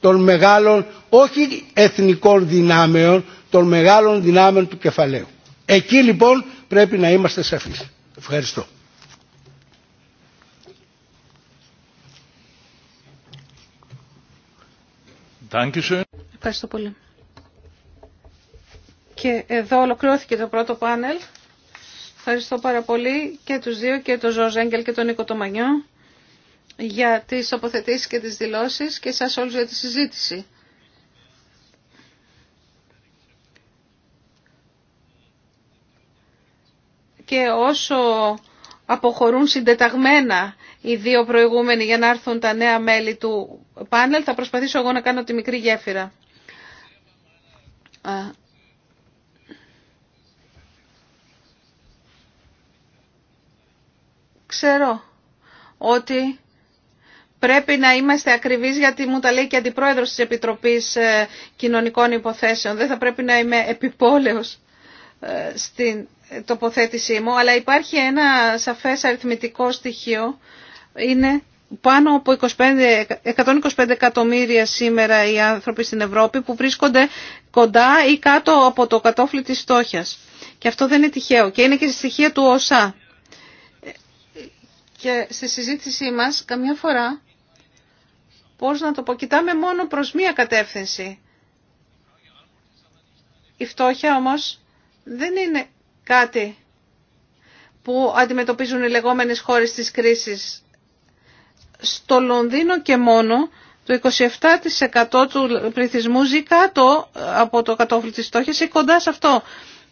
S5: των μεγάλων, όχι εθνικών δυνάμεων, των μεγάλων δυνάμεων του κεφαλαίου. Εκεί λοιπόν πρέπει να είμαστε σαφείς. Ευχαριστώ.
S2: Ευχαριστώ πολύ. Και εδώ ολοκληρώθηκε το πρώτο πάνελ. Ευχαριστώ πάρα πολύ και τους δύο, και τον Ζωζ και τον Νίκο Τομανιό, για τις αποθετήσεις και τις δηλώσεις και σας όλους για τη συζήτηση. Και όσο αποχωρούν συντεταγμένα οι δύο προηγούμενοι για να έρθουν τα νέα μέλη του πάνελ, θα προσπαθήσω εγώ να κάνω τη μικρή γέφυρα ξέρω ότι πρέπει να είμαστε ακριβείς γιατί μου τα λέει και αντιπρόεδρος της Επιτροπής ε, Κοινωνικών Υποθέσεων. Δεν θα πρέπει να είμαι επιπόλαιος ε, στην τοποθέτησή μου, αλλά υπάρχει ένα σαφές αριθμητικό στοιχείο. Είναι πάνω από 25, 125 εκατομμύρια σήμερα οι άνθρωποι στην Ευρώπη που βρίσκονται κοντά ή κάτω από το κατόφλι της στόχιας. Και αυτό δεν είναι τυχαίο και είναι και στη στοιχεία του ΩΣΑ. Και στη συζήτησή μας καμιά φορά, πώς να το πω, κοιτάμε μόνο προς μία κατεύθυνση. Η φτώχεια όμως δεν είναι κάτι που αντιμετωπίζουν οι λεγόμενες χώρες της κρίσης στο Λονδίνο και μόνο το 27% του πληθυσμού ζει κάτω ε, από το κατόφλι της στόχης ή κοντά σε αυτό.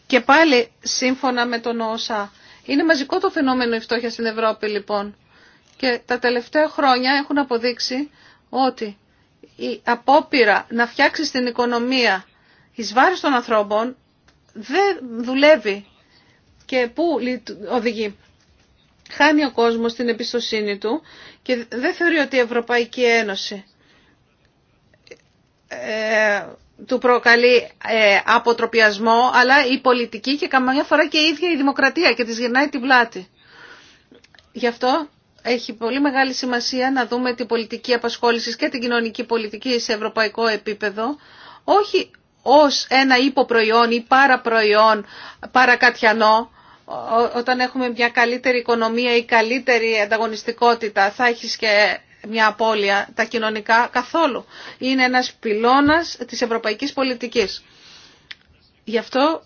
S2: Και πάλι σύμφωνα με τον ΩΣΑ. Είναι μαζικό το φαινόμενο η φτώχεια στην Ευρώπη λοιπόν. Και τα τελευταία χρόνια έχουν αποδείξει ότι η απόπειρα να φτιάξει την οικονομία εις βάρος των ανθρώπων δεν δουλεύει και πού οδηγεί χάνει ο κόσμος την εμπιστοσύνη του και δεν θεωρεί ότι η Ευρωπαϊκή Ένωση ε, του προκαλεί ε, αποτροπιασμό, αλλά η πολιτική και καμιά φορά και η ίδια η δημοκρατία και της γυρνάει την πλάτη. Γι' αυτό έχει πολύ μεγάλη σημασία να δούμε την πολιτική απασχόληση και την κοινωνική πολιτική σε ευρωπαϊκό επίπεδο, όχι ως ένα υποπροϊόν ή παραπροϊόν παρακατιανό, όταν έχουμε μια καλύτερη οικονομία ή καλύτερη ανταγωνιστικότητα θα έχεις και μια απώλεια τα κοινωνικά καθόλου. Είναι ένας πυλώνας της ευρωπαϊκής πολιτικής. Γι' αυτό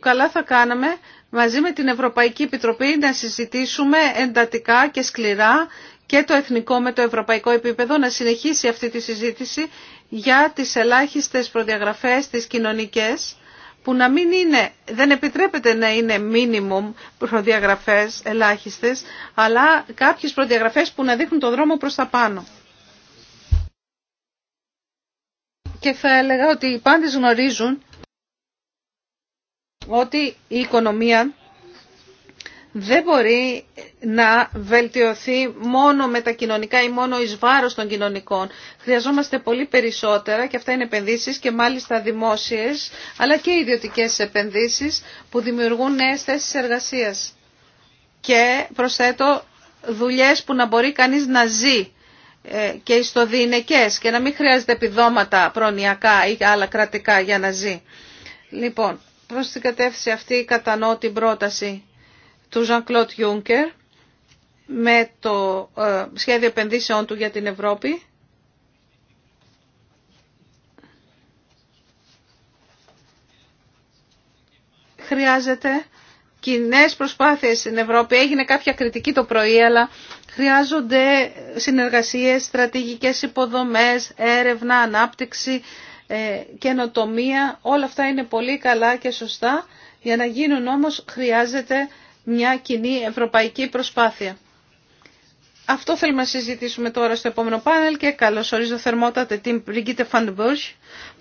S2: καλά θα κάναμε μαζί με την Ευρωπαϊκή Επιτροπή να συζητήσουμε εντατικά και σκληρά και το εθνικό με το ευρωπαϊκό επίπεδο να συνεχίσει αυτή τη συζήτηση για τις ελάχιστες προδιαγραφές, τις κοινωνικές που να μην είναι, δεν επιτρέπεται να είναι minimum προδιαγραφές ελάχιστες, αλλά κάποιες προδιαγραφές που να δείχνουν το δρόμο προς τα πάνω. Και θα έλεγα ότι οι πάντες γνωρίζουν ότι η οικονομία δεν μπορεί να βελτιωθεί μόνο με τα κοινωνικά ή μόνο εις βάρος των κοινωνικών. Χρειαζόμαστε πολύ περισσότερα και αυτά είναι επενδύσεις και μάλιστα δημόσιες αλλά και ιδιωτικές επενδύσεις που δημιουργούν νέες θέσεις εργασίας. Και προσθέτω δουλειές που να μπορεί κανείς να ζει ε, και ιστοδιειναικές και να μην χρειάζεται επιδόματα προνοιακά ή άλλα κρατικά για να ζει. Λοιπόν, προς την κατεύθυνση αυτή κατανοώ την πρόταση του Ζαν κλωτ με το ε, σχέδιο επενδύσεων του για την Ευρώπη. Χρειάζεται κοινέ προσπάθειες στην Ευρώπη. Έγινε κάποια κριτική το πρωί, αλλά χρειάζονται συνεργασίες, στρατηγικές υποδομές, έρευνα, ανάπτυξη, ε, καινοτομία. Όλα αυτά είναι πολύ καλά και σωστά. Για να γίνουν όμως χρειάζεται μια κοινή ευρωπαϊκή προσπάθεια. Αυτό θέλουμε να συζητήσουμε τώρα στο επόμενο πάνελ και καλώς ορίζω θερμότατε την Brigitte van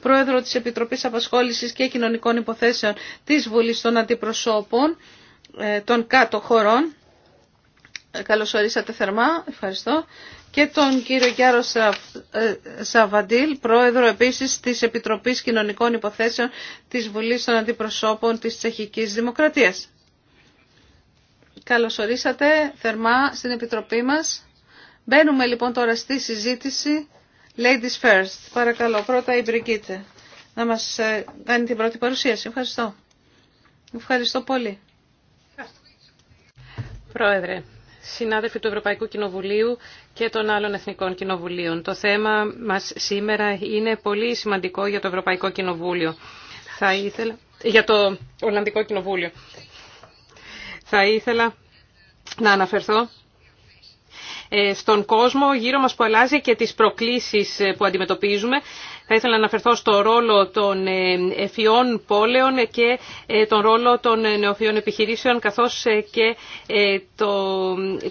S2: πρόεδρο της Επιτροπής Απασχόλησης και Κοινωνικών Υποθέσεων της Βουλής των Αντιπροσώπων ε, των κάτω χωρών. Ε, καλώς ορίσατε θερμά, ευχαριστώ. Και τον κύριο Γιάρο ε, Σαββαντήλ, πρόεδρο επίσης της Επιτροπής Κοινωνικών Υποθέσεων της Βουλής των Αντιπροσώπων της Τσεχικής Δημοκρατίας. Καλωσορίσατε θερμά στην Επιτροπή μας. Μπαίνουμε λοιπόν τώρα στη συζήτηση Ladies First. Παρακαλώ πρώτα η να μας ε, κάνει την πρώτη παρουσίαση. Ευχαριστώ. Ευχαριστώ πολύ.
S6: Πρόεδρε, συνάδελφοι του Ευρωπαϊκού Κοινοβουλίου και των άλλων Εθνικών Κοινοβουλίων. Το θέμα μας σήμερα είναι πολύ σημαντικό για το Ευρωπαϊκό Θα ήθελα... Για το Ολλανδικό Κοινοβούλιο. Θα ήθελα να αναφερθώ ε, στον κόσμο γύρω μας που αλλάζει και τις προκλήσεις ε, που αντιμετωπίζουμε. Θα ήθελα να αναφερθώ στο ρόλο των ε, εφιών πόλεων και τον ρόλο των νεοφιών επιχειρήσεων καθώς και το,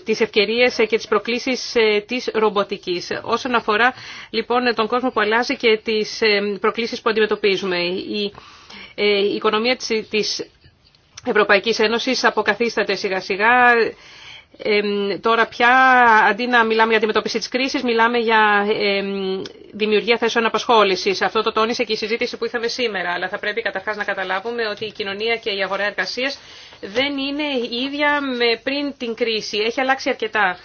S6: τις ευκαιρίες και τις προκλήσεις της ρομποτικής. Όσον αφορά λοιπόν τον κόσμο που αλλάζει και τις προκλήσεις που αντιμετωπίζουμε. Η, οικονομία της Ευρωπαϊκής Ένωσης αποκαθίσταται σιγά σιγά. τώρα πια αντί να μιλάμε για αντιμετώπιση της κρίσης μιλάμε για δημιουργία θέσεων απασχόλησης. Αυτό το τόνισε και η συζήτηση που είχαμε σήμερα. Αλλά θα πρέπει καταρχάς να καταλάβουμε ότι η κοινωνία και η αγορά εργασίας δεν είναι ίδια με πριν την κρίση. Έχει αλλάξει αρκετά.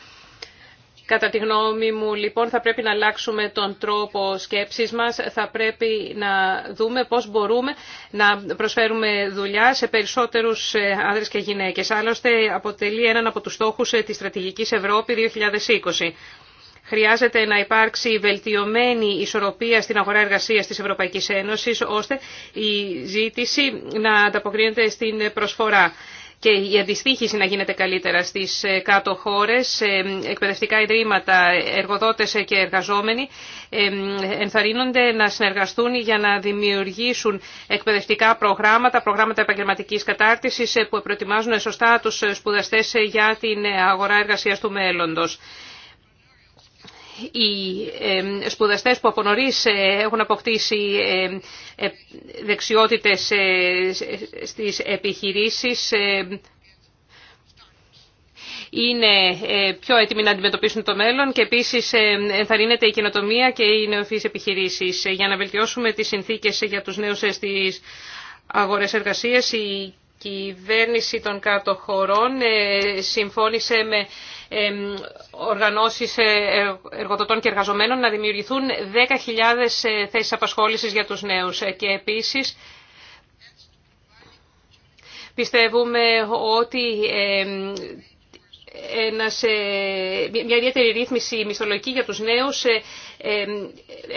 S6: Κατά τη γνώμη μου, λοιπόν, θα πρέπει να αλλάξουμε τον τρόπο σκέψης μας. Θα πρέπει να δούμε πώς μπορούμε να προσφέρουμε δουλειά σε περισσότερους ε, άνδρες και γυναίκες. Άλλωστε, αποτελεί έναν από τους στόχους ε, της Στρατηγικής Ευρώπη 2020. Χρειάζεται να υπάρξει βελτιωμένη ισορροπία στην αγορά εργασία τη Ευρωπαϊκή Ένωση, ώστε η ζήτηση να ανταποκρίνεται στην προσφορά και η αντιστοίχηση να γίνεται καλύτερα στις ε, κάτω χώρες, ε, εκπαιδευτικά ιδρύματα, εργοδότες και εργαζόμενοι ε, ενθαρρύνονται να συνεργαστούν για να δημιουργήσουν εκπαιδευτικά προγράμματα, προγράμματα επαγγελματικής κατάρτισης που προετοιμάζουν σωστά τους σπουδαστές για την αγορά εργασίας του μέλλοντος οι σπουδαστές που από νωρίς ε, έχουν αποκτήσει ε, δεξιότητες ε, στις επιχειρήσεις είναι πιο έτοιμοι να αντιμετωπίσουν το μέλλον και επίσης ενθαρρύνεται η καινοτομία και οι νεοφύση επιχειρήσεις. Για να βελτιώσουμε τις συνθήκες για τους νέους στις αγορές εργασίας, η κυβέρνηση των κάτω χωρών συμφώνησε με οργανώσεις ε, ε, εργοδοτών και εργαζομένων να δημιουργηθούν 10.000 ε, θέσει απασχόληση για τους νέους. Και επίση, πιστεύουμε ότι ένας, ε, μια ιδιαίτερη ρύθμιση μισθολογική για τους νέους ε, ε,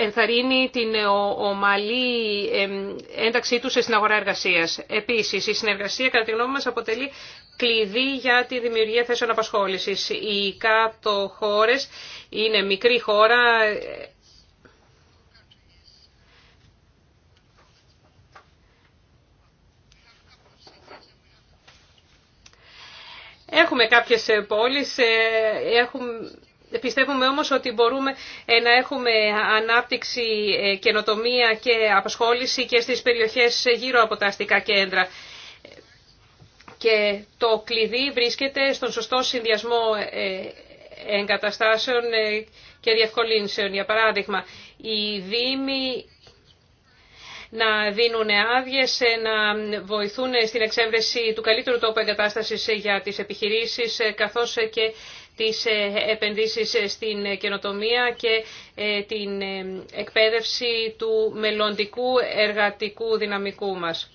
S6: ενθαρρύνει την ομαλή ένταξή τους στην αγορά εργασίας. Επίσης, η συνεργασία κατά τη γνώμη μας αποτελεί κλειδί για τη δημιουργία θέσεων απασχόλησης. Οι κάτω χώρες είναι μικρή χώρα, Έχουμε κάποιες ε, πόλεις, ε, έχουμε... Πιστεύουμε όμως ότι μπορούμε ε, να έχουμε ανάπτυξη, καινοτομία και απασχόληση και στις περιοχές γύρω από τα αστικά κέντρα. Και το κλειδί βρίσκεται στον σωστό συνδυασμό εγκαταστάσεων και διευκολύνσεων. Για παράδειγμα, οι Δήμοι να δίνουν άδειε, ε, να βοηθούν στην εξέβρεση του καλύτερου τόπου εγκατάσταση ε, για τι επιχειρήσει, ε, καθώ και τις επενδύσεις στην καινοτομία και την εκπαίδευση του μελλοντικού εργατικού δυναμικού μας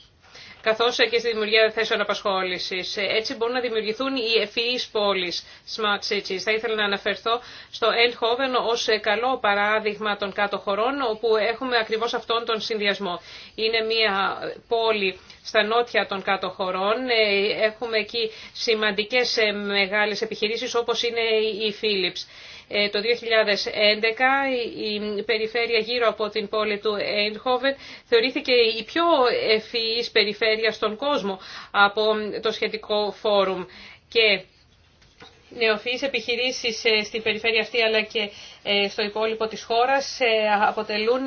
S6: καθώς και στη δημιουργία θέσεων απασχόληση. Έτσι μπορούν να δημιουργηθούν οι ευφυεί πόλεις, smart cities. Θα ήθελα να αναφερθώ στο Eindhoven ως καλό παράδειγμα των κάτω χωρών, όπου έχουμε ακριβώς αυτόν τον συνδυασμό. Είναι μια πόλη στα νότια των κάτω χωρών. Ε, έχουμε εκεί σημαντικές ε, μεγάλες επιχειρήσεις όπως είναι η Philips. Ε, το 2011 η περιφέρεια γύρω από την πόλη του Eindhoven θεωρήθηκε η πιο ευφυής περιφέρεια στον κόσμο από το σχετικό φόρουμ και νεοφυείς επιχειρήσεις ε, στην περιφέρεια αυτή αλλά και ε, στο υπόλοιπο της χώρας ε, αποτελούν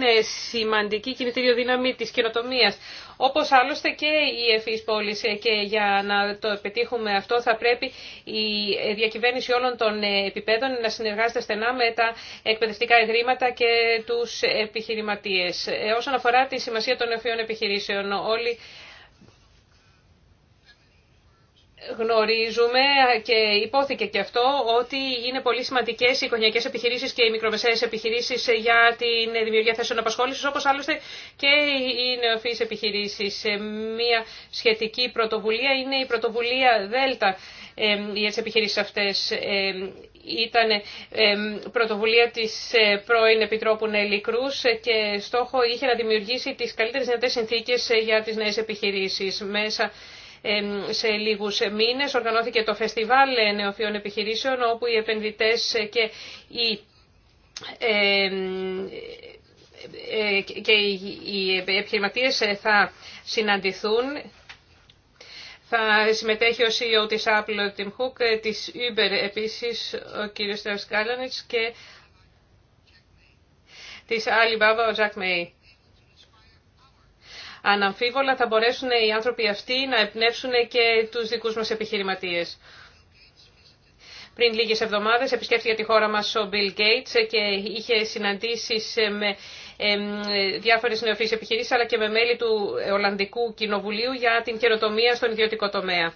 S6: σημαντική κινητήριο δύναμη της καινοτομία. Όπως άλλωστε και οι ευφυείς πόλεις και για να το πετύχουμε αυτό θα πρέπει η διακυβέρνηση όλων των επιπέδων να συνεργάζεται στενά με τα εκπαιδευτικά ιδρύματα και τους επιχειρηματίες. Όσον αφορά τη σημασία των νεφιών επιχειρήσεων, όλοι γνωρίζουμε και υπόθηκε και αυτό ότι είναι πολύ σημαντικέ οι οικογενειακέ επιχειρήσει και οι μικρομεσαίε επιχειρήσει για τη δημιουργία θέσεων απασχόληση, όπω άλλωστε και οι νεοφυεί επιχειρήσει. Ε, μία σχετική πρωτοβουλία είναι η πρωτοβουλία ΔΕΛΤΑ ε, για τι επιχειρήσει αυτέ. Ε, ήταν πρωτοβουλία τη πρώην Επιτρόπου Νέλη Κρούς και στόχο είχε να δημιουργήσει τι καλύτερε δυνατέ συνθήκε για τι νέε επιχειρήσει Μέσα σε λίγους μήνες οργανώθηκε το Φεστιβάλ Νεοφιών Επιχειρήσεων όπου οι επενδυτές και οι ε, και επιχειρηματίες θα συναντηθούν. Θα συμμετέχει ο CEO της Apple, Tim Cook, της Uber επίσης, ο κύριος και της Alibaba, ο Jack May. Αναμφίβολα θα μπορέσουν οι άνθρωποι αυτοί να εμπνεύσουν και τους δικούς μας επιχειρηματίες. Πριν λίγες εβδομάδες επισκέφθηκε τη χώρα μας ο Bill Gates και είχε συναντήσεις με διάφορες νεοφύσεις επιχειρήσεις αλλά και με μέλη του Ολλανδικού Κοινοβουλίου για την καινοτομία στον ιδιωτικό τομέα.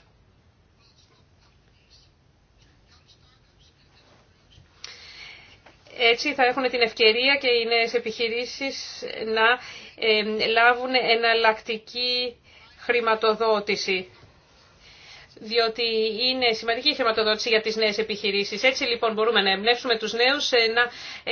S6: Έτσι θα έχουν την ευκαιρία και οι νέες επιχειρήσεις να λάβουν εναλλακτική χρηματοδότηση διότι είναι σημαντική η χρηματοδότηση για τις νέες επιχειρήσεις. Έτσι λοιπόν μπορούμε να εμπνεύσουμε τους νέους, ε, να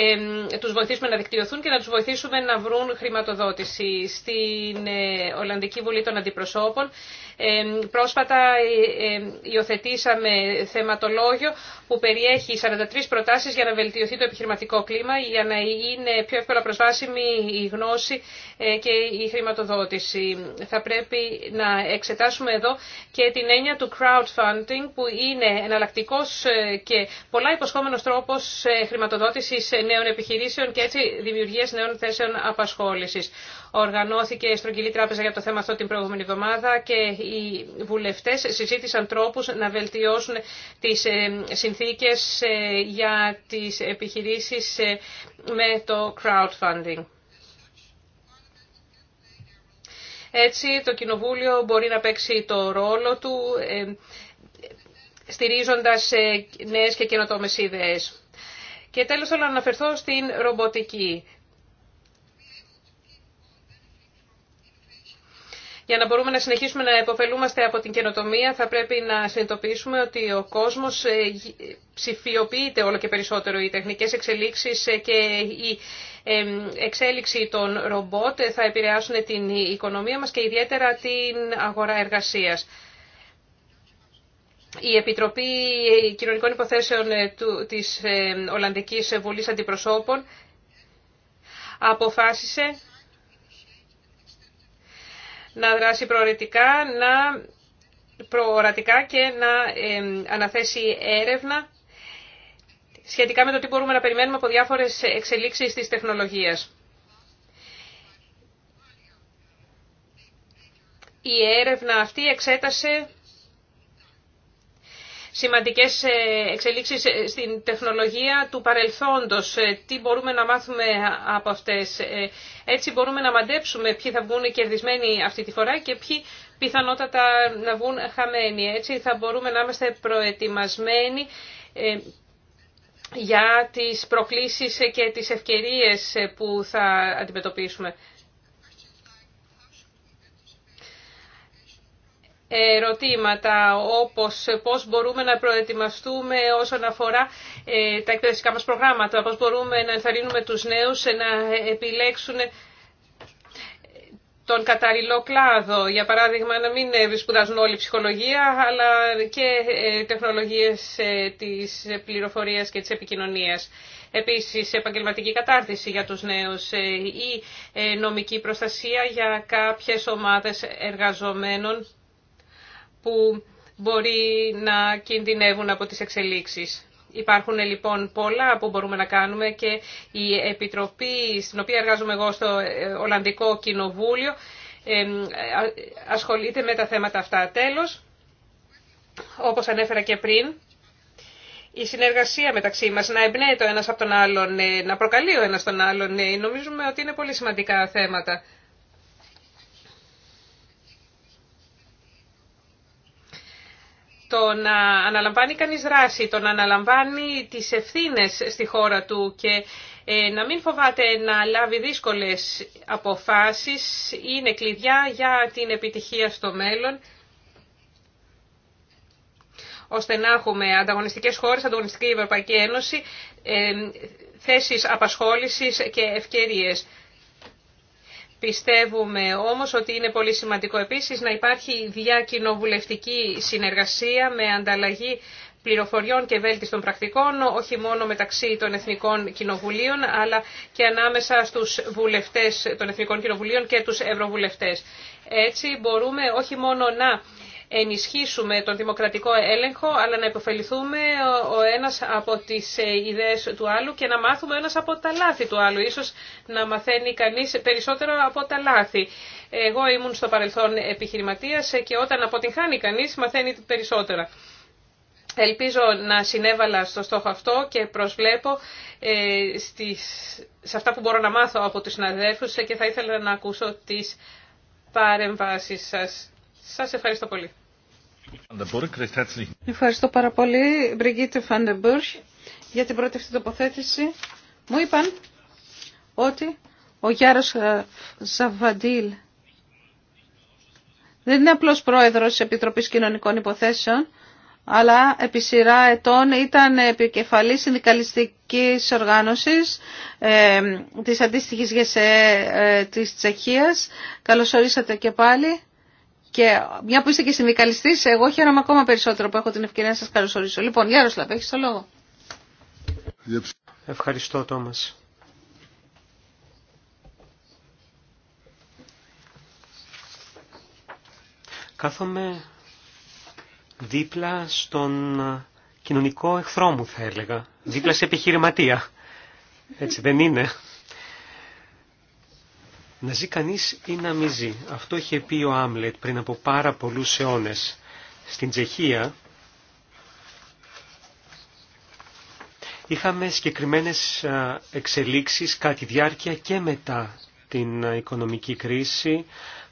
S6: ε, τους βοηθήσουμε να δικτυωθούν και να τους βοηθήσουμε να βρουν χρηματοδότηση. Στην ε, Ολλανδική Βουλή των Αντιπροσώπων ε, πρόσφατα ε, υιοθετήσαμε θεματολόγιο που περιέχει 43 προτάσεις για να βελτιωθεί το επιχειρηματικό κλίμα, για να είναι πιο εύκολα προσβάσιμη η γνώση ε, και η χρηματοδότηση. Θα πρέπει να εξετάσουμε εδώ και την έννοια του crowdfunding, που είναι εναλλακτικός ε, και πολλά υποσχόμενος τρόπος ε, χρηματοδότησης νέων επιχειρήσεων και έτσι δημιουργίας νέων θέσεων απασχόλησης. Οργανώθηκε στρογγυλή τράπεζα για το θέμα αυτό την προηγούμενη εβδομάδα και οι βουλευτές συζήτησαν τρόπους να βελτιώσουν τις συνθήκες ε, για τις επιχειρήσεις ε, με το crowdfunding. Έτσι το Κοινοβούλιο μπορεί να παίξει το ρόλο του ε, στηρίζοντας νέες και καινοτόμες ιδέες. Και τέλος θέλω να αναφερθώ στην ρομποτική. Για να μπορούμε να συνεχίσουμε να επωφελούμαστε από την καινοτομία θα πρέπει να συνειδητοποιήσουμε ότι ο κόσμος ε, ψηφιοποιείται όλο και περισσότερο. Οι τεχνικές εξελίξεις ε, και η εξέλιξη των ρομπότ ε, θα επηρεάσουν την οικονομία μας και ιδιαίτερα την αγορά εργασίας. Η Επιτροπή Κοινωνικών Υποθέσεων της Ολλανδικής Βουλής Αντιπροσώπων αποφάσισε να δράσει προορατικά, να προορατικά και να αναθέσει έρευνα σχετικά με το τι μπορούμε να περιμένουμε από διάφορες εξελίξεις της τεχνολογίας. Η έρευνα αυτή εξέτασε σημαντικές ε, εξελίξεις ε, στην τεχνολογία του παρελθόντος. Ε, τι μπορούμε να μάθουμε από αυτές. Έτσι μπορούμε να μαντέψουμε ποιοι θα βγουν κερδισμένοι αυτή τη φορά και ποιοι πιθανότατα να βγουν χαμένοι. Έτσι θα μπορούμε να είμαστε προετοιμασμένοι για τις προκλήσεις και τις ευκαιρίες που θα αντιμετωπίσουμε. ερωτήματα όπως πώς μπορούμε να προετοιμαστούμε όσον αφορά ε, τα εκπαιδευτικά μας προγράμματα, πώς μπορούμε να ενθαρρύνουμε τους νέους να επιλέξουν τον κατάλληλο κλάδο. Για παράδειγμα, να μην σπουδάζουν όλη ψυχολογία, αλλά και ε, τεχνολογίες ε, της πληροφορίας και της επικοινωνίας. Επίσης, επαγγελματική κατάρτιση για τους νέους ή νομική προστασία για κάποιες ομάδες εργαζομένων που μπορεί να κινδυνεύουν από τις εξελίξεις. Υπάρχουν λοιπόν πολλά που μπορούμε να κάνουμε και η Επιτροπή στην οποία εργάζομαι εγώ στο ε, Ολλανδικό Κοινοβούλιο ασχολείται με τα θέματα αυτά. Τέλος, όπως ανέφερα και πριν, η συνεργασία μεταξύ μας, να εμπνέει το ένας από τον άλλον, ε, να προκαλεί ο ένας τον άλλον, ε, νομίζουμε ότι είναι πολύ σημαντικά θέματα. το να αναλαμβάνει κανείς δράση, το να αναλαμβάνει τις ευθύνες στη χώρα του και ε, να μην φοβάται να λάβει δύσκολες αποφάσεις είναι κλειδιά για την επιτυχία στο μέλλον ώστε να έχουμε ανταγωνιστικές χώρες, ανταγωνιστική Ευρωπαϊκή Ένωση, ε, θέσεις απασχόλησης και ευκαιρίες. Πιστεύουμε όμως ότι είναι πολύ σημαντικό επίσης να υπάρχει διακοινοβουλευτική συνεργασία με ανταλλαγή πληροφοριών και βέλτιστων πρακτικών, όχι μόνο μεταξύ των Εθνικών Κοινοβουλίων, αλλά και ανάμεσα στους βουλευτές των Εθνικών Κοινοβουλίων και τους Ευρωβουλευτές. Έτσι μπορούμε όχι μόνο να ενισχύσουμε τον δημοκρατικό έλεγχο, αλλά να υποφεληθούμε ο ένας από τις ε, ιδέες του άλλου και να μάθουμε ένας από τα λάθη του άλλου. Ίσως να μαθαίνει κανείς περισσότερο από τα λάθη. Εγώ ήμουν στο παρελθόν επιχειρηματίας και όταν αποτυγχάνει κανείς μαθαίνει περισσότερα. Ελπίζω να συνέβαλα στο στόχο αυτό και προσβλέπω ε, στις, σε αυτά που μπορώ να μάθω από τους συναδέλφους και θα ήθελα να ακούσω τις παρεμβάσεις σας. Σας ευχαριστώ πολύ.
S2: Ευχαριστώ πάρα πολύ, Μπριγκίτε Φαντεμπούρχ, για την πρώτη αυτή τοποθέτηση. Μου είπαν ότι ο Γιάρος ε, Ζαβαντήλ δεν είναι απλός πρόεδρος της Επιτροπής Κοινωνικών Υποθέσεων, αλλά επί σειρά ετών ήταν επικεφαλής συνδικαλιστικής οργάνωσης ε, της αντίστοιχης ΓΕΣΕ της Τσεχίας. και πάλι. Και μια που είστε και συνδικαλιστή, εγώ χαίρομαι ακόμα περισσότερο που έχω την ευκαιρία να σας καλωσορίσω. Λοιπόν, Γιάροσλαβ, έχει το λόγο.
S4: Ευχαριστώ, Τόμας. Κάθομαι δίπλα στον κοινωνικό εχθρό μου, θα έλεγα. Δίπλα σε επιχειρηματία. Έτσι δεν είναι. Να ζει κανείς ή να μη ζει. Αυτό είχε πει ο Άμλετ πριν από πάρα πολλούς αιώνες. Στην Τσεχία είχαμε συγκεκριμένες εξελίξεις κάτι διάρκεια και μετά την οικονομική κρίση.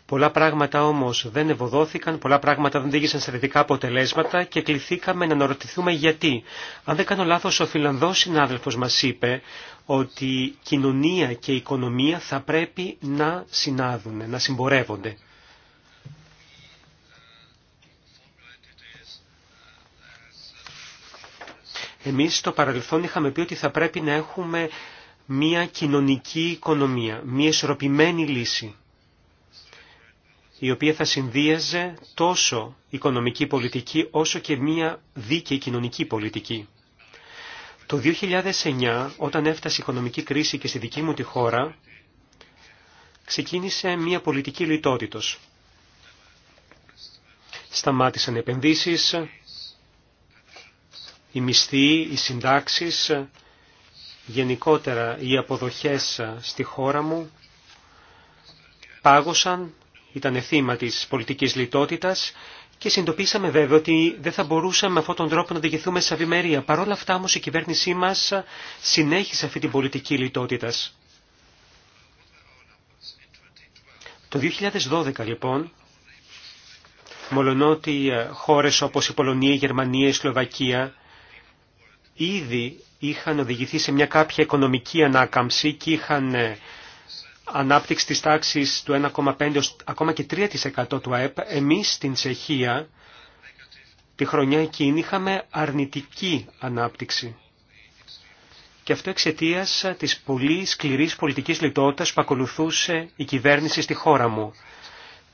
S4: Πολλά πράγματα όμως δεν ευωδόθηκαν, πολλά πράγματα δεν οδήγησαν σε θετικά αποτελέσματα και κληθήκαμε να αναρωτηθούμε γιατί. Αν δεν κάνω λάθος, ο Φιλανδός συνάδελφος μας είπε ότι κοινωνία και οικονομία θα πρέπει να συνάδουν, να συμπορεύονται. Εμείς στο παρελθόν είχαμε πει ότι θα πρέπει να έχουμε μία κοινωνική οικονομία, μία ισορροπημένη λύση η οποία θα συνδύαζε τόσο οικονομική πολιτική όσο και μία δίκαιη κοινωνική πολιτική. Το 2009, όταν έφτασε η οικονομική κρίση και στη δική μου τη χώρα, ξεκίνησε μία πολιτική λιτότητος. Σταμάτησαν επενδύσεις, οι μισθοί, οι συντάξεις, γενικότερα οι αποδοχές στη χώρα μου, πάγωσαν ήταν θύμα της πολιτικής λιτότητας και συνειδητοποίησαμε βέβαια ότι δεν θα μπορούσαμε με αυτόν τον τρόπο να διηγηθούμε σε ευημερία. Παρ' όλα αυτά όμως η κυβέρνησή μας συνέχισε αυτή την πολιτική λιτότητας. Το 2012 λοιπόν, μολονότι ε, χώρες όπως η Πολωνία, η Γερμανία, η Σλοβακία ήδη είχαν οδηγηθεί σε μια κάποια οικονομική ανάκαμψη και είχαν ε, ανάπτυξη της τάξης του 1,5 ακόμα και 3% του ΑΕΠ, εμείς στην Τσεχία τη χρονιά εκείνη είχαμε αρνητική ανάπτυξη. Και αυτό εξαιτία της πολύ σκληρής πολιτικής λιτότητας που ακολουθούσε η κυβέρνηση στη χώρα μου.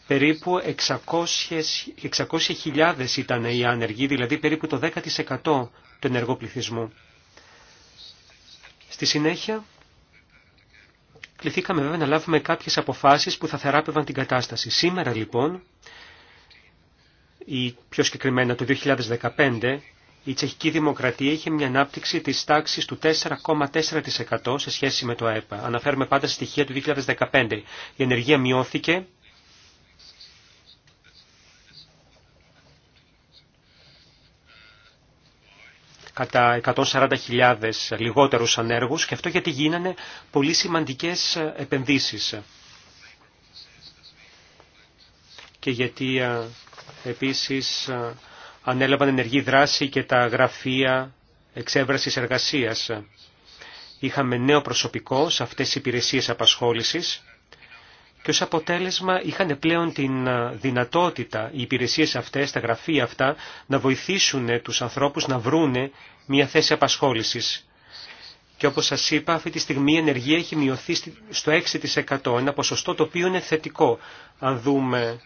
S4: Περίπου 600.000 600 ήταν οι άνεργοι, δηλαδή περίπου το 10% του ενεργού πληθυσμού. Στη συνέχεια, κληθήκαμε βέβαια να λάβουμε κάποιες αποφάσεις που θα θεράπευαν την κατάσταση. Σήμερα λοιπόν, ή πιο συγκεκριμένα το 2015, η τσεχική δημοκρατία είχε μια ανάπτυξη της τάξης του 4,4% σε σχέση με το ΑΕΠΑ. Αναφέρουμε πάντα στοιχεία του 2015. Η ενεργεία μειώθηκε κατά 140.000 λιγότερους ανέργους και αυτό γιατί γίνανε πολύ σημαντικές επενδύσεις. Και γιατί επίσης ανέλαβαν ενεργή δράση και τα γραφεία εξέβρασης εργασίας. Είχαμε νέο προσωπικό σε αυτές τις υπηρεσίες απασχόλησης και ως αποτέλεσμα είχαν πλέον την ε, δυνατότητα οι υπηρεσίες αυτές, τα γραφεία αυτά, να βοηθήσουν ε, τους ανθρώπους να βρούνε μια θέση απασχόλησης. Και όπως σας είπα, αυτή τη στιγμή η ενεργία έχει μειωθεί στο 6%, ένα ποσοστό το οποίο είναι θετικό, αν δούμε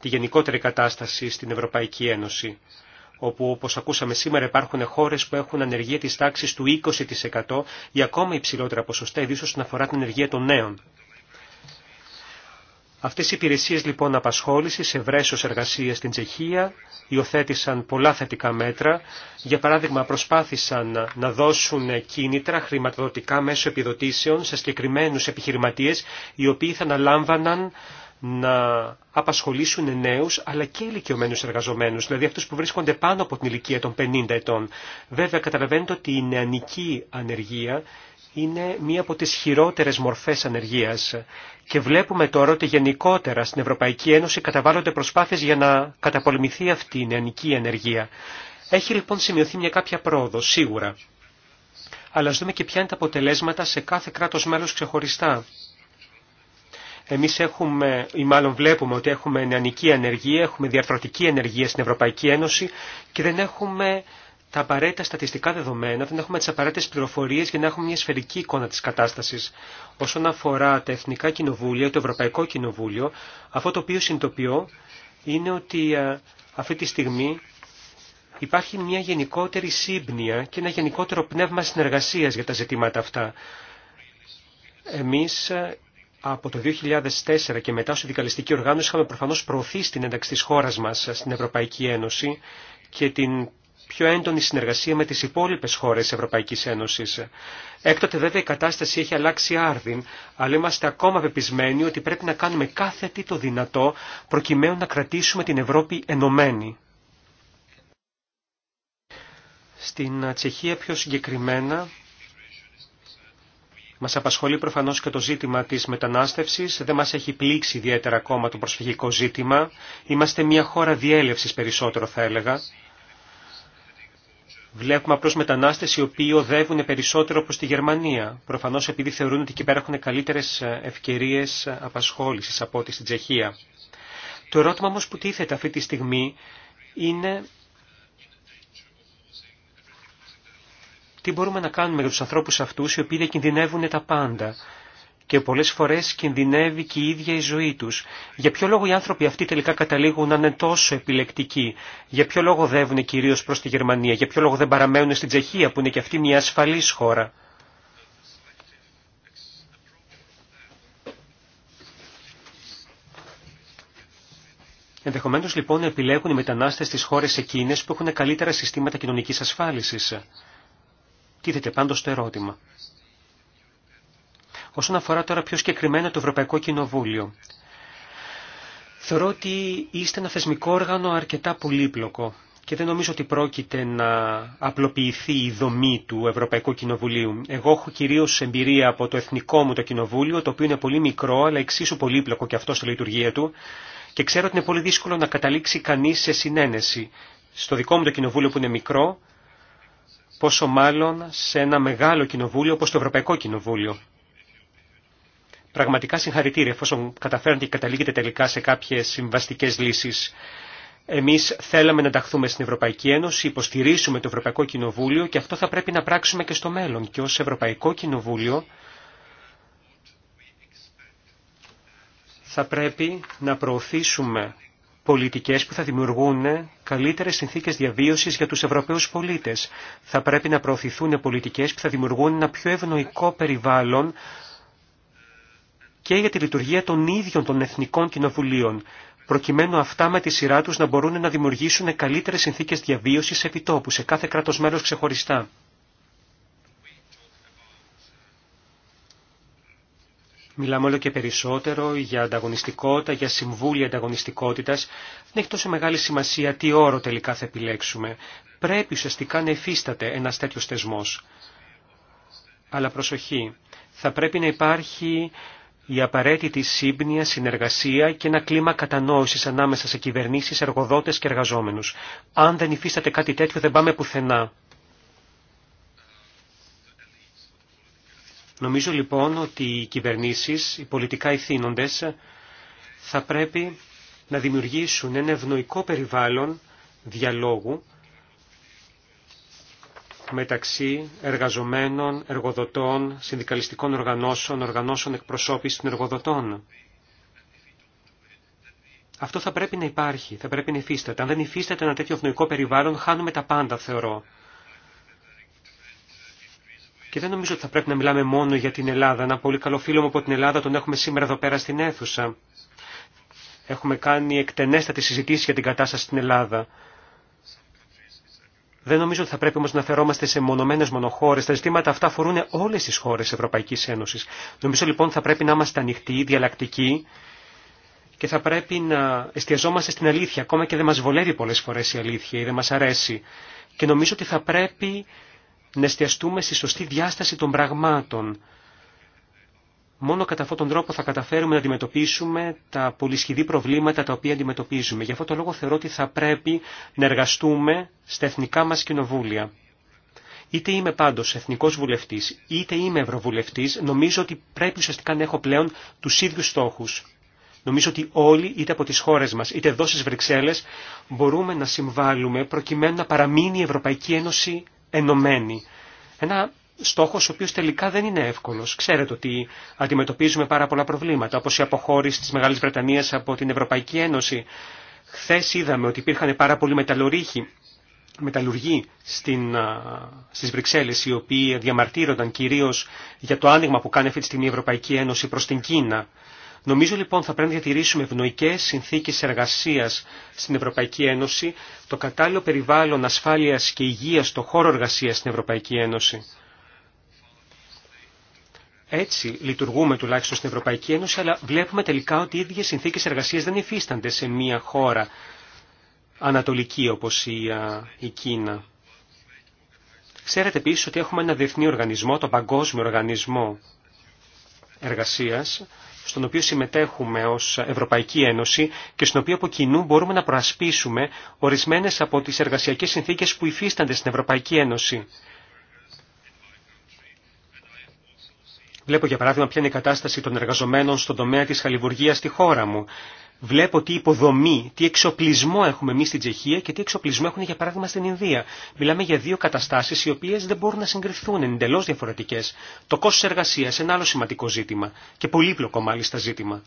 S4: τη γενικότερη κατάσταση στην Ευρωπαϊκή Ένωση όπου όπως ακούσαμε σήμερα υπάρχουν χώρες που έχουν ανεργία της τάξης του 20% ή ακόμα υψηλότερα ποσοστά, ιδίως όσον αφορά την ενεργία των νέων. Αυτές οι υπηρεσίες λοιπόν απασχόλησης σε βρέσος εργασίας στην Τσεχία υιοθέτησαν πολλά θετικά μέτρα. Για παράδειγμα προσπάθησαν να δώσουν κίνητρα χρηματοδοτικά μέσω επιδοτήσεων σε συγκεκριμένους επιχειρηματίες οι οποίοι θα αναλάμβαναν να απασχολήσουν νέους αλλά και ηλικιωμένους εργαζομένους, δηλαδή αυτούς που βρίσκονται πάνω από την ηλικία των 50 ετών. Βέβαια καταλαβαίνετε ότι η νεανική ανεργία είναι μία από τις χειρότερες μορφές ανεργίας και βλέπουμε τώρα ότι γενικότερα στην Ευρωπαϊκή Ένωση καταβάλλονται προσπάθειες για να καταπολεμηθεί αυτή η νεανική ανεργία. Έχει λοιπόν σημειωθεί μια κάποια πρόοδο, σίγουρα. Αλλά ας δούμε και ποια είναι τα αποτελέσματα σε κάθε κράτος μέλος ξεχωριστά. Εμείς έχουμε, ή μάλλον βλέπουμε ότι έχουμε νεανική ανεργία, έχουμε διαρθρωτική ανεργία στην Ευρωπαϊκή Ένωση και δεν έχουμε τα απαραίτητα στατιστικά δεδομένα, δεν έχουμε τι απαραίτητε πληροφορίε για να έχουμε μια σφαιρική εικόνα τη κατάσταση. Όσον αφορά τα εθνικά κοινοβούλια, το Ευρωπαϊκό Κοινοβούλιο, αυτό το οποίο συνειδητοποιώ είναι ότι αυτή τη στιγμή υπάρχει μια γενικότερη σύμπνοια και ένα γενικότερο πνεύμα συνεργασία για τα ζητήματα αυτά. Εμεί από το 2004 και μετά ως ειδικαλιστική οργάνωση είχαμε προφανώς προωθεί την ένταξη της χώρας μας στην Ευρωπαϊκή Ένωση και την πιο έντονη συνεργασία με τις υπόλοιπες χώρες της Ευρωπαϊκής Ένωσης. Έκτοτε βέβαια η κατάσταση έχει αλλάξει άρδιν, αλλά είμαστε ακόμα πεπισμένοι ότι πρέπει να κάνουμε κάθε τι το δυνατό προκειμένου να κρατήσουμε την Ευρώπη ενωμένη. Στην Τσεχία πιο συγκεκριμένα μας απασχολεί προφανώς και το ζήτημα της μετανάστευσης. Δεν μας έχει πλήξει ιδιαίτερα ακόμα το προσφυγικό ζήτημα. Είμαστε μια χώρα διέλευσης περισσότερο θα έλεγα. Βλέπουμε απλώ μετανάστες οι οποίοι οδεύουν περισσότερο προ τη Γερμανία, προφανώς επειδή θεωρούν ότι εκεί πέρα έχουν καλύτερες ε, ευκαιρίες ε, απασχόλησης από ό,τι στην Τσεχία. Το ερώτημα όμω που τίθεται αυτή τη στιγμή είναι τι μπορούμε να κάνουμε για τους ανθρώπους αυτούς οι οποίοι διακινδυνεύουν τα πάντα και πολλές φορές κινδυνεύει και η ίδια η ζωή τους. Για ποιο λόγο οι άνθρωποι αυτοί τελικά καταλήγουν να είναι τόσο επιλεκτικοί. Για ποιο λόγο δεύουν κυρίως προς τη Γερμανία. Για ποιο λόγο δεν παραμένουν στην Τσεχία που είναι και αυτή μια ασφαλής χώρα. Ενδεχομένω λοιπόν επιλέγουν οι μετανάστε στι χώρε εκείνε που έχουν καλύτερα συστήματα κοινωνική ασφάλιση. Τίθεται πάντω το ερώτημα. Όσον αφορά τώρα πιο συγκεκριμένα το Ευρωπαϊκό Κοινοβούλιο. Θεωρώ ότι είστε ένα θεσμικό όργανο αρκετά πολύπλοκο και δεν νομίζω ότι πρόκειται να απλοποιηθεί η δομή του Ευρωπαϊκού Κοινοβουλίου. Εγώ έχω κυρίω εμπειρία από το εθνικό μου το κοινοβούλιο, το οποίο είναι πολύ μικρό αλλά εξίσου πολύπλοκο και αυτό στη λειτουργία του και ξέρω ότι είναι πολύ δύσκολο να καταλήξει κανεί σε συνένεση. Στο δικό μου το κοινοβούλιο που είναι μικρό, πόσο μάλλον σε ένα μεγάλο κοινοβούλιο όπως το Ευρωπαϊκό Κοινοβούλιο πραγματικά συγχαρητήρια εφόσον καταφέρατε και καταλήγετε τελικά σε κάποιες συμβαστικές λύσεις. Εμείς θέλαμε να ενταχθούμε στην Ευρωπαϊκή Ένωση, υποστηρίσουμε το Ευρωπαϊκό Κοινοβούλιο και αυτό θα πρέπει να πράξουμε και στο μέλλον. Και ως Ευρωπαϊκό Κοινοβούλιο θα πρέπει να προωθήσουμε πολιτικές που θα δημιουργούν καλύτερες συνθήκες διαβίωσης για τους Ευρωπαίους πολίτες. Θα πρέπει να προωθηθούν πολιτικές που θα δημιουργούν ένα πιο ευνοϊκό περιβάλλον και για τη λειτουργία των ίδιων των εθνικών κοινοβουλίων, προκειμένου αυτά με τη σειρά τους να μπορούν να δημιουργήσουν καλύτερες συνθήκες διαβίωσης επιτόπου σε κάθε κράτος μέλος ξεχωριστά. Μιλάμε όλο και περισσότερο για ανταγωνιστικότητα, για συμβούλια ανταγωνιστικότητας. Δεν έχει τόσο μεγάλη σημασία τι όρο τελικά θα επιλέξουμε. Πρέπει ουσιαστικά να εφίσταται ένας τέτοιος θεσμός. Αλλά προσοχή, θα πρέπει να υπάρχει η απαραίτητη σύμπνοια, συνεργασία και ένα κλίμα κατανόησης ανάμεσα σε κυβερνήσεις, εργοδότες και εργαζόμενους. Αν δεν υφίσταται κάτι τέτοιο δεν πάμε πουθενά. Νομίζω λοιπόν ότι οι κυβερνήσεις, οι πολιτικά ηθήνοντες θα πρέπει να δημιουργήσουν ένα ευνοϊκό περιβάλλον διαλόγου μεταξύ εργαζομένων, εργοδοτών, συνδικαλιστικών οργανώσεων, οργανώσεων εκπροσώπησης των εργοδοτών. Αυτό θα πρέπει να υπάρχει, θα πρέπει να υφίσταται. Αν δεν υφίσταται ένα τέτοιο ευνοϊκό περιβάλλον, χάνουμε τα πάντα, θεωρώ. Και δεν νομίζω ότι θα πρέπει να μιλάμε μόνο για την Ελλάδα. Ένα πολύ καλό φίλο μου από την Ελλάδα τον έχουμε σήμερα εδώ πέρα στην αίθουσα. Έχουμε κάνει εκτενέστατη συζητήσει για την κατάσταση στην Ελλάδα. Δεν νομίζω ότι θα πρέπει όμω να φερόμαστε σε μονομένε μονοχώρε. Τα ζητήματα αυτά αφορούν όλε τι χώρε τη Ευρωπαϊκή Ένωση. Νομίζω λοιπόν θα πρέπει να είμαστε ανοιχτοί, διαλλακτικοί και θα πρέπει να εστιαζόμαστε στην αλήθεια. Ακόμα και δεν μα βολεύει πολλέ φορέ η αλήθεια ή δεν μα αρέσει. Και νομίζω ότι θα πρέπει να εστιαστούμε στη σωστή διάσταση των πραγμάτων. Μόνο κατά αυτόν τον τρόπο θα καταφέρουμε να αντιμετωπίσουμε τα πολυσχηδή προβλήματα τα οποία αντιμετωπίζουμε. Γι' αυτό τον λόγο θεωρώ ότι θα πρέπει να εργαστούμε στα εθνικά μας κοινοβούλια. Είτε είμαι πάντως εθνικός βουλευτής, είτε είμαι ευρωβουλευτής, νομίζω ότι πρέπει ουσιαστικά να έχω πλέον τους ίδιους στόχους. Νομίζω ότι όλοι, είτε από τις χώρες μας, είτε εδώ στις Βρυξέλλες, μπορούμε να συμβάλλουμε προκειμένου να παραμείνει η Ευρωπαϊκή Ένωση ενωμένη. Ένα στόχος ο οποίος τελικά δεν είναι εύκολος. Ξέρετε ότι αντιμετωπίζουμε πάρα πολλά προβλήματα, όπως η αποχώρηση της Μεγάλης Βρετανίας από την Ευρωπαϊκή Ένωση. Χθε είδαμε ότι υπήρχαν πάρα πολλοί μεταλλορύχοι, μεταλλουργοί στι στις Βρυξέλλες, οι οποίοι διαμαρτύρονταν κυρίως για το άνοιγμα που κάνει αυτή τη στιγμή η Ευρωπαϊκή Ένωση προς την Κίνα. Νομίζω λοιπόν θα πρέπει να διατηρήσουμε ευνοϊκέ συνθήκε εργασία στην Ευρωπαϊκή Ένωση, το κατάλληλο περιβάλλον ασφάλεια και υγεία στο χώρο εργασία στην Ευρωπαϊκή Ένωση. Έτσι λειτουργούμε τουλάχιστον στην Ευρωπαϊκή Ένωση, αλλά βλέπουμε τελικά ότι οι ίδιες συνθήκες εργασίας δεν υφίστανται σε μια χώρα ανατολική όπως η, Κίνα. Ξέρετε επίσης ότι έχουμε ένα διεθνή οργανισμό, τον Παγκόσμιο Οργανισμό Εργασίας, στον οποίο συμμετέχουμε ως Ευρωπαϊκή Ένωση και στον οποίο από κοινού μπορούμε να προασπίσουμε ορισμένες από τις εργασιακές συνθήκες που υφίστανται στην Ευρωπαϊκή Ένωση. Βλέπω για παράδειγμα ποια είναι η κατάσταση των εργαζομένων στον τομέα της χαλιβουργίας στη χώρα μου. Βλέπω τι υποδομή, τι εξοπλισμό έχουμε εμεί στην Τσεχία και τι εξοπλισμό έχουν για παράδειγμα στην Ινδία. Μιλάμε για δύο καταστάσει οι οποίε δεν μπορούν να συγκριθούν, είναι εντελώ διαφορετικέ. Το κόστο εργασία, ένα άλλο σημαντικό ζήτημα και πολύπλοκο μάλιστα ζήτημα.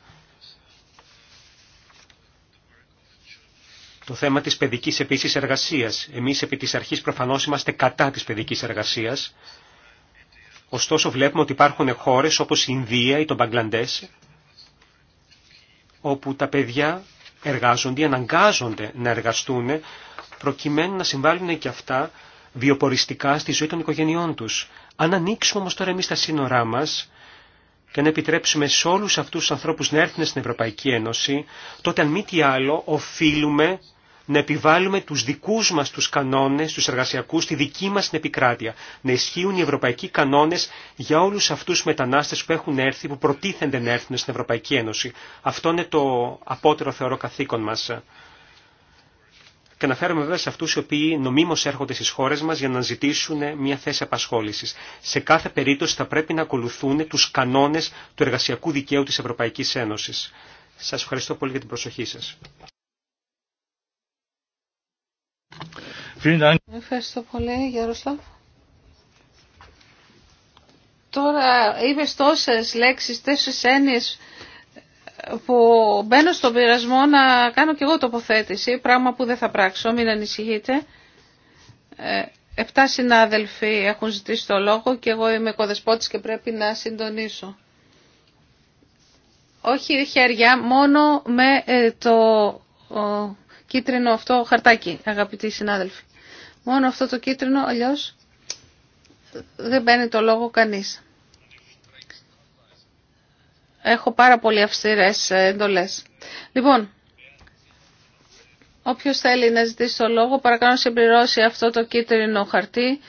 S4: Το θέμα της παιδικής επίσης εργασίας. Εμείς επί της αρχής προφανώς είμαστε κατά της παιδικής εργασίας. Ωστόσο βλέπουμε ότι υπάρχουν χώρες όπως η Ινδία ή το Μπαγκλαντές όπου τα παιδιά εργάζονται ή αναγκάζονται να εργαστούν προκειμένου να συμβάλλουν και αυτά βιοποριστικά στη ζωή των οικογενειών τους. Αν ανοίξουμε όμως τώρα εμείς τα σύνορά μας και να επιτρέψουμε σε όλους αυτούς τους ανθρώπους να έρθουν στην Ευρωπαϊκή Ένωση, τότε αν μη τι άλλο οφείλουμε να επιβάλλουμε τους δικούς μας τους κανόνες, τους εργασιακούς, τη δική μας την επικράτεια. Να ισχύουν οι ευρωπαϊκοί κανόνες για όλους αυτούς τους μετανάστες που έχουν έρθει, που προτίθενται να έρθουν στην Ευρωπαϊκή Ένωση. Αυτό είναι το απότερο θεωρώ καθήκον μας. Και αναφέρομαι βέβαια σε αυτού οι οποίοι νομίμως έρχονται στις χώρες μας για να ζητήσουν μια θέση απασχόλησης. Σε κάθε περίπτωση θα πρέπει να ακολουθούν τους κανόνες του εργασιακού δικαίου τη Ευρωπαϊκής Ένωσης. Σας ευχαριστώ πολύ για την προσοχή σας.
S2: Ευχαριστώ πολύ, Γιάροσλαβ. Τώρα είπε τόσε λέξεις, τέσσερις έννοιε που μπαίνω στον πειρασμό να κάνω και εγώ τοποθέτηση, πράγμα που δεν θα πράξω, μην ανησυχείτε. Ε, επτά συνάδελφοι έχουν ζητήσει το λόγο και εγώ είμαι κοδεσπότης και πρέπει να συντονίσω. Όχι χέρια, μόνο με ε, το κίτρινο αυτό χαρτάκι, αγαπητοί συνάδελφοι. Μόνο αυτό το κίτρινο, αλλιώς δεν μπαίνει το λόγο κανείς. Έχω πάρα πολύ αυστηρές εντολές. Λοιπόν, όποιος θέλει να ζητήσει το λόγο, παρακαλώ συμπληρώσει αυτό το κίτρινο χαρτί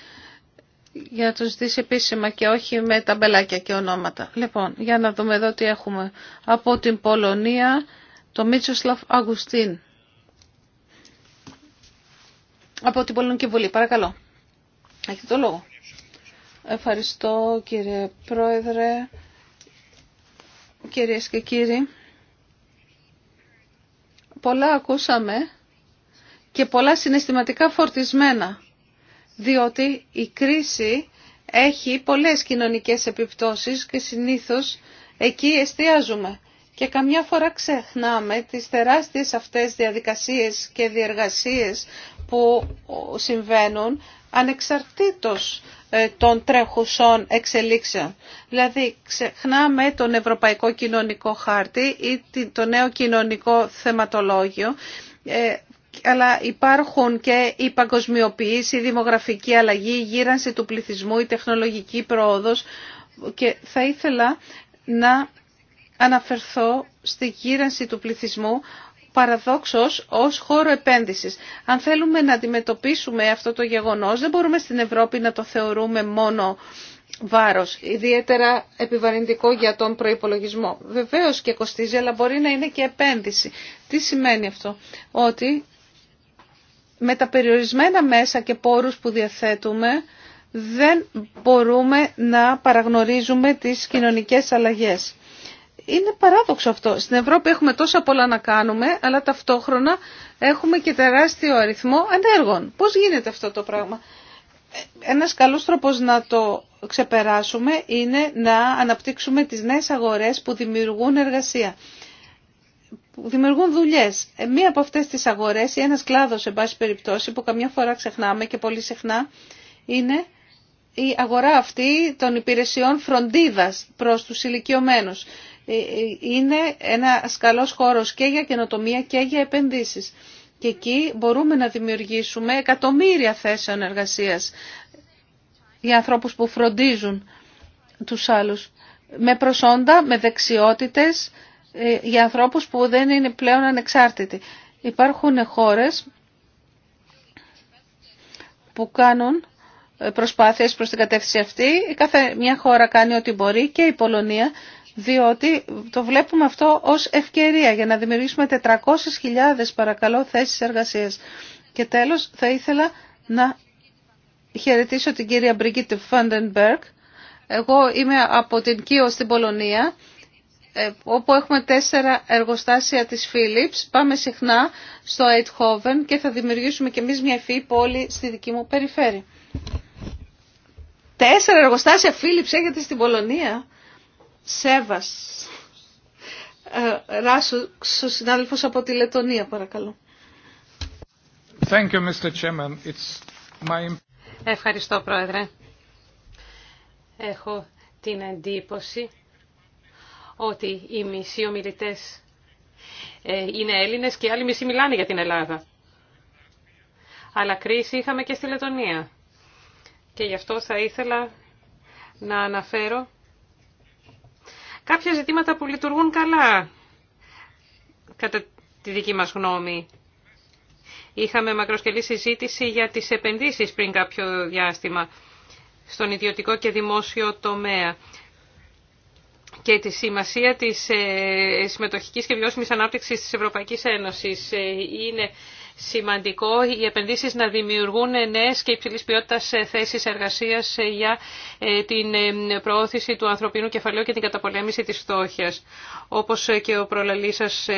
S2: για να το ζητήσει επίσημα και όχι με τα μπελάκια και ονόματα. Λοιπόν, για να δούμε εδώ τι έχουμε. Από την Πολωνία, το Μίτσοσλαφ Αγουστίν από την Πολωνική Βουλή. Παρακαλώ. Έχετε το λόγο. Ευχαριστώ κύριε Πρόεδρε, κυρίες και κύριοι. Πολλά ακούσαμε και πολλά συναισθηματικά φορτισμένα, διότι η κρίση έχει πολλές κοινωνικές επιπτώσεις και συνήθως εκεί εστιάζουμε και καμιά φορά ξεχνάμε τις τεράστιες αυτές διαδικασίες και διεργασίες που συμβαίνουν ανεξαρτήτως ε, των τρέχουσών εξελίξεων. Δηλαδή ξεχνάμε τον Ευρωπαϊκό Κοινωνικό Χάρτη ή το νέο κοινωνικό θεματολόγιο, ε, αλλά υπάρχουν και η παγκοσμιοποίηση, η δημογραφική αλλαγή, η γύρανση του πληθυσμού, η τεχνολογική πρόοδος και θα ήθελα να αναφερθώ στη γύρανση του πληθυσμού παραδόξως ως χώρο επένδυσης. Αν θέλουμε να αντιμετωπίσουμε αυτό το γεγονός, δεν μπορούμε στην Ευρώπη να το θεωρούμε μόνο βάρος, ιδιαίτερα επιβαρυντικό για τον προϋπολογισμό. Βεβαίως και κοστίζει, αλλά μπορεί να είναι και επένδυση. Τι σημαίνει αυτό, ότι με τα περιορισμένα μέσα και πόρους που διαθέτουμε, δεν μπορούμε να παραγνωρίζουμε τις κοινωνικές αλλαγές. Είναι παράδοξο αυτό. Στην Ευρώπη έχουμε τόσα πολλά να κάνουμε, αλλά ταυτόχρονα έχουμε και τεράστιο αριθμό ανέργων. Πώς γίνεται αυτό το πράγμα. Ένας καλός τρόπος να το ξεπεράσουμε είναι να αναπτύξουμε τις νέες αγορές που δημιουργούν εργασία. Που δημιουργούν δουλειές. Ε, μία από αυτές τις αγορές ή ένας κλάδος, εν πάση περιπτώσει, που καμιά φορά ξεχνάμε και πολύ συχνά, είναι η ενας κλαδος σε παση περιπτωσει που καμια φορα αυτή των υπηρεσιών φροντίδας προς τους ηλικιωμένους. Ε, ε, είναι ένα καλός χώρος και για καινοτομία και για επενδύσεις. Και εκεί μπορούμε να δημιουργήσουμε εκατομμύρια θέσεων εργασίας για ανθρώπους που φροντίζουν τους άλλους. Με προσόντα, με δεξιότητες ε, για ανθρώπους που δεν είναι πλέον ανεξάρτητοι. Υπάρχουν χώρες που κάνουν προσπάθειες προς την κατεύθυνση αυτή. Κάθε μια χώρα κάνει ό,τι μπορεί και η Πολωνία διότι το βλέπουμε αυτό ως ευκαιρία για να δημιουργήσουμε 400.000 παρακαλώ θέσεις εργασίας. Και τέλος θα ήθελα να χαιρετήσω την κυρία Μπριγκίτ Φαντενμπερκ. Εγώ είμαι από την Κίο στην Πολωνία, ε, όπου έχουμε τέσσερα εργοστάσια της Philips. Πάμε συχνά στο Αιτχόβεν και θα δημιουργήσουμε και εμείς μια ευφυή πόλη στη δική μου περιφέρεια. Τέσσερα εργοστάσια Philips έχετε στην Πολωνία. Σέβας. Ε, Ράσου, ο συνάδελφος από τη Λετωνία,
S6: παρακαλώ. Ευχαριστώ, Πρόεδρε. Έχω την εντύπωση ότι οι μισοί ομιλητέ ε, είναι Έλληνες και οι άλλοι μισοί μιλάνε για την Ελλάδα. Αλλά κρίση είχαμε και στη Λετωνία. Και γι' αυτό θα ήθελα να αναφέρω κάποια ζητήματα που λειτουργούν καλά, κατά τη δική μας γνώμη. Είχαμε μακροσκελή συζήτηση για τις επενδύσεις πριν κάποιο διάστημα στον ιδιωτικό και δημόσιο τομέα και τη σημασία της ε, συμμετοχικής και βιώσιμης ανάπτυξης της Ευρωπαϊκής Ένωσης. Ε, είναι σημαντικό οι επενδύσεις να δημιουργούν νέες και υψηλής ποιότητας ε, θέσεις εργασίας ε, για ε, την προώθηση του ανθρωπίνου κεφαλαίου και την καταπολέμηση της φτώχειας. Όπως και ο προλαλής σας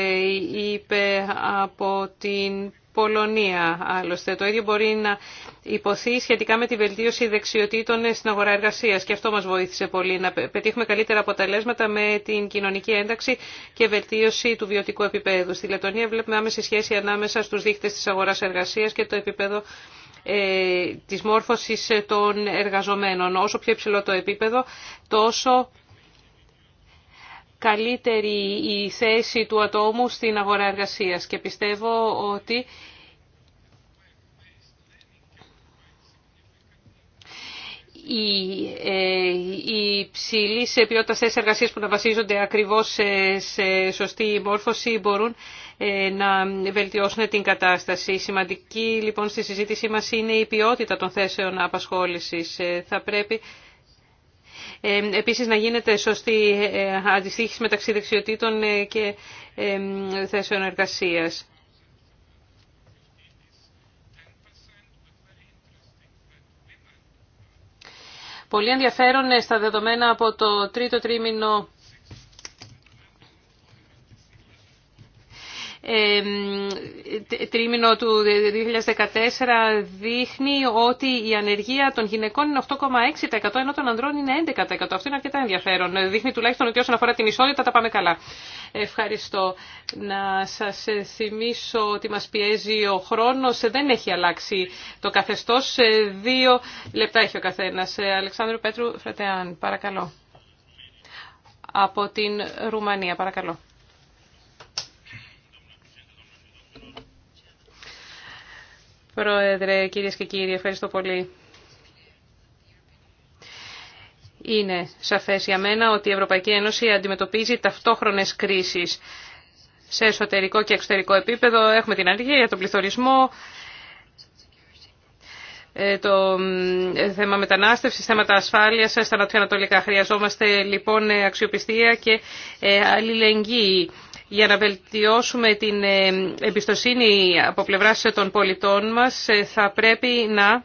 S6: είπε από την Πολωνία. Άλλωστε, το ίδιο μπορεί να υποθεί σχετικά με τη βελτίωση δεξιοτήτων στην αγορά εργασίας και αυτό μας βοήθησε πολύ να πετύχουμε καλύτερα αποτελέσματα με την κοινωνική ένταξη και βελτίωση του βιωτικού επίπεδου. Στη Λετωνία βλέπουμε άμεση σχέση ανάμεσα στους δείχτες της αγοράς εργασίας και το επίπεδο ε, της μόρφωσης των εργαζομένων. Όσο πιο υψηλό το επίπεδο, τόσο καλύτερη η θέση του ατόμου στην αγορά εργασίας και πιστεύω ότι η ε, υψηλή σε ποιότητα θέσει εργασίας που να βασίζονται ακριβώς σε, σε σωστή μόρφωση μπορούν ε, να βελτιώσουν την κατάσταση. Η σημαντική λοιπόν στη συζήτησή μας είναι η ποιότητα των θέσεων απασχόλησης. Ε, θα πρέπει Επίσης να γίνεται σωστή ε, αντιστοίχηση μεταξύ δεξιοτήτων ε, και θέσεων εργασίας. Πολύ ενδιαφέρον ε, στα δεδομένα από το τρίτο τρίμηνο τρίμηνο του 2014 δείχνει ότι η ανεργία των γυναικών είναι 8,6% ενώ των ανδρών είναι 11%. Αυτό είναι αρκετά ενδιαφέρον. Δείχνει τουλάχιστον ότι όσον αφορά την ισότητα τα πάμε καλά. Ευχαριστώ. Να σας θυμίσω ότι μας πιέζει ο χρόνος. Δεν έχει αλλάξει το καθεστώς. Δύο λεπτά έχει ο καθένας. Αλεξάνδρου Πέτρου Φρετεάν, παρακαλώ. Από την Ρουμανία, παρακαλώ. Πρόεδρε, κυρίες και κύριοι, ευχαριστώ πολύ. Είναι σαφές για μένα ότι η Ευρωπαϊκή Ένωση αντιμετωπίζει ταυτόχρονες κρίσεις. Σε εσωτερικό και εξωτερικό επίπεδο έχουμε την αργία, τον πληθωρισμό, ε, το θέμα μετανάστευση, θέματα ασφάλειας στα νοτιοανατολικά. Χρειαζόμαστε λοιπόν αξιοπιστία και ε, αλληλεγγύη για να βελτιώσουμε την ε, εμπιστοσύνη από πλευράς των πολιτών μας ε, θα πρέπει να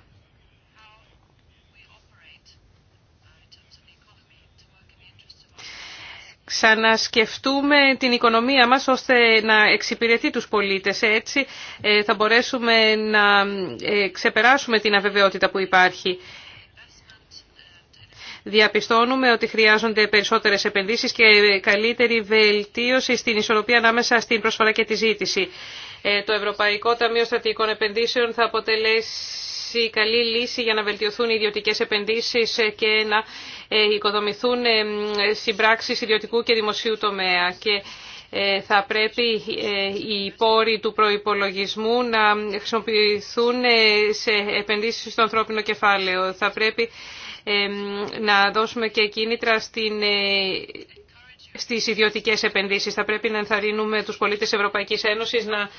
S6: ξανασκεφτούμε την οικονομία μας ώστε να εξυπηρετεί τους πολίτες. Έτσι ε, θα μπορέσουμε να ξεπεράσουμε την αβεβαιότητα που υπάρχει διαπιστώνουμε ότι χρειάζονται περισσότερες επενδύσεις και καλύτερη βελτίωση στην ισορροπία ανάμεσα στην προσφορά και τη ζήτηση. Ε, το Ευρωπαϊκό Ταμείο Στρατηγικών Επενδύσεων θα αποτελέσει καλή λύση για να βελτιωθούν οι ιδιωτικές επενδύσεις και να ε, οικοδομηθούν ε, συμπράξεις ιδιωτικού και δημοσίου τομέα. Και θα πρέπει οι πόροι του προϋπολογισμού να χρησιμοποιηθούν σε επενδύσεις στο ανθρώπινο κεφάλαιο. Θα πρέπει να δώσουμε και κίνητρα στην ε, στις ιδιωτικές επενδύσεις. Θα πρέπει να ενθαρρύνουμε τους πολίτες Ευρωπαϊκής Ένωσης να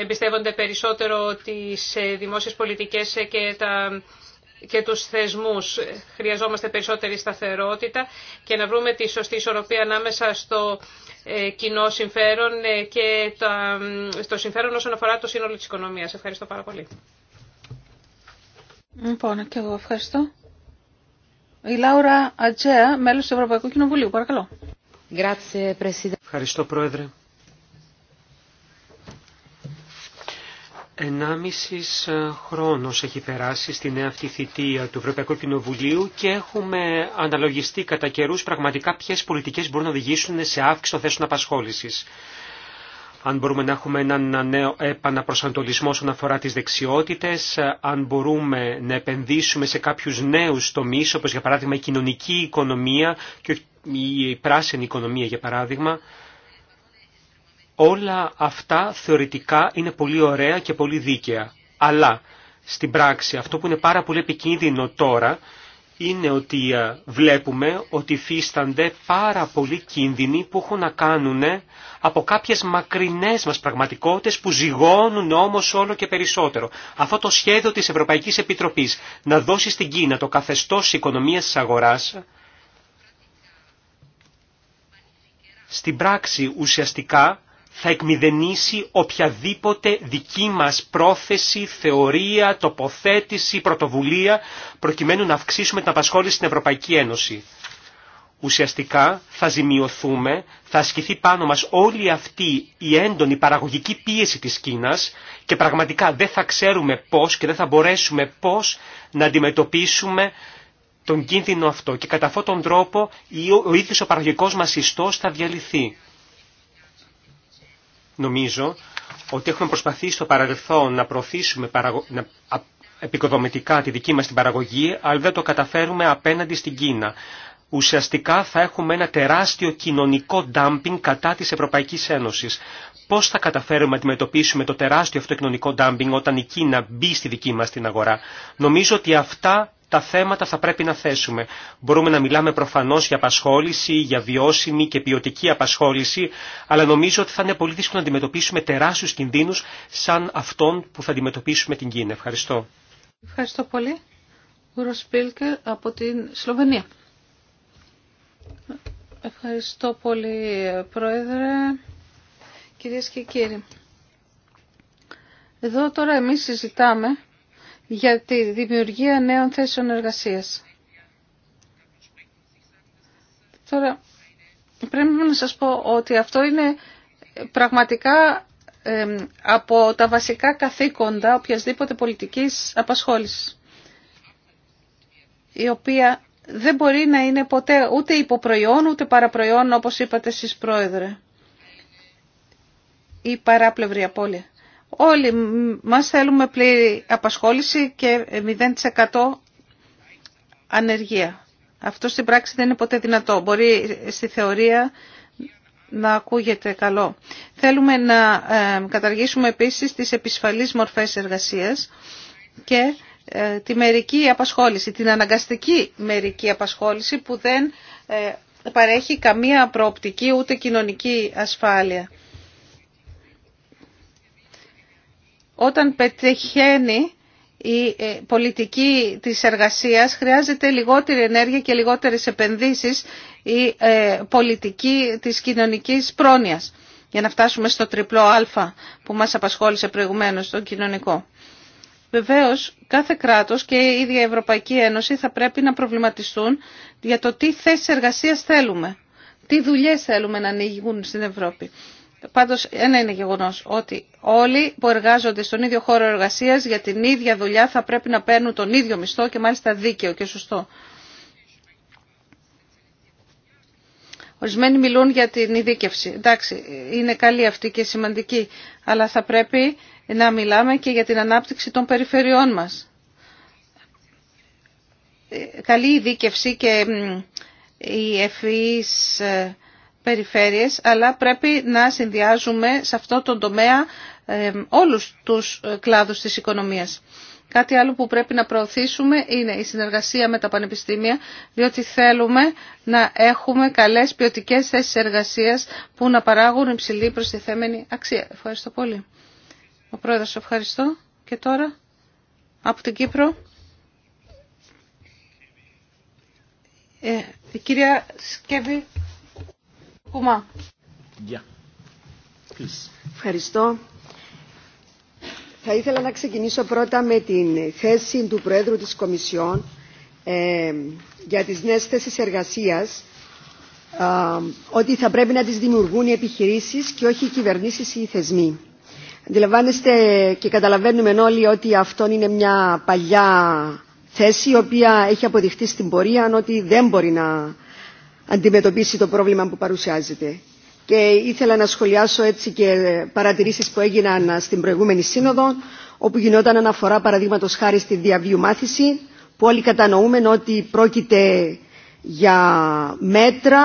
S6: εμπιστεύονται περισσότερο τις ε, δημόσιες πολιτικές και, τα, και τους θεσμούς. Χρειαζόμαστε περισσότερη σταθερότητα και να βρούμε τη σωστή ισορροπία ανάμεσα στο ε, κοινό συμφέρον και στο συμφέρον όσον αφορά το σύνολο της οικονομίας. Ευχαριστώ πάρα πολύ.
S2: Λοιπόν, και εγώ ευχαριστώ. Η Λάουρα Ατζέα, μέλος του Ευρωπαϊκού Κοινοβουλίου. Παρακαλώ.
S4: Ευχαριστώ, Πρόεδρε. Ενάμιση ε, χρόνο έχει περάσει στη νέα αυτή θητεία του Ευρωπαϊκού Κοινοβουλίου και έχουμε αναλογιστεί κατά καιρού πραγματικά ποιε πολιτικές μπορούν να οδηγήσουν σε αύξηση των θέσεων απασχόληση αν μπορούμε να έχουμε έναν νέο επαναπροσανατολισμό όσον αφορά τις δεξιότητες, αν μπορούμε να επενδύσουμε σε κάποιους νέους τομείς, όπως για παράδειγμα η κοινωνική οικονομία και η πράσινη οικονομία για παράδειγμα. Όλα αυτά θεωρητικά είναι πολύ ωραία και πολύ δίκαια. Αλλά στην πράξη αυτό που είναι πάρα πολύ επικίνδυνο τώρα είναι ότι ε, βλέπουμε ότι φύστανται πάρα πολλοί κίνδυνοι που έχουν να κάνουν ε, από κάποιες μακρινές μας πραγματικότητες που ζυγώνουν όμως όλο και περισσότερο. Αυτό το σχέδιο της Ευρωπαϊκής Επιτροπής να δώσει στην Κίνα το καθεστώς οικονομίας της αγοράς στην πράξη ουσιαστικά θα εκμηδενήσει οποιαδήποτε δική μας πρόθεση, θεωρία, τοποθέτηση, πρωτοβουλία προκειμένου να αυξήσουμε την απασχόληση στην Ευρωπαϊκή Ένωση. Ουσιαστικά θα ζημιωθούμε, θα ασκηθεί πάνω μας όλη αυτή η έντονη παραγωγική πίεση της Κίνας και πραγματικά δεν θα ξέρουμε πώς και δεν θα μπορέσουμε πώς να αντιμετωπίσουμε τον κίνδυνο αυτό και κατά αυτόν τον τρόπο ο ίδιος ο παραγωγικός μας ιστός θα διαλυθεί. Νομίζω ότι έχουμε προσπαθήσει στο παρελθόν να προωθήσουμε να επικοδομητικά τη δική μας την παραγωγή, αλλά δεν το καταφέρουμε απέναντι στην Κίνα. Ουσιαστικά θα έχουμε ένα τεράστιο κοινωνικό ντάμπινγκ κατά της Ευρωπαϊκής Ένωσης. Πώς θα καταφέρουμε να αντιμετωπίσουμε το τεράστιο αυτό κοινωνικό ντάμπινγκ όταν η Κίνα μπει στη δική μας την αγορά. Νομίζω ότι αυτά τα θέματα θα πρέπει να θέσουμε. Μπορούμε να μιλάμε προφανώς για απασχόληση, για βιώσιμη και ποιοτική απασχόληση, αλλά νομίζω ότι θα είναι πολύ δύσκολο να αντιμετωπίσουμε τεράστιους κινδύνους σαν αυτόν που θα αντιμετωπίσουμε την Κίνα. Ευχαριστώ.
S2: Ευχαριστώ πολύ. Ούρο από την Σλοβενία. Ευχαριστώ πολύ, Πρόεδρε. Κυρίες και κύριοι. Εδώ τώρα εμείς συζητάμε για τη δημιουργία νέων θέσεων εργασίας. Τώρα, πρέπει να σας πω ότι αυτό είναι πραγματικά από τα βασικά καθήκοντα οποιασδήποτε πολιτικής απασχόλησης, η οποία δεν μπορεί να είναι ποτέ ούτε υποπροϊόν ούτε παραπροϊόν όπως είπατε εσείς πρόεδρε. Η παράπλευρη απώλεια. Όλοι μας θέλουμε πλήρη απασχόληση και 0% ανεργία. Αυτό στην πράξη δεν είναι ποτέ δυνατό. Μπορεί στη θεωρία να ακούγεται καλό. Θέλουμε να ε, καταργήσουμε επίσης τις επισφαλείς μορφές εργασίας και ε, τη μερική απασχόληση, την αναγκαστική μερική απασχόληση που δεν ε, παρέχει καμία προοπτική ούτε κοινωνική ασφάλεια. όταν πετυχαίνει η ε, πολιτική της εργασίας χρειάζεται λιγότερη ενέργεια και λιγότερες επενδύσεις η ε, πολιτική της κοινωνικής πρόνοιας για να φτάσουμε στο τριπλό α που μας απασχόλησε προηγουμένως, το κοινωνικό. Βεβαίως, κάθε κράτος και η ίδια η Ευρωπαϊκή Ένωση θα πρέπει να προβληματιστούν για το τι θέσεις εργασίας θέλουμε, τι δουλειές θέλουμε να ανοίγουν στην Ευρώπη. Πάντως ένα είναι γεγονός ότι όλοι που εργάζονται στον ίδιο χώρο εργασίας για την ίδια δουλειά θα πρέπει να παίρνουν τον ίδιο μισθό και μάλιστα δίκαιο και σωστό. Ορισμένοι μιλούν για την ειδίκευση. Εντάξει, είναι καλή αυτή και σημαντική, αλλά θα πρέπει να μιλάμε και για την ανάπτυξη των περιφερειών μας. Ε, καλή ειδίκευση και η ευφυής ε, περιφέρειες, αλλά πρέπει να συνδυάζουμε σε αυτό τον τομέα ε, όλους τους ε, κλάδους της οικονομίας. Κάτι άλλο που πρέπει να προωθήσουμε είναι η συνεργασία με τα πανεπιστήμια, διότι θέλουμε να έχουμε καλές ποιοτικέ θέσεις εργασίας που να παράγουν υψηλή προστιθέμενη αξία. Ευχαριστώ πολύ. Ο Πρόεδρος, ευχαριστώ. Και τώρα, από την Κύπρο, ε, η κυρία Σκέβη
S8: Κουμά. Yeah. Ευχαριστώ. Θα ήθελα να ξεκινήσω πρώτα με την θέση του Προέδρου της Κομισιόν ε, για τις νέες θέσεις εργασίας ε, ότι θα πρέπει να τις δημιουργούν οι επιχειρήσεις και όχι οι κυβερνήσεις ή οι θεσμοί. Αντιλαμβάνεστε και καταλαβαίνουμε όλοι ότι αυτό είναι μια παλιά θέση η οποία έχει αποδειχτεί στην πορεία ότι δεν μπορεί να αντιμετωπίσει το πρόβλημα που παρουσιάζεται. Και ήθελα να σχολιάσω έτσι και παρατηρήσεις που έγιναν στην προηγούμενη σύνοδο, όπου γινόταν αναφορά παραδείγματο χάρη στη διαβίου μάθηση, που όλοι κατανοούμε ότι πρόκειται για μέτρα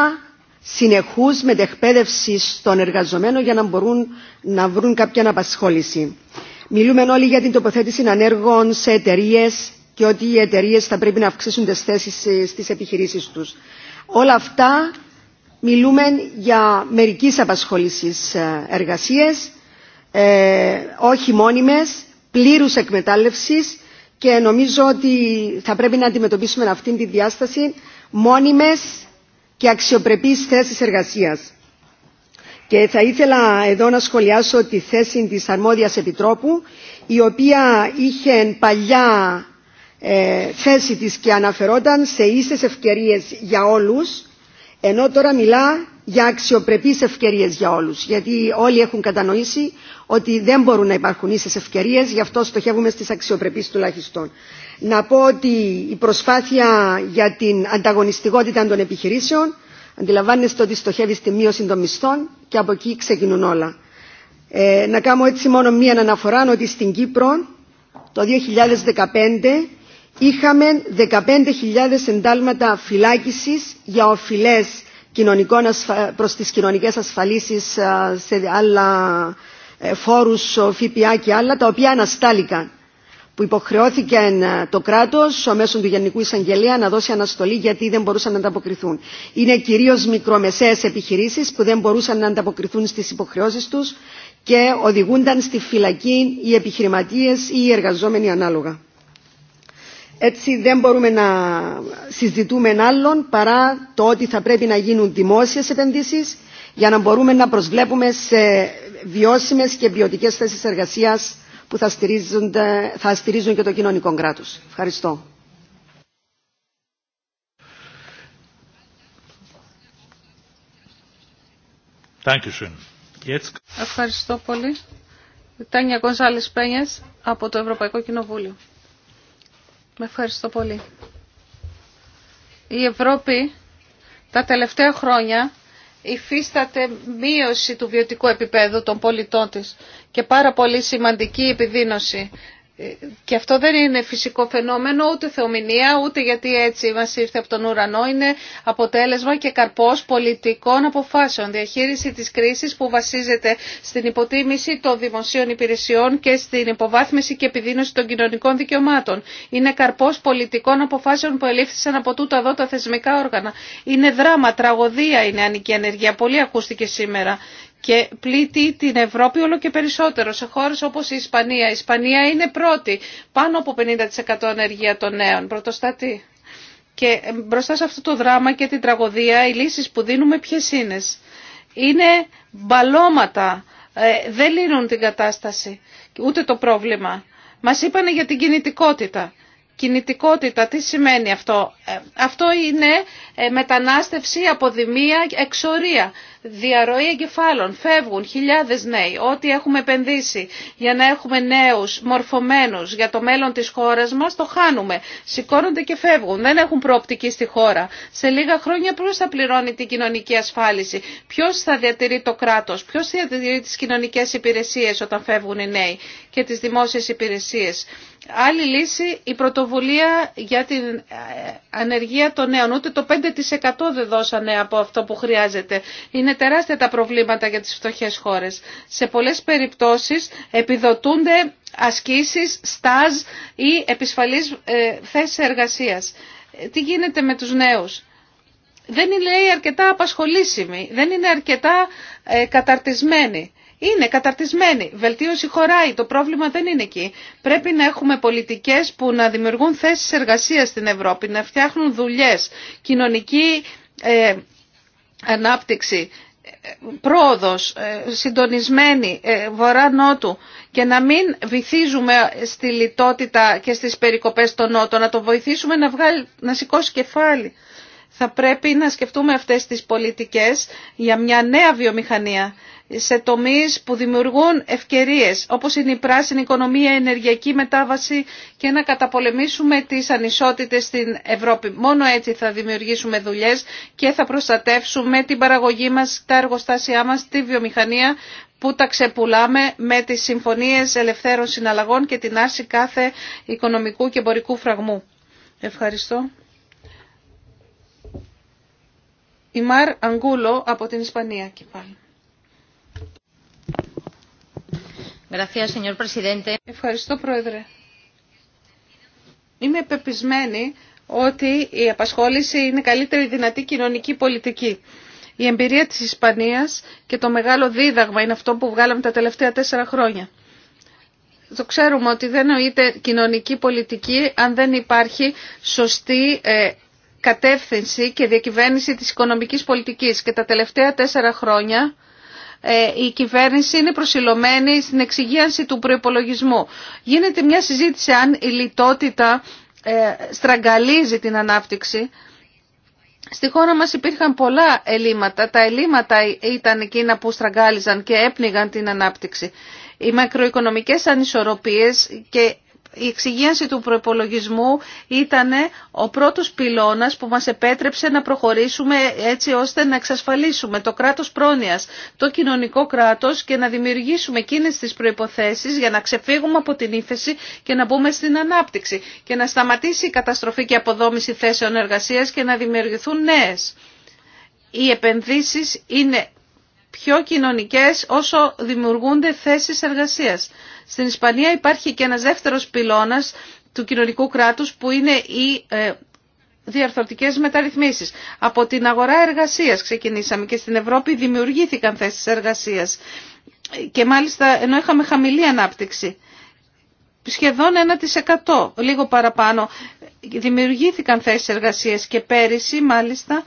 S8: συνεχούς μετεκπαίδευση των εργαζομένων για να μπορούν να βρουν κάποια αναπασχόληση. Μιλούμε όλοι για την τοποθέτηση ανέργων σε εταιρείε και ότι οι εταιρείε θα πρέπει να αυξήσουν τι θέσει στι επιχειρήσει του. Όλα αυτά μιλούμε για μερικής απασχόλησης ε, εργασίες, ε, όχι μόνιμες, πλήρους εκμετάλλευσης και νομίζω ότι θα πρέπει να αντιμετωπίσουμε αυτήν τη διάσταση μόνιμες και αξιοπρεπείς θέσεις εργασίας. Και θα ήθελα εδώ να σχολιάσω τη θέση της αρμόδιας επιτρόπου, η οποία είχε παλιά ε, θέση της και αναφερόταν σε ίσες ευκαιρίες για όλους ενώ τώρα μιλά για αξιοπρεπείς ευκαιρίες για όλους γιατί όλοι έχουν κατανοήσει ότι δεν μπορούν να υπάρχουν ίσες ευκαιρίες γι' αυτό στοχεύουμε στις αξιοπρεπείς τουλάχιστον. Να πω ότι η προσπάθεια για την ανταγωνιστικότητα των επιχειρήσεων αντιλαμβάνεστε ότι στοχεύει στη μείωση των μισθών και από εκεί ξεκινούν όλα. Ε, να κάνω έτσι μόνο μία αναφορά ότι στην Κύπρο το 2015 είχαμε 15.000 εντάλματα φυλάκισης για οφειλές προ τι προς τις κοινωνικές ασφαλίσεις ε, σε άλλα ε, φόρους, ΦΠΑ και άλλα, τα οποία αναστάληκαν που υποχρεώθηκε το κράτο μέσω του Γενικού Εισαγγελία, να δώσει αναστολή γιατί δεν μπορούσαν να ανταποκριθούν. Είναι κυρίω μικρομεσαίε επιχειρήσει που δεν μπορούσαν να ανταποκριθούν στι υποχρεώσει του και οδηγούνταν στη φυλακή οι επιχειρηματίε ή οι εργαζόμενοι ανάλογα. Έτσι δεν μπορούμε να συζητούμε άλλον παρά το ότι θα πρέπει να γίνουν δημόσιες επενδύσεις για να μπορούμε να προσβλέπουμε σε βιώσιμες και ποιοτικέ θέσεις εργασίας που θα, θα στηρίζουν και το κοινωνικό κράτος. Ευχαριστώ.
S2: Ευχαριστώ πολύ. Τάνια Γκονσάλης Πένιας από το Ευρωπαϊκό Κοινοβούλιο. Με Η Ευρώπη τα τελευταία χρόνια υφίσταται μείωση του βιωτικού επίπεδου των πολιτών της και πάρα πολύ σημαντική επιδείνωση και αυτό δεν είναι φυσικό φαινόμενο, ούτε θεομηνία, ούτε γιατί έτσι μας ήρθε από τον ουρανό. Είναι αποτέλεσμα και καρπός πολιτικών αποφάσεων. Διαχείριση της κρίσης που βασίζεται στην υποτίμηση των δημοσίων υπηρεσιών και στην υποβάθμιση και επιδείνωση των κοινωνικών δικαιωμάτων. Είναι καρπός πολιτικών αποφάσεων που ελήφθησαν από τούτα εδώ τα θεσμικά όργανα. Είναι δράμα, τραγωδία είναι νεανική ανεργία. Πολύ ακούστηκε σήμερα και πλήττει την Ευρώπη όλο και περισσότερο σε χώρες όπως η Ισπανία. Η Ισπανία είναι πρώτη, πάνω από 50% ενεργεία των νέων, πρωτοστατή. Και μπροστά σε αυτό το δράμα και την τραγωδία, οι λύσεις που δίνουμε ποιες είναι. Είναι μπαλώματα, ε, δεν λύνουν την κατάσταση, ούτε το πρόβλημα. Μας είπανε για την κινητικότητα. Κινητικότητα, τι σημαίνει αυτό. Ε, αυτό είναι ε, μετανάστευση, αποδημία, εξορία διαρροή εγκεφάλων. Φεύγουν χιλιάδες νέοι. Ό,τι έχουμε επενδύσει για να έχουμε νέους μορφωμένους για το μέλλον της χώρας μας, το χάνουμε. Σηκώνονται και φεύγουν. Δεν έχουν προοπτική στη χώρα. Σε λίγα χρόνια ποιος θα πληρώνει την κοινωνική ασφάλιση. Ποιος θα διατηρεί το κράτος. Ποιος θα διατηρεί τις κοινωνικές υπηρεσίες όταν φεύγουν οι νέοι και τις δημόσιες υπηρεσίες. Άλλη λύση, η πρωτοβουλία για την ε, ανεργία των νέων. Ούτε το 5% δεν δώσανε από αυτό που χρειάζεται είναι τεράστια τα προβλήματα για τις φτωχές χώρες. Σε πολλές περιπτώσεις επιδοτούνται ασκήσεις, στάζ ή επισφαλής ε, θέσεις εργασίας. Ε, τι γίνεται με τους νέους. Δεν είναι αρκετά απασχολήσιμοι, δεν είναι αρκετά ε, καταρτισμένοι. Είναι καταρτισμένοι. Βελτίωση χωράει. Το πρόβλημα δεν είναι εκεί. Πρέπει να έχουμε πολιτικές που να δημιουργούν θέσεις εργασίας στην Ευρώπη, να φτιάχνουν δουλειές, κοινωνική ανάπτυξη, πρόοδος, ε, συντονισμένη ε, βορρά-νότου και να μην βυθίζουμε στη λιτότητα και στις περικοπές των νότων, να το βοηθήσουμε να, βγάλει, να σηκώσει κεφάλι θα πρέπει να σκεφτούμε αυτές τις πολιτικές για μια νέα βιομηχανία σε τομείς που δημιουργούν ευκαιρίες, όπως είναι η πράσινη οικονομία, η ενεργειακή μετάβαση και να καταπολεμήσουμε τις ανισότητες στην Ευρώπη. Μόνο έτσι θα δημιουργήσουμε δουλειές και θα προστατεύσουμε την παραγωγή μας, τα εργοστάσια μας, τη βιομηχανία που τα ξεπουλάμε με τις συμφωνίες ελευθέρων συναλλαγών και την άρση κάθε οικονομικού και εμπορικού φραγμού. Ευχαριστώ. Η Μαρ Αγγούλο από την Ισπανία και Ευχαριστώ, Πρόεδρε. Είμαι πεπισμένη ότι η απασχόληση είναι καλύτερη δυνατή κοινωνική πολιτική. Η εμπειρία της Ισπανίας και το μεγάλο δίδαγμα είναι αυτό που βγάλαμε τα τελευταία τέσσερα χρόνια. Το ξέρουμε ότι δεν νοείται κοινωνική πολιτική αν δεν υπάρχει σωστή ε, κατεύθυνση και διακυβέρνηση της οικονομικής πολιτικής και τα τελευταία τέσσερα χρόνια ε, η κυβέρνηση είναι προσιλωμένη στην εξυγίανση του προϋπολογισμού. Γίνεται μια συζήτηση αν η λιτότητα ε, στραγγαλίζει την ανάπτυξη. Στη χώρα μας υπήρχαν πολλά ελλείμματα. Τα ελλείμματα ήταν εκείνα που στραγγάλιζαν και έπνιγαν την ανάπτυξη. Οι μακροοικονομικές ανισορροπίες και η εξυγίανση του προπολογισμού ήταν ο πρώτος πυλώνας που μας επέτρεψε να προχωρήσουμε έτσι ώστε να εξασφαλίσουμε το κράτος πρόνοιας, το κοινωνικό κράτος και να δημιουργήσουμε εκείνες τις προϋποθέσεις για να ξεφύγουμε από την ύφεση και να μπούμε στην ανάπτυξη και να σταματήσει η καταστροφή και αποδόμηση θέσεων εργασίας και να δημιουργηθούν νέες. Οι επενδύσεις είναι πιο κοινωνικές όσο δημιουργούνται θέσεις εργασίας. Στην Ισπανία υπάρχει και ένας δεύτερος πυλώνας του κοινωνικού κράτους που είναι οι ε, διαρθρωτικές μεταρρυθμίσεις. Από την αγορά εργασίας ξεκινήσαμε και στην Ευρώπη δημιουργήθηκαν θέσεις εργασίας. Και μάλιστα ενώ είχαμε χαμηλή ανάπτυξη, σχεδόν 1%, λίγο παραπάνω, δημιουργήθηκαν θέσεις εργασίας και πέρυσι μάλιστα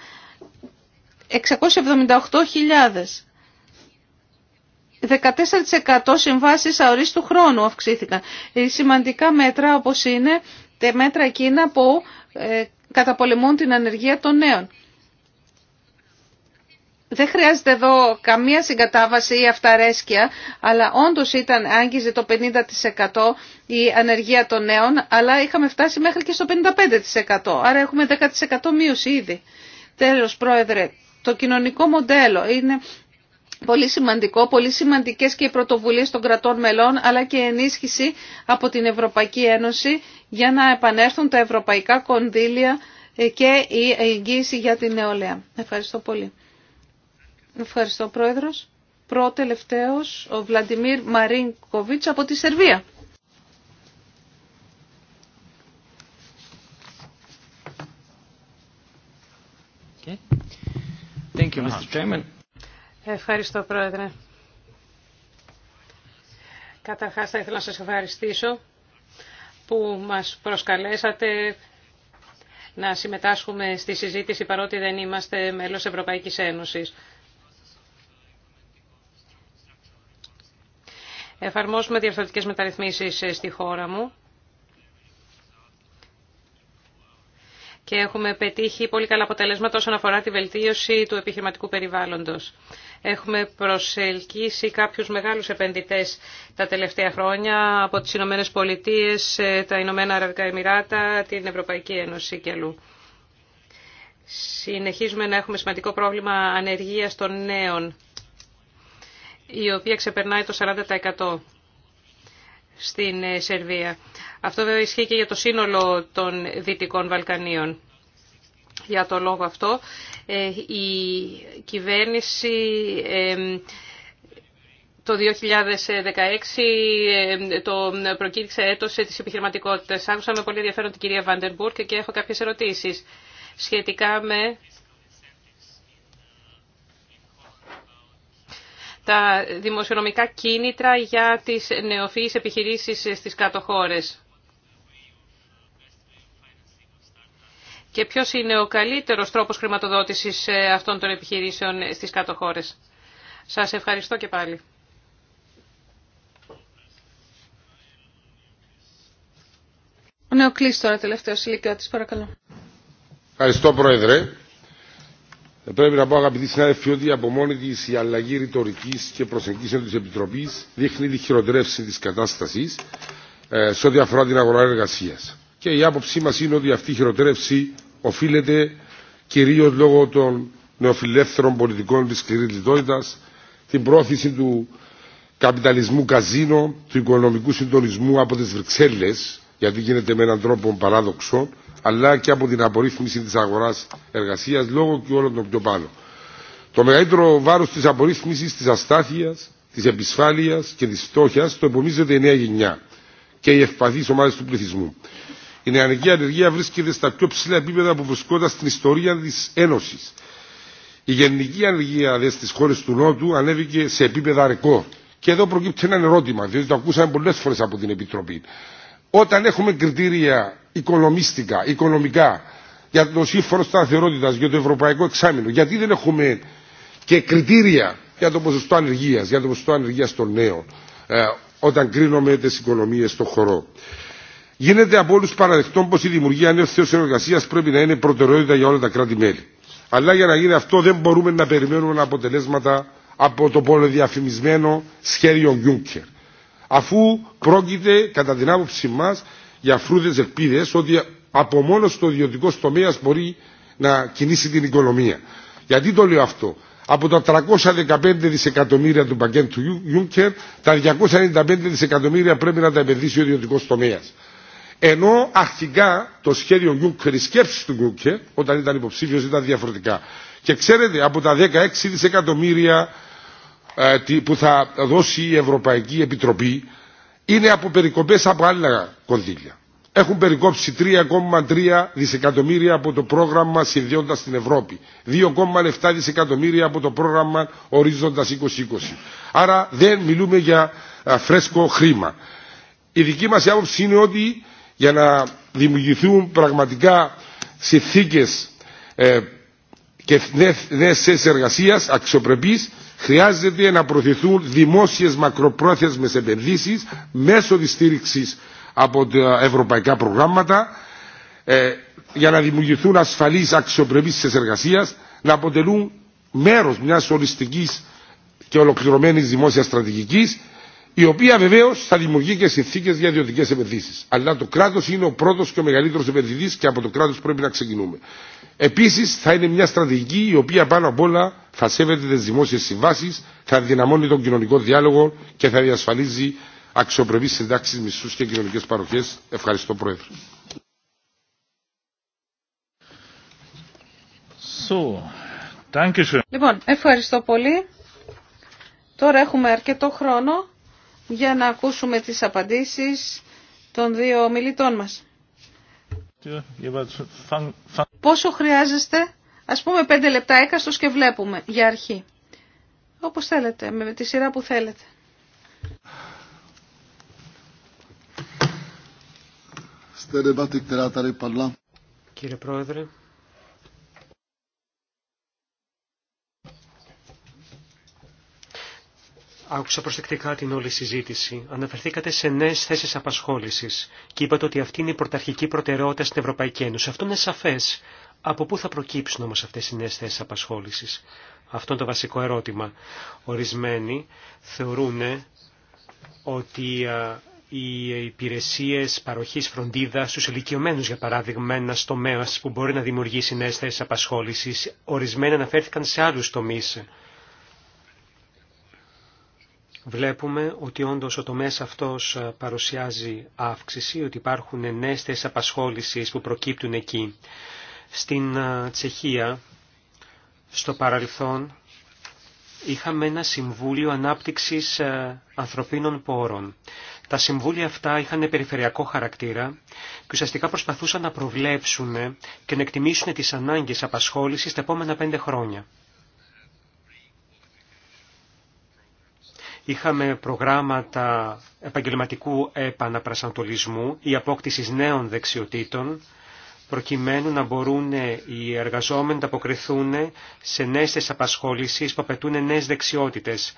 S2: 678.000. 14% συμβάσεις αορίστου χρόνου αυξήθηκαν. Σημαντικά μέτρα όπως είναι τα μέτρα εκείνα που ε, καταπολεμούν την ανεργία των νέων. Δεν χρειάζεται εδώ καμία συγκατάβαση ή αυταρέσκεια, αλλά όντως ήταν, άγγιζε το 50% η ανεργία των νέων, αλλά είχαμε φτάσει μέχρι και στο 55%. Άρα έχουμε 10% μείωση ήδη. Τέλος, Πρόεδρε, το κοινωνικό μοντέλο είναι Πολύ σημαντικό, πολύ σημαντικές και οι πρωτοβουλίες των κρατών μελών, αλλά και η ενίσχυση από την Ευρωπαϊκή Ένωση για να επανέλθουν τα ευρωπαϊκά κονδύλια ε, και η εγγύηση για την νεολαία. Ευχαριστώ πολύ. Ευχαριστώ Πρόεδρος. Προτελευταίος ο Βλαντιμίρ Μαρίνκοβιτ από τη Σερβία. Okay.
S6: Thank you, Mr. Chairman. Ευχαριστώ, Πρόεδρε. Καταρχάς, θα ήθελα να σας ευχαριστήσω που μας προσκαλέσατε να συμμετάσχουμε στη συζήτηση παρότι δεν είμαστε μέλος Ευρωπαϊκής Ένωσης. Εφαρμόσουμε διαφορετικές μεταρρυθμίσεις στη χώρα μου και έχουμε πετύχει πολύ καλά αποτελέσματα όσον αφορά τη βελτίωση του επιχειρηματικού περιβάλλοντος. Έχουμε προσελκύσει κάποιους μεγάλους επενδυτές τα τελευταία χρόνια από τις Ηνωμένε Πολιτείες, ε, τα Ηνωμένα Αραβικά Εμμυράτα, την Ευρωπαϊκή Ένωση και αλλού. Συνεχίζουμε να έχουμε σημαντικό πρόβλημα ανεργίας των νέων, η οποία ξεπερνάει το 40% στην ε, Σερβία. Αυτό βέβαια ισχύει και για το σύνολο των Δυτικών Βαλκανίων. Για το λόγο αυτό ε, η κυβέρνηση το 2016 το ε, προκήρυξε έτος της επιχειρηματικότητας. Άκουσα με πολύ ενδιαφέρον την κυρία Βαντερμπουρκ και έχω κάποιες ερωτήσεις σχετικά με τα δημοσιονομικά κίνητρα για τις νεοφυείς επιχειρήσεις στις κάτω χώρες. Και ποιος είναι ο καλύτερος τρόπος χρηματοδότησης ε, αυτών των επιχειρήσεων ε, στις κάτω χώρες. Σας ευχαριστώ και πάλι.
S2: Ο τελευταίος ηλικιώτης, παρακαλώ.
S3: Ευχαριστώ Πρόεδρε. Ε, πρέπει να πω αγαπητοί συνάδελφοι ότι από μόνη τη η αλλαγή ρητορική και προσεγγίσεων τη Επιτροπή δείχνει τη χειροτρεύση τη κατάσταση ε, σε ό,τι αφορά την αγορά εργασία. Και η άποψή μα είναι ότι αυτή η χειροτρεύση οφείλεται κυρίω λόγω των νεοφιλελεύθερων πολιτικών τη σκληρή λιτότητα, την πρόθεση του καπιταλισμού καζίνο, του οικονομικού συντονισμού από τι Βρυξέλλε, γιατί γίνεται με έναν τρόπο παράδοξο, αλλά και από την απορρίθμιση τη αγορά εργασία λόγω και όλων των πιο πάνω. Το μεγαλύτερο βάρο τη απορρίθμιση τη αστάθεια, τη επισφάλεια και τη φτώχεια το επομίζεται η νέα γενιά και οι ευπαθεί ομάδε του πληθυσμού. Η νεανική ανεργία βρίσκεται στα πιο ψηλά επίπεδα που βρισκόταν στην ιστορία τη Ένωση. Η γενική ανεργία δε στι χώρε του Νότου ανέβηκε σε επίπεδα ρεκόρ. Και εδώ προκύπτει ένα ερώτημα, διότι το ακούσαμε πολλέ φορέ από την Επιτροπή. Όταν έχουμε κριτήρια οικονομίστικα, οικονομικά, για το σύμφωνο σταθερότητα, για το ευρωπαϊκό εξάμεινο, γιατί δεν έχουμε και κριτήρια για το ποσοστό ανεργία, για το ποσοστό ανεργία των νέων, ε, όταν κρίνουμε τι οικονομίε στον χώρο. Γίνεται από όλου παραδεκτό πω η δημιουργία νέων θέσεων εργασία πρέπει να είναι προτεραιότητα για όλα τα κράτη-μέλη. Αλλά για να γίνει αυτό δεν μπορούμε να περιμένουμε αποτελέσματα από το πολυδιαφημισμένο σχέδιο Γιούνκερ αφού πρόκειται κατά την άποψή μας για φρούδες ελπίδες ότι από μόνο το ιδιωτικό τομέα μπορεί να κινήσει την οικονομία. Γιατί το λέω αυτό. Από τα 315 δισεκατομμύρια του πακέτου Juncker, τα 295 δισεκατομμύρια πρέπει να τα επενδύσει ο ιδιωτικό τομέα. Ενώ αρχικά το σχέδιο Juncker, οι σκέψει του Juncker, όταν ήταν υποψήφιο, ήταν διαφορετικά. Και ξέρετε, από τα 16 δισεκατομμύρια ε, που θα δώσει η Ευρωπαϊκή Επιτροπή είναι από περικοπές από άλλα κονδύλια. Έχουν περικόψει 3,3 δισεκατομμύρια από το πρόγραμμα Συνδιώντας την Ευρώπη. 2,7 δισεκατομμύρια από το πρόγραμμα Ορίζοντας 2020. Άρα δεν μιλούμε για ε, φρέσκο χρήμα. Η δική μας άποψη είναι ότι για να δημιουργηθούν πραγματικά συνθήκε ε, και νέες εργασίας αξιοπρεπής Χρειάζεται να προωθηθούν δημόσιες μακροπρόθεσμες επενδύσεις μέσω της στήριξης από τα ευρωπαϊκά προγράμματα ε, για να δημιουργηθούν ασφαλείς αξιοπρεπείς εργασίας, να αποτελούν μέρος μιας ολιστικής και ολοκληρωμένης δημόσιας στρατηγικής, η οποία βεβαίως θα δημιουργεί και συνθήκες για ιδιωτικές επενδύσεις. Αλλά το κράτος είναι ο πρώτος και ο μεγαλύτερος επενδυτής και από το κράτος πρέπει να ξεκινούμε. Επίσης θα είναι μια στρατηγική η οποία πάνω απ' όλα θα σέβεται τις δημόσιες συμβάσεις, θα δυναμώνει τον κοινωνικό διάλογο και θα διασφαλίζει αξιοπρεπείς συντάξεις μισθούς και κοινωνικές παροχές. Ευχαριστώ Πρόεδρε.
S2: Λοιπόν, ευχαριστώ πολύ. Τώρα έχουμε αρκετό χρόνο για να ακούσουμε τις απαντήσεις των δύο μιλητών μας. Πόσο χρειάζεστε, ας πούμε πέντε λεπτά έκαστος και βλέπουμε για αρχή. Όπως θέλετε, με τη σειρά που θέλετε.
S4: Κύριε Πρόεδρε, Άκουσα προσεκτικά την όλη συζήτηση. Αναφερθήκατε σε νέε θέσει απασχόληση και είπατε ότι αυτή είναι η πρωταρχική προτεραιότητα στην Ευρωπαϊκή Ένωση. Αυτό είναι σαφέ. Από πού θα προκύψουν όμω αυτέ οι νέε θέσει απασχόληση. Αυτό είναι το βασικό ερώτημα. Ορισμένοι θεωρούν ότι οι υπηρεσίε παροχή φροντίδα στου ηλικιωμένου, για παράδειγμα, ένα τομέα που μπορεί να δημιουργήσει νέε θέσει απασχόληση. Ορισμένοι αναφέρθηκαν σε άλλου τομεί βλέπουμε ότι όντως ο τομέας αυτός ε, παρουσιάζει αύξηση, ότι υπάρχουν νέες θέσεις απασχόλησης που προκύπτουν εκεί. Στην ε, Τσεχία, στο παρελθόν, είχαμε ένα Συμβούλιο Ανάπτυξης ε, Ανθρωπίνων Πόρων. Τα συμβούλια αυτά είχαν περιφερειακό χαρακτήρα και ουσιαστικά προσπαθούσαν να προβλέψουν και να εκτιμήσουν τις ανάγκες απασχόλησης τα επόμενα πέντε χρόνια. Είχαμε προγράμματα επαγγελματικού επαναπρασαντολισμού, ή απόκτησης νέων δεξιοτήτων, προκειμένου να μπορούν οι εργαζόμενοι να αποκριθούν σε νέες θέσεις απασχόλησης που απαιτούν νέες δεξιότητες.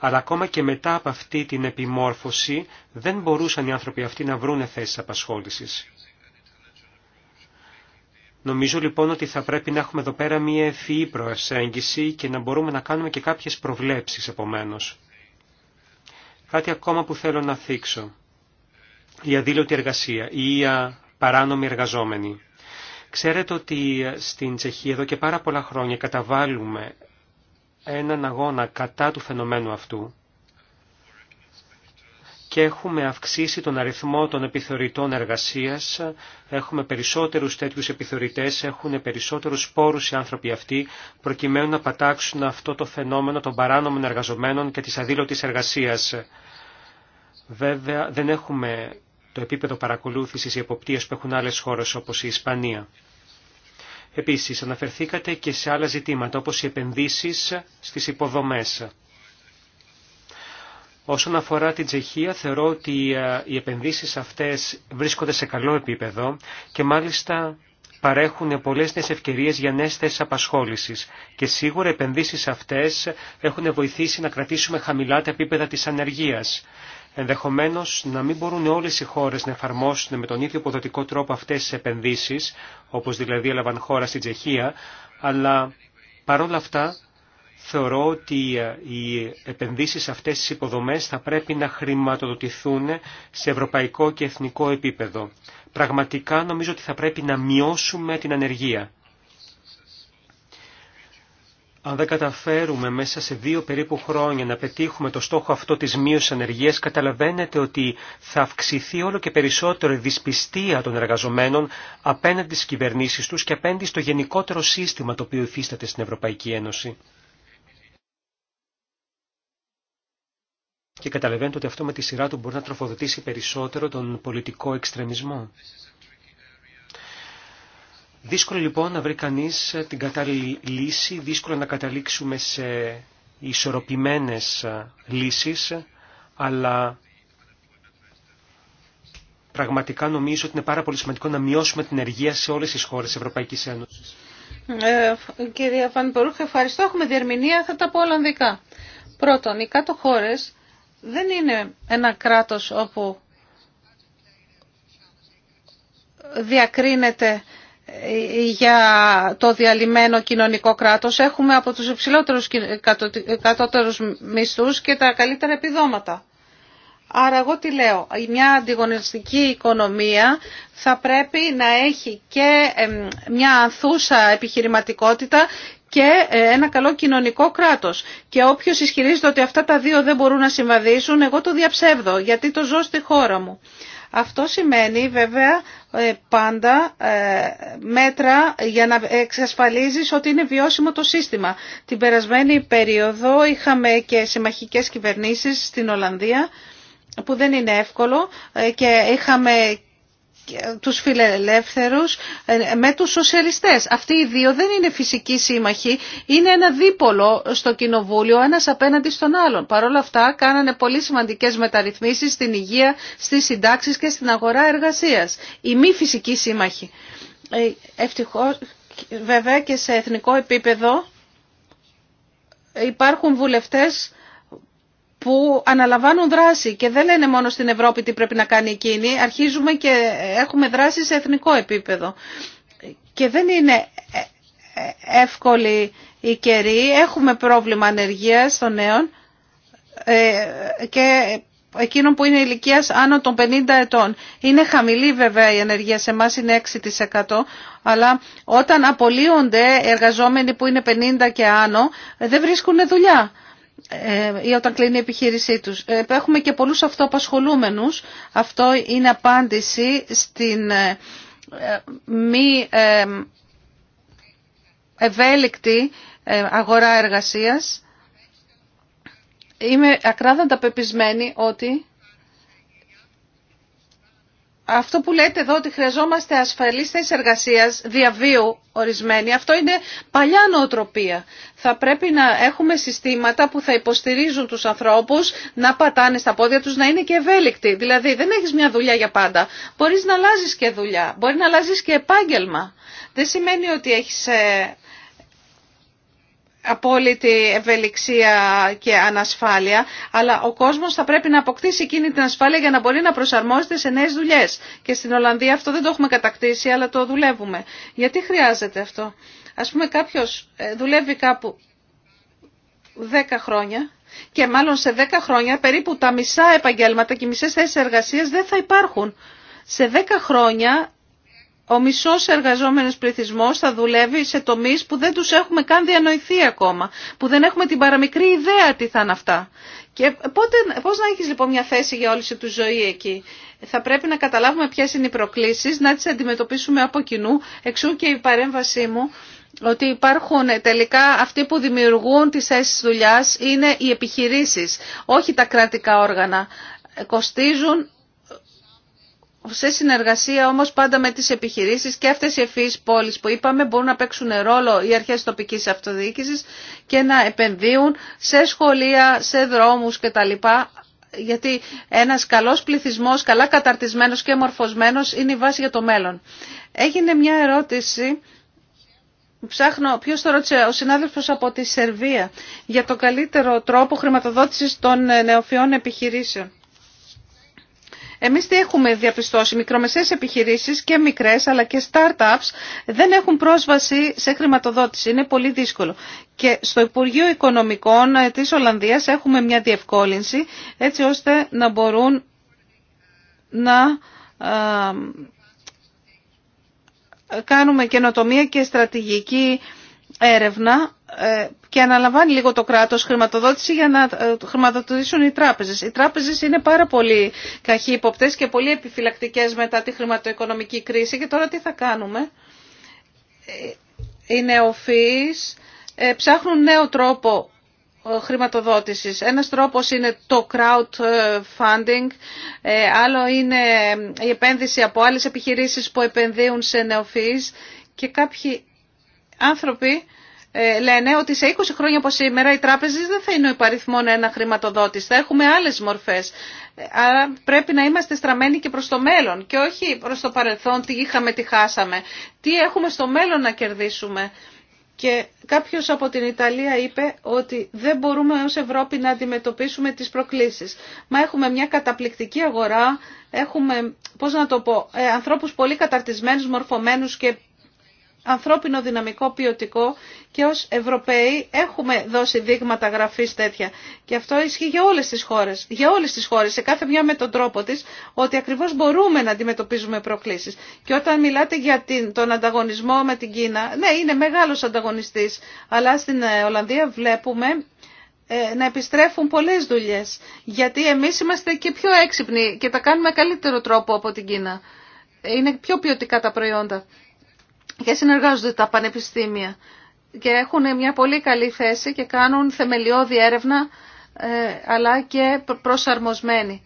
S4: Αλλά ακόμα και μετά από αυτή την επιμόρφωση δεν μπορούσαν οι άνθρωποι αυτοί να βρουν θέσεις απασχόλησης. Νομίζω λοιπόν ότι θα πρέπει να έχουμε εδώ πέρα μια ευφυή προσέγγιση και να μπορούμε να κάνουμε και κάποιες προβλέψεις επομένως. Κάτι ακόμα που θέλω να θίξω. Η αδήλωτη εργασία ή η παρανομη εργαζόμενη. Ξέρετε ότι στην Τσεχία εδώ και πάρα πολλά χρόνια καταβάλουμε έναν αγώνα κατά του φαινομένου αυτού και έχουμε αυξήσει τον αριθμό των επιθεωρητών εργασίας, έχουμε περισσότερους τέτοιους επιθεωρητές, έχουν περισσότερους πόρους οι άνθρωποι αυτοί, προκειμένου να πατάξουν αυτό το φαινόμενο των παράνομων εργαζομένων και της αδήλωτης εργασίας. Βέβαια δεν έχουμε το επίπεδο παρακολούθησης ή εποπτείας που έχουν άλλες χώρες όπως η Ισπανία. Επίσης αναφερθήκατε και σε άλλα ζητήματα όπως οι επενδύσεις στις υποδομές. Όσον αφορά την Τσεχία, θεωρώ ότι ε, οι επενδύσεις αυτές βρίσκονται σε καλό επίπεδο και μάλιστα παρέχουν πολλές νέες ευκαιρίες για νέες θέσεις απασχόλησης και σίγουρα οι επενδύσεις αυτές έχουν βοηθήσει να κρατήσουμε χαμηλά τα επίπεδα της ανεργίας. Ενδεχομένως να μην μπορούν όλες οι χώρες να εφαρμόσουν με τον ίδιο ποδοτικό τρόπο αυτές τις επενδύσεις, όπως δηλαδή έλαβαν χώρα στην Τσεχία, αλλά παρόλα αυτά θεωρώ ότι ε, οι επενδύσεις αυτές τις υποδομές θα πρέπει να χρηματοδοτηθούν σε ευρωπαϊκό και εθνικό επίπεδο. Πραγματικά νομίζω ότι θα πρέπει να μειώσουμε την ανεργία. Αν δεν καταφέρουμε μέσα σε δύο περίπου χρόνια να πετύχουμε το στόχο αυτό της μείωσης ανεργίας, καταλαβαίνετε ότι θα αυξηθεί όλο και περισσότερο η δυσπιστία των εργαζομένων απέναντι στις κυβερνήσεις τους και απέναντι στο γενικότερο σύστημα το οποίο υφίσταται στην Ευρωπαϊκή Ένωση. Και καταλαβαίνετε ότι αυτό με τη σειρά του μπορεί να τροφοδοτήσει περισσότερο τον πολιτικό εξτρεμισμό. Δύσκολο λοιπόν να βρει κανείς την κατάλληλη λύση, δύσκολο να καταλήξουμε σε ισορροπημένες λύσεις, αλλά πραγματικά νομίζω ότι είναι πάρα πολύ σημαντικό να μειώσουμε την ενέργεια σε όλες τις χώρες της Ευρωπαϊκής Ένωσης.
S2: Ε, κυρία ευχαριστώ. Έχουμε διερμηνία, θα τα πω Ολλανδικά. Πρώτον, οι κάτω χώρες δεν είναι ένα κράτος όπου διακρίνεται για το διαλυμένο κοινωνικό κράτος. Έχουμε από τους υψηλότερους κατώτερους μισθούς και τα καλύτερα επιδόματα. Άρα εγώ τι λέω, μια αντιγωνιστική οικονομία θα πρέπει να έχει και μια ανθούσα επιχειρηματικότητα και ε, ένα καλό κοινωνικό κράτος. Και όποιος ισχυρίζεται ότι αυτά τα δύο δεν μπορούν να συμβαδίσουν, εγώ το διαψεύδω, γιατί το ζω στη χώρα μου. Αυτό σημαίνει βέβαια ε, πάντα ε, μέτρα για να εξασφαλίζεις ότι είναι βιώσιμο το σύστημα. Την περασμένη περίοδο είχαμε και συμμαχικές κυβερνήσεις στην Ολλανδία που δεν είναι εύκολο και είχαμε τους φιλελεύθερους ε, με τους σοσιαλιστές. Αυτοί οι δύο δεν είναι φυσικοί σύμμαχοι, είναι ένα δίπολο στο κοινοβούλιο, ένας απέναντι στον άλλον. Παρ' όλα αυτά κάνανε πολύ σημαντικές μεταρρυθμίσεις στην υγεία, στις συντάξεις και στην αγορά εργασίας. Οι μη φυσικοί σύμμαχοι. Ε, ευτυχώς, βέβαια και σε εθνικό επίπεδο υπάρχουν βουλευτές που αναλαμβάνουν δράση και δεν λένε μόνο στην Ευρώπη τι πρέπει να κάνει εκείνη, αρχίζουμε και έχουμε δράση σε εθνικό επίπεδο. Και δεν είναι ε, ε, εύκολη η καιρή, έχουμε πρόβλημα ανεργίας των νέων ε, και εκείνων που είναι ηλικία άνω των 50 ετών. Είναι χαμηλή βέβαια η ανεργία, σε εμά είναι 6%, αλλά όταν απολύονται εργαζόμενοι που είναι 50 και άνω δεν βρίσκουν δουλειά ή ε, όταν κλείνει η επιχείρησή τους. Ε, έχουμε και πολλούς αυτοπασχολούμενους. Αυτό είναι απάντηση στην ε, μη ευέλικτη αγορά εργασίας. Είμαι ακράδαντα πεπισμένη ότι αυτό που λέτε εδώ ότι χρειαζόμαστε ασφαλείς θέσεις διαβίου ορισμένη, αυτό είναι παλιά νοοτροπία. Θα πρέπει να έχουμε συστήματα που θα υποστηρίζουν τους ανθρώπους να πατάνε στα πόδια τους, να είναι και ευέλικτοι. Δηλαδή δεν έχεις μια δουλειά για πάντα. Μπορείς να αλλάζεις και δουλειά, μπορεί να αλλάζεις και επάγγελμα. Δεν σημαίνει ότι έχεις ε, απόλυτη ευελιξία και ανασφάλεια, αλλά ο κόσμος θα πρέπει να αποκτήσει εκείνη την ασφάλεια για να μπορεί να προσαρμόζεται σε νέες δουλειές. Και στην Ολλανδία αυτό δεν το έχουμε κατακτήσει, αλλά το δουλεύουμε. Γιατί χρειάζεται αυτό. Ας πούμε κάποιος ε, δουλεύει κάπου 10 χρόνια και μάλλον σε 10 χρόνια περίπου τα μισά επαγγέλματα και οι μισές θέσεις εργασίας δεν θα υπάρχουν. Σε 10 χρόνια ο μισός εργαζόμενος πληθυσμός θα δουλεύει σε τομείς που δεν τους έχουμε καν διανοηθεί ακόμα, που δεν έχουμε την παραμικρή ιδέα τι θα είναι αυτά. Και πότε, πώς να έχεις λοιπόν μια θέση για όλη σου τη ζωή εκεί. Θα πρέπει να καταλάβουμε ποιες είναι οι προκλήσεις, να τις αντιμετωπίσουμε από κοινού, εξού και η παρέμβασή μου ότι υπάρχουν τελικά αυτοί που δημιουργούν τις θέσει δουλειά είναι οι επιχειρήσεις, όχι τα κρατικά όργανα. Κοστίζουν σε συνεργασία όμως πάντα με τις επιχειρήσεις και αυτές οι ευφύης πόλεις που είπαμε μπορούν να παίξουν ρόλο οι αρχές τοπικής αυτοδιοίκησης και να επενδύουν σε σχολεία, σε δρόμους κτλ. Γιατί ένας καλός πληθυσμός, καλά καταρτισμένος και μορφωσμένος είναι η βάση για το μέλλον. Έγινε μια ερώτηση, ψάχνω, ποιο το ρώτησε, ο συνάδελφο από τη Σερβία, για το καλύτερο τρόπο χρηματοδότηση των νεοφιών επιχειρήσεων. Εμείς τι έχουμε διαπιστώσει, μικρομεσαίες επιχειρήσεις και μικρές αλλά και startups δεν έχουν πρόσβαση σε χρηματοδότηση, είναι πολύ δύσκολο. Και στο Υπουργείο Οικονομικών ε, της Ολλανδίας έχουμε μια διευκόλυνση έτσι ώστε να μπορούν να ε, κάνουμε καινοτομία και στρατηγική έρευνα ε, και αναλαμβάνει λίγο το κράτος χρηματοδότηση για να ε, χρηματοδοτήσουν οι τράπεζες. Οι τράπεζες είναι πάρα πολύ καχύποπτες και πολύ επιφυλακτικές μετά τη χρηματοοικονομική κρίση και τώρα τι θα κάνουμε. Ε, οι νεοφύης ψάχνουν νέο τρόπο χρηματοδότησης. Ένας τρόπος είναι το crowdfunding, άλλο είναι η επένδυση από άλλες επιχειρήσεις που επενδύουν σε νεοφύης και κάποιοι Άνθρωποι ε, λένε ότι σε 20 χρόνια από σήμερα οι τράπεζες δεν θα είναι ο υπαριθμόν ένα χρηματοδότης, θα έχουμε άλλες μορφές. Ε, άρα πρέπει να είμαστε στραμμένοι και προς το μέλλον και όχι προς το παρελθόν τι είχαμε, τι χάσαμε. Τι έχουμε στο μέλλον να κερδίσουμε. Και κάποιος από την Ιταλία είπε ότι δεν μπορούμε ως Ευρώπη να αντιμετωπίσουμε τις προκλήσεις. Μα έχουμε μια καταπληκτική αγορά, έχουμε, πώς να το πω, ε, ανθρώπους πολύ καταρτισμένους, μορφωμένους και ανθρώπινο δυναμικό ποιοτικό και ως Ευρωπαίοι έχουμε δώσει δείγματα γραφής τέτοια. Και αυτό ισχύει για όλες τις χώρες, για όλες τις χώρες, σε κάθε μια με τον τρόπο της, ότι ακριβώς μπορούμε να αντιμετωπίζουμε προκλήσεις. Και όταν μιλάτε για τον ανταγωνισμό με την Κίνα, ναι είναι μεγάλος ανταγωνιστής, αλλά στην ε, Ολλανδία βλέπουμε ε, να επιστρέφουν πολλές δουλειές, γιατί εμείς είμαστε και πιο έξυπνοι και τα κάνουμε καλύτερο τρόπο από την Κίνα. Είναι πιο ποιοτικά τα προϊόντα και συνεργάζονται τα πανεπιστήμια και έχουν μια πολύ καλή θέση και κάνουν θεμελιώδη έρευνα ε, αλλά και προσαρμοσμένη.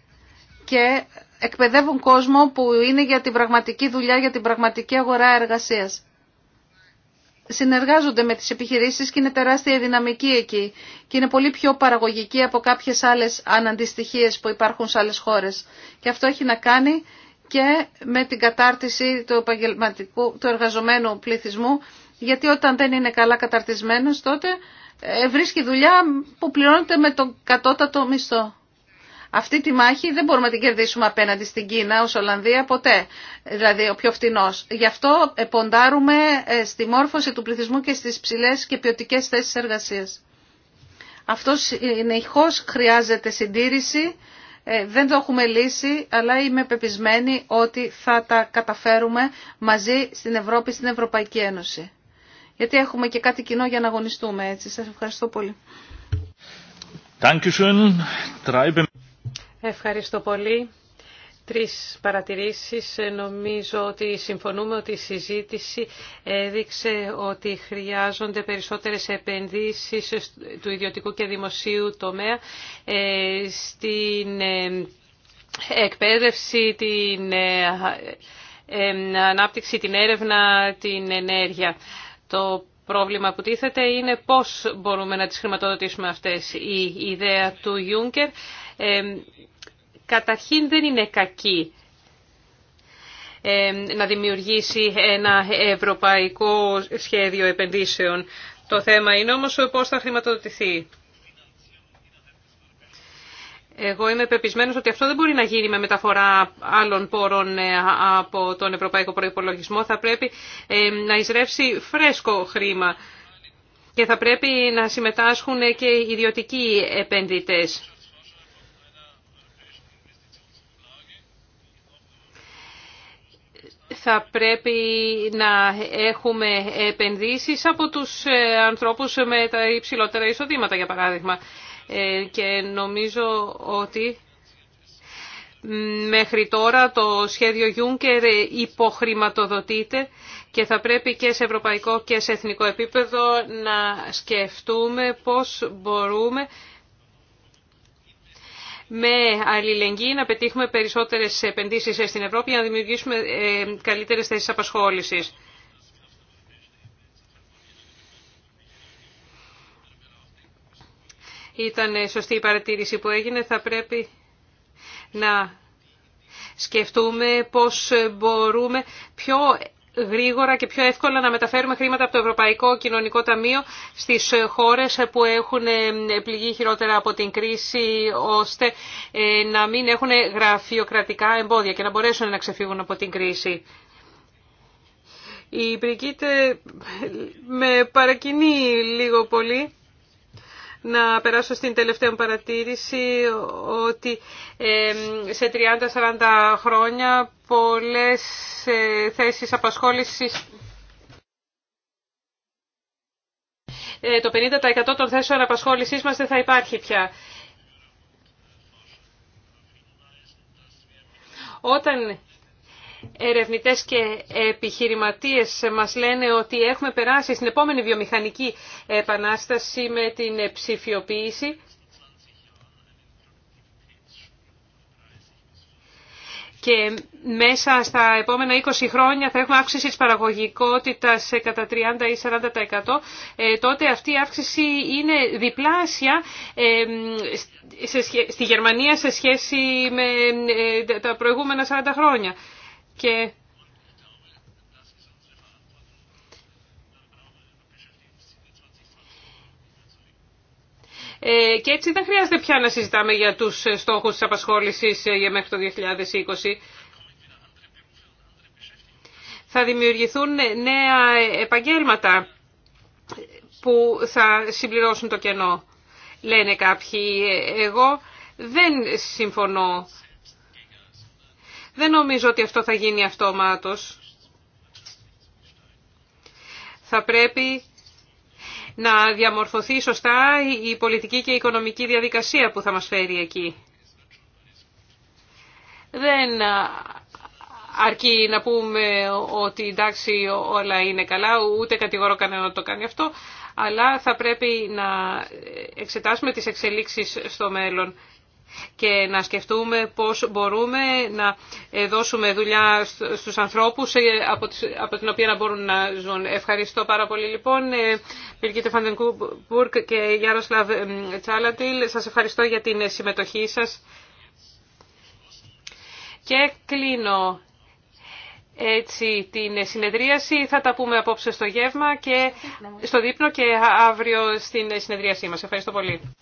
S2: Και εκπαιδεύουν κόσμο που είναι για την πραγματική δουλειά, για την πραγματική αγορά εργασίας. Συνεργάζονται με τις επιχειρήσεις και είναι τεράστια δυναμική εκεί και είναι πολύ πιο παραγωγική από κάποιες άλλες αναντιστοιχίες που υπάρχουν σε άλλες χώρες. Και αυτό έχει να κάνει και με την κατάρτιση του, επαγγελματικού, του εργαζομένου πληθυσμού, γιατί όταν δεν είναι καλά καταρτισμένος τότε ε, βρίσκει δουλειά που πληρώνεται με τον κατώτατο μισθό. Αυτή τη μάχη δεν μπορούμε να την κερδίσουμε απέναντι στην Κίνα ως Ολλανδία ποτέ, δηλαδή ο πιο φτηνός. Γι' αυτό ποντάρουμε ε, στη μόρφωση του πληθυσμού και στις ψηλές και ποιοτικέ θέσεις εργασίας. Αυτό συνεχώς χρειάζεται συντήρηση ε, δεν το έχουμε λύσει, αλλά είμαι πεπισμένη ότι θα τα καταφέρουμε μαζί στην Ευρώπη, στην Ευρωπαϊκή Ένωση. Γιατί έχουμε και κάτι κοινό για να αγωνιστούμε έτσι. Σας ευχαριστώ πολύ.
S6: Ευχαριστώ πολύ. Τρεις παρατηρήσεις. Νομίζω ότι συμφωνούμε ότι η συζήτηση έδειξε ότι χρειάζονται περισσότερες επενδύσεις του ιδιωτικού και δημοσίου τομέα ε, στην ε, εκπαίδευση, την ε, ανάπτυξη, την έρευνα, την ενέργεια. Το πρόβλημα που τίθεται είναι πώς μπορούμε να τις χρηματοδοτήσουμε αυτές. Η ιδέα του Juncker καταρχήν δεν είναι κακή ε, να δημιουργήσει ένα ευρωπαϊκό σχέδιο επενδύσεων. Το θέμα είναι όμως πώς θα χρηματοδοτηθεί. Εγώ είμαι πεπισμένος ότι αυτό δεν μπορεί να γίνει με μεταφορά άλλων πόρων ε, από τον Ευρωπαϊκό Προϋπολογισμό. Θα πρέπει ε, να εισρεύσει φρέσκο χρήμα και θα πρέπει να συμμετάσχουν και ιδιωτικοί επενδυτές. θα πρέπει να έχουμε επενδύσεις από τους ε, ανθρώπους με τα υψηλότερα εισοδήματα, για παράδειγμα. Ε, και νομίζω ότι μέχρι τώρα το σχέδιο Juncker υποχρηματοδοτείται και θα πρέπει και σε ευρωπαϊκό και σε εθνικό επίπεδο να σκεφτούμε πώς μπορούμε με αλληλεγγύη να πετύχουμε περισσότερες επενδύσεις στην Ευρώπη για να δημιουργήσουμε ε, καλύτερες θέσεις απασχόλησης. Ήταν ε, σωστή η παρατήρηση που έγινε. Θα πρέπει να σκεφτούμε πώς μπορούμε πιο γρήγορα και πιο εύκολα να μεταφέρουμε χρήματα από το Ευρωπαϊκό Κοινωνικό Ταμείο στις χώρες που έχουν ε, πληγεί χειρότερα από την κρίση ώστε ε, να μην έχουν γραφειοκρατικά εμπόδια και να μπορέσουν να ξεφύγουν από την κρίση. Η Μπριγκίτε ε, με παρακινεί λίγο πολύ να περάσω στην τελευταία μου παρατήρηση ότι σε 30-40 χρόνια πολλές ε, θέσεις απασχόλησης ε, το 50% των θέσεων απασχόλησής μας δεν θα υπάρχει πια. Όταν ερευνητές και επιχειρηματίες μας λένε ότι έχουμε περάσει στην επόμενη βιομηχανική επανάσταση με την ψηφιοποίηση. Και μέσα στα επόμενα 20 χρόνια θα έχουμε αύξηση της παραγωγικότητας κατά 30 ή 40%. Ε, τότε αυτή η αύξηση είναι διπλάσια ε, στη Γερμανία σε σχέση με ε, τα προηγούμενα 40 χρόνια και ε, και έτσι δεν χρειάζεται πια να συζητάμε για τους στόχους της απασχόλησης ε, για μέχρι το 2020. Θα δημιουργηθούν νέα επαγγέλματα που θα συμπληρώσουν το κενό, λένε κάποιοι. Ε, εγώ δεν συμφωνώ. Δεν νομίζω ότι αυτό θα γίνει αυτόματος. Θα πρέπει να διαμορφωθεί σωστά η πολιτική και η οικονομική διαδικασία που θα μας φέρει εκεί. Δεν αρκεί να πούμε ότι εντάξει όλα είναι καλά, ούτε κατηγορώ κανένα να το κάνει αυτό, αλλά θα πρέπει να εξετάσουμε τις εξελίξεις στο μέλλον και να σκεφτούμε πώς μπορούμε να ε, δώσουμε δουλειά στους ανθρώπους ε, από την οποία να μπορούν να ζουν. Ευχαριστώ πάρα πολύ λοιπόν. Ε, Πυρκίτε Φαντενκούρκ και Γιάροσλαβ Τσάλατιλ, σας ευχαριστώ για την συμμετοχή σας. Και κλείνω έτσι την συνεδρίαση. Θα τα πούμε απόψε στο γεύμα και στο δείπνο και αύριο στην συνεδρίασή μας. Ευχαριστώ πολύ.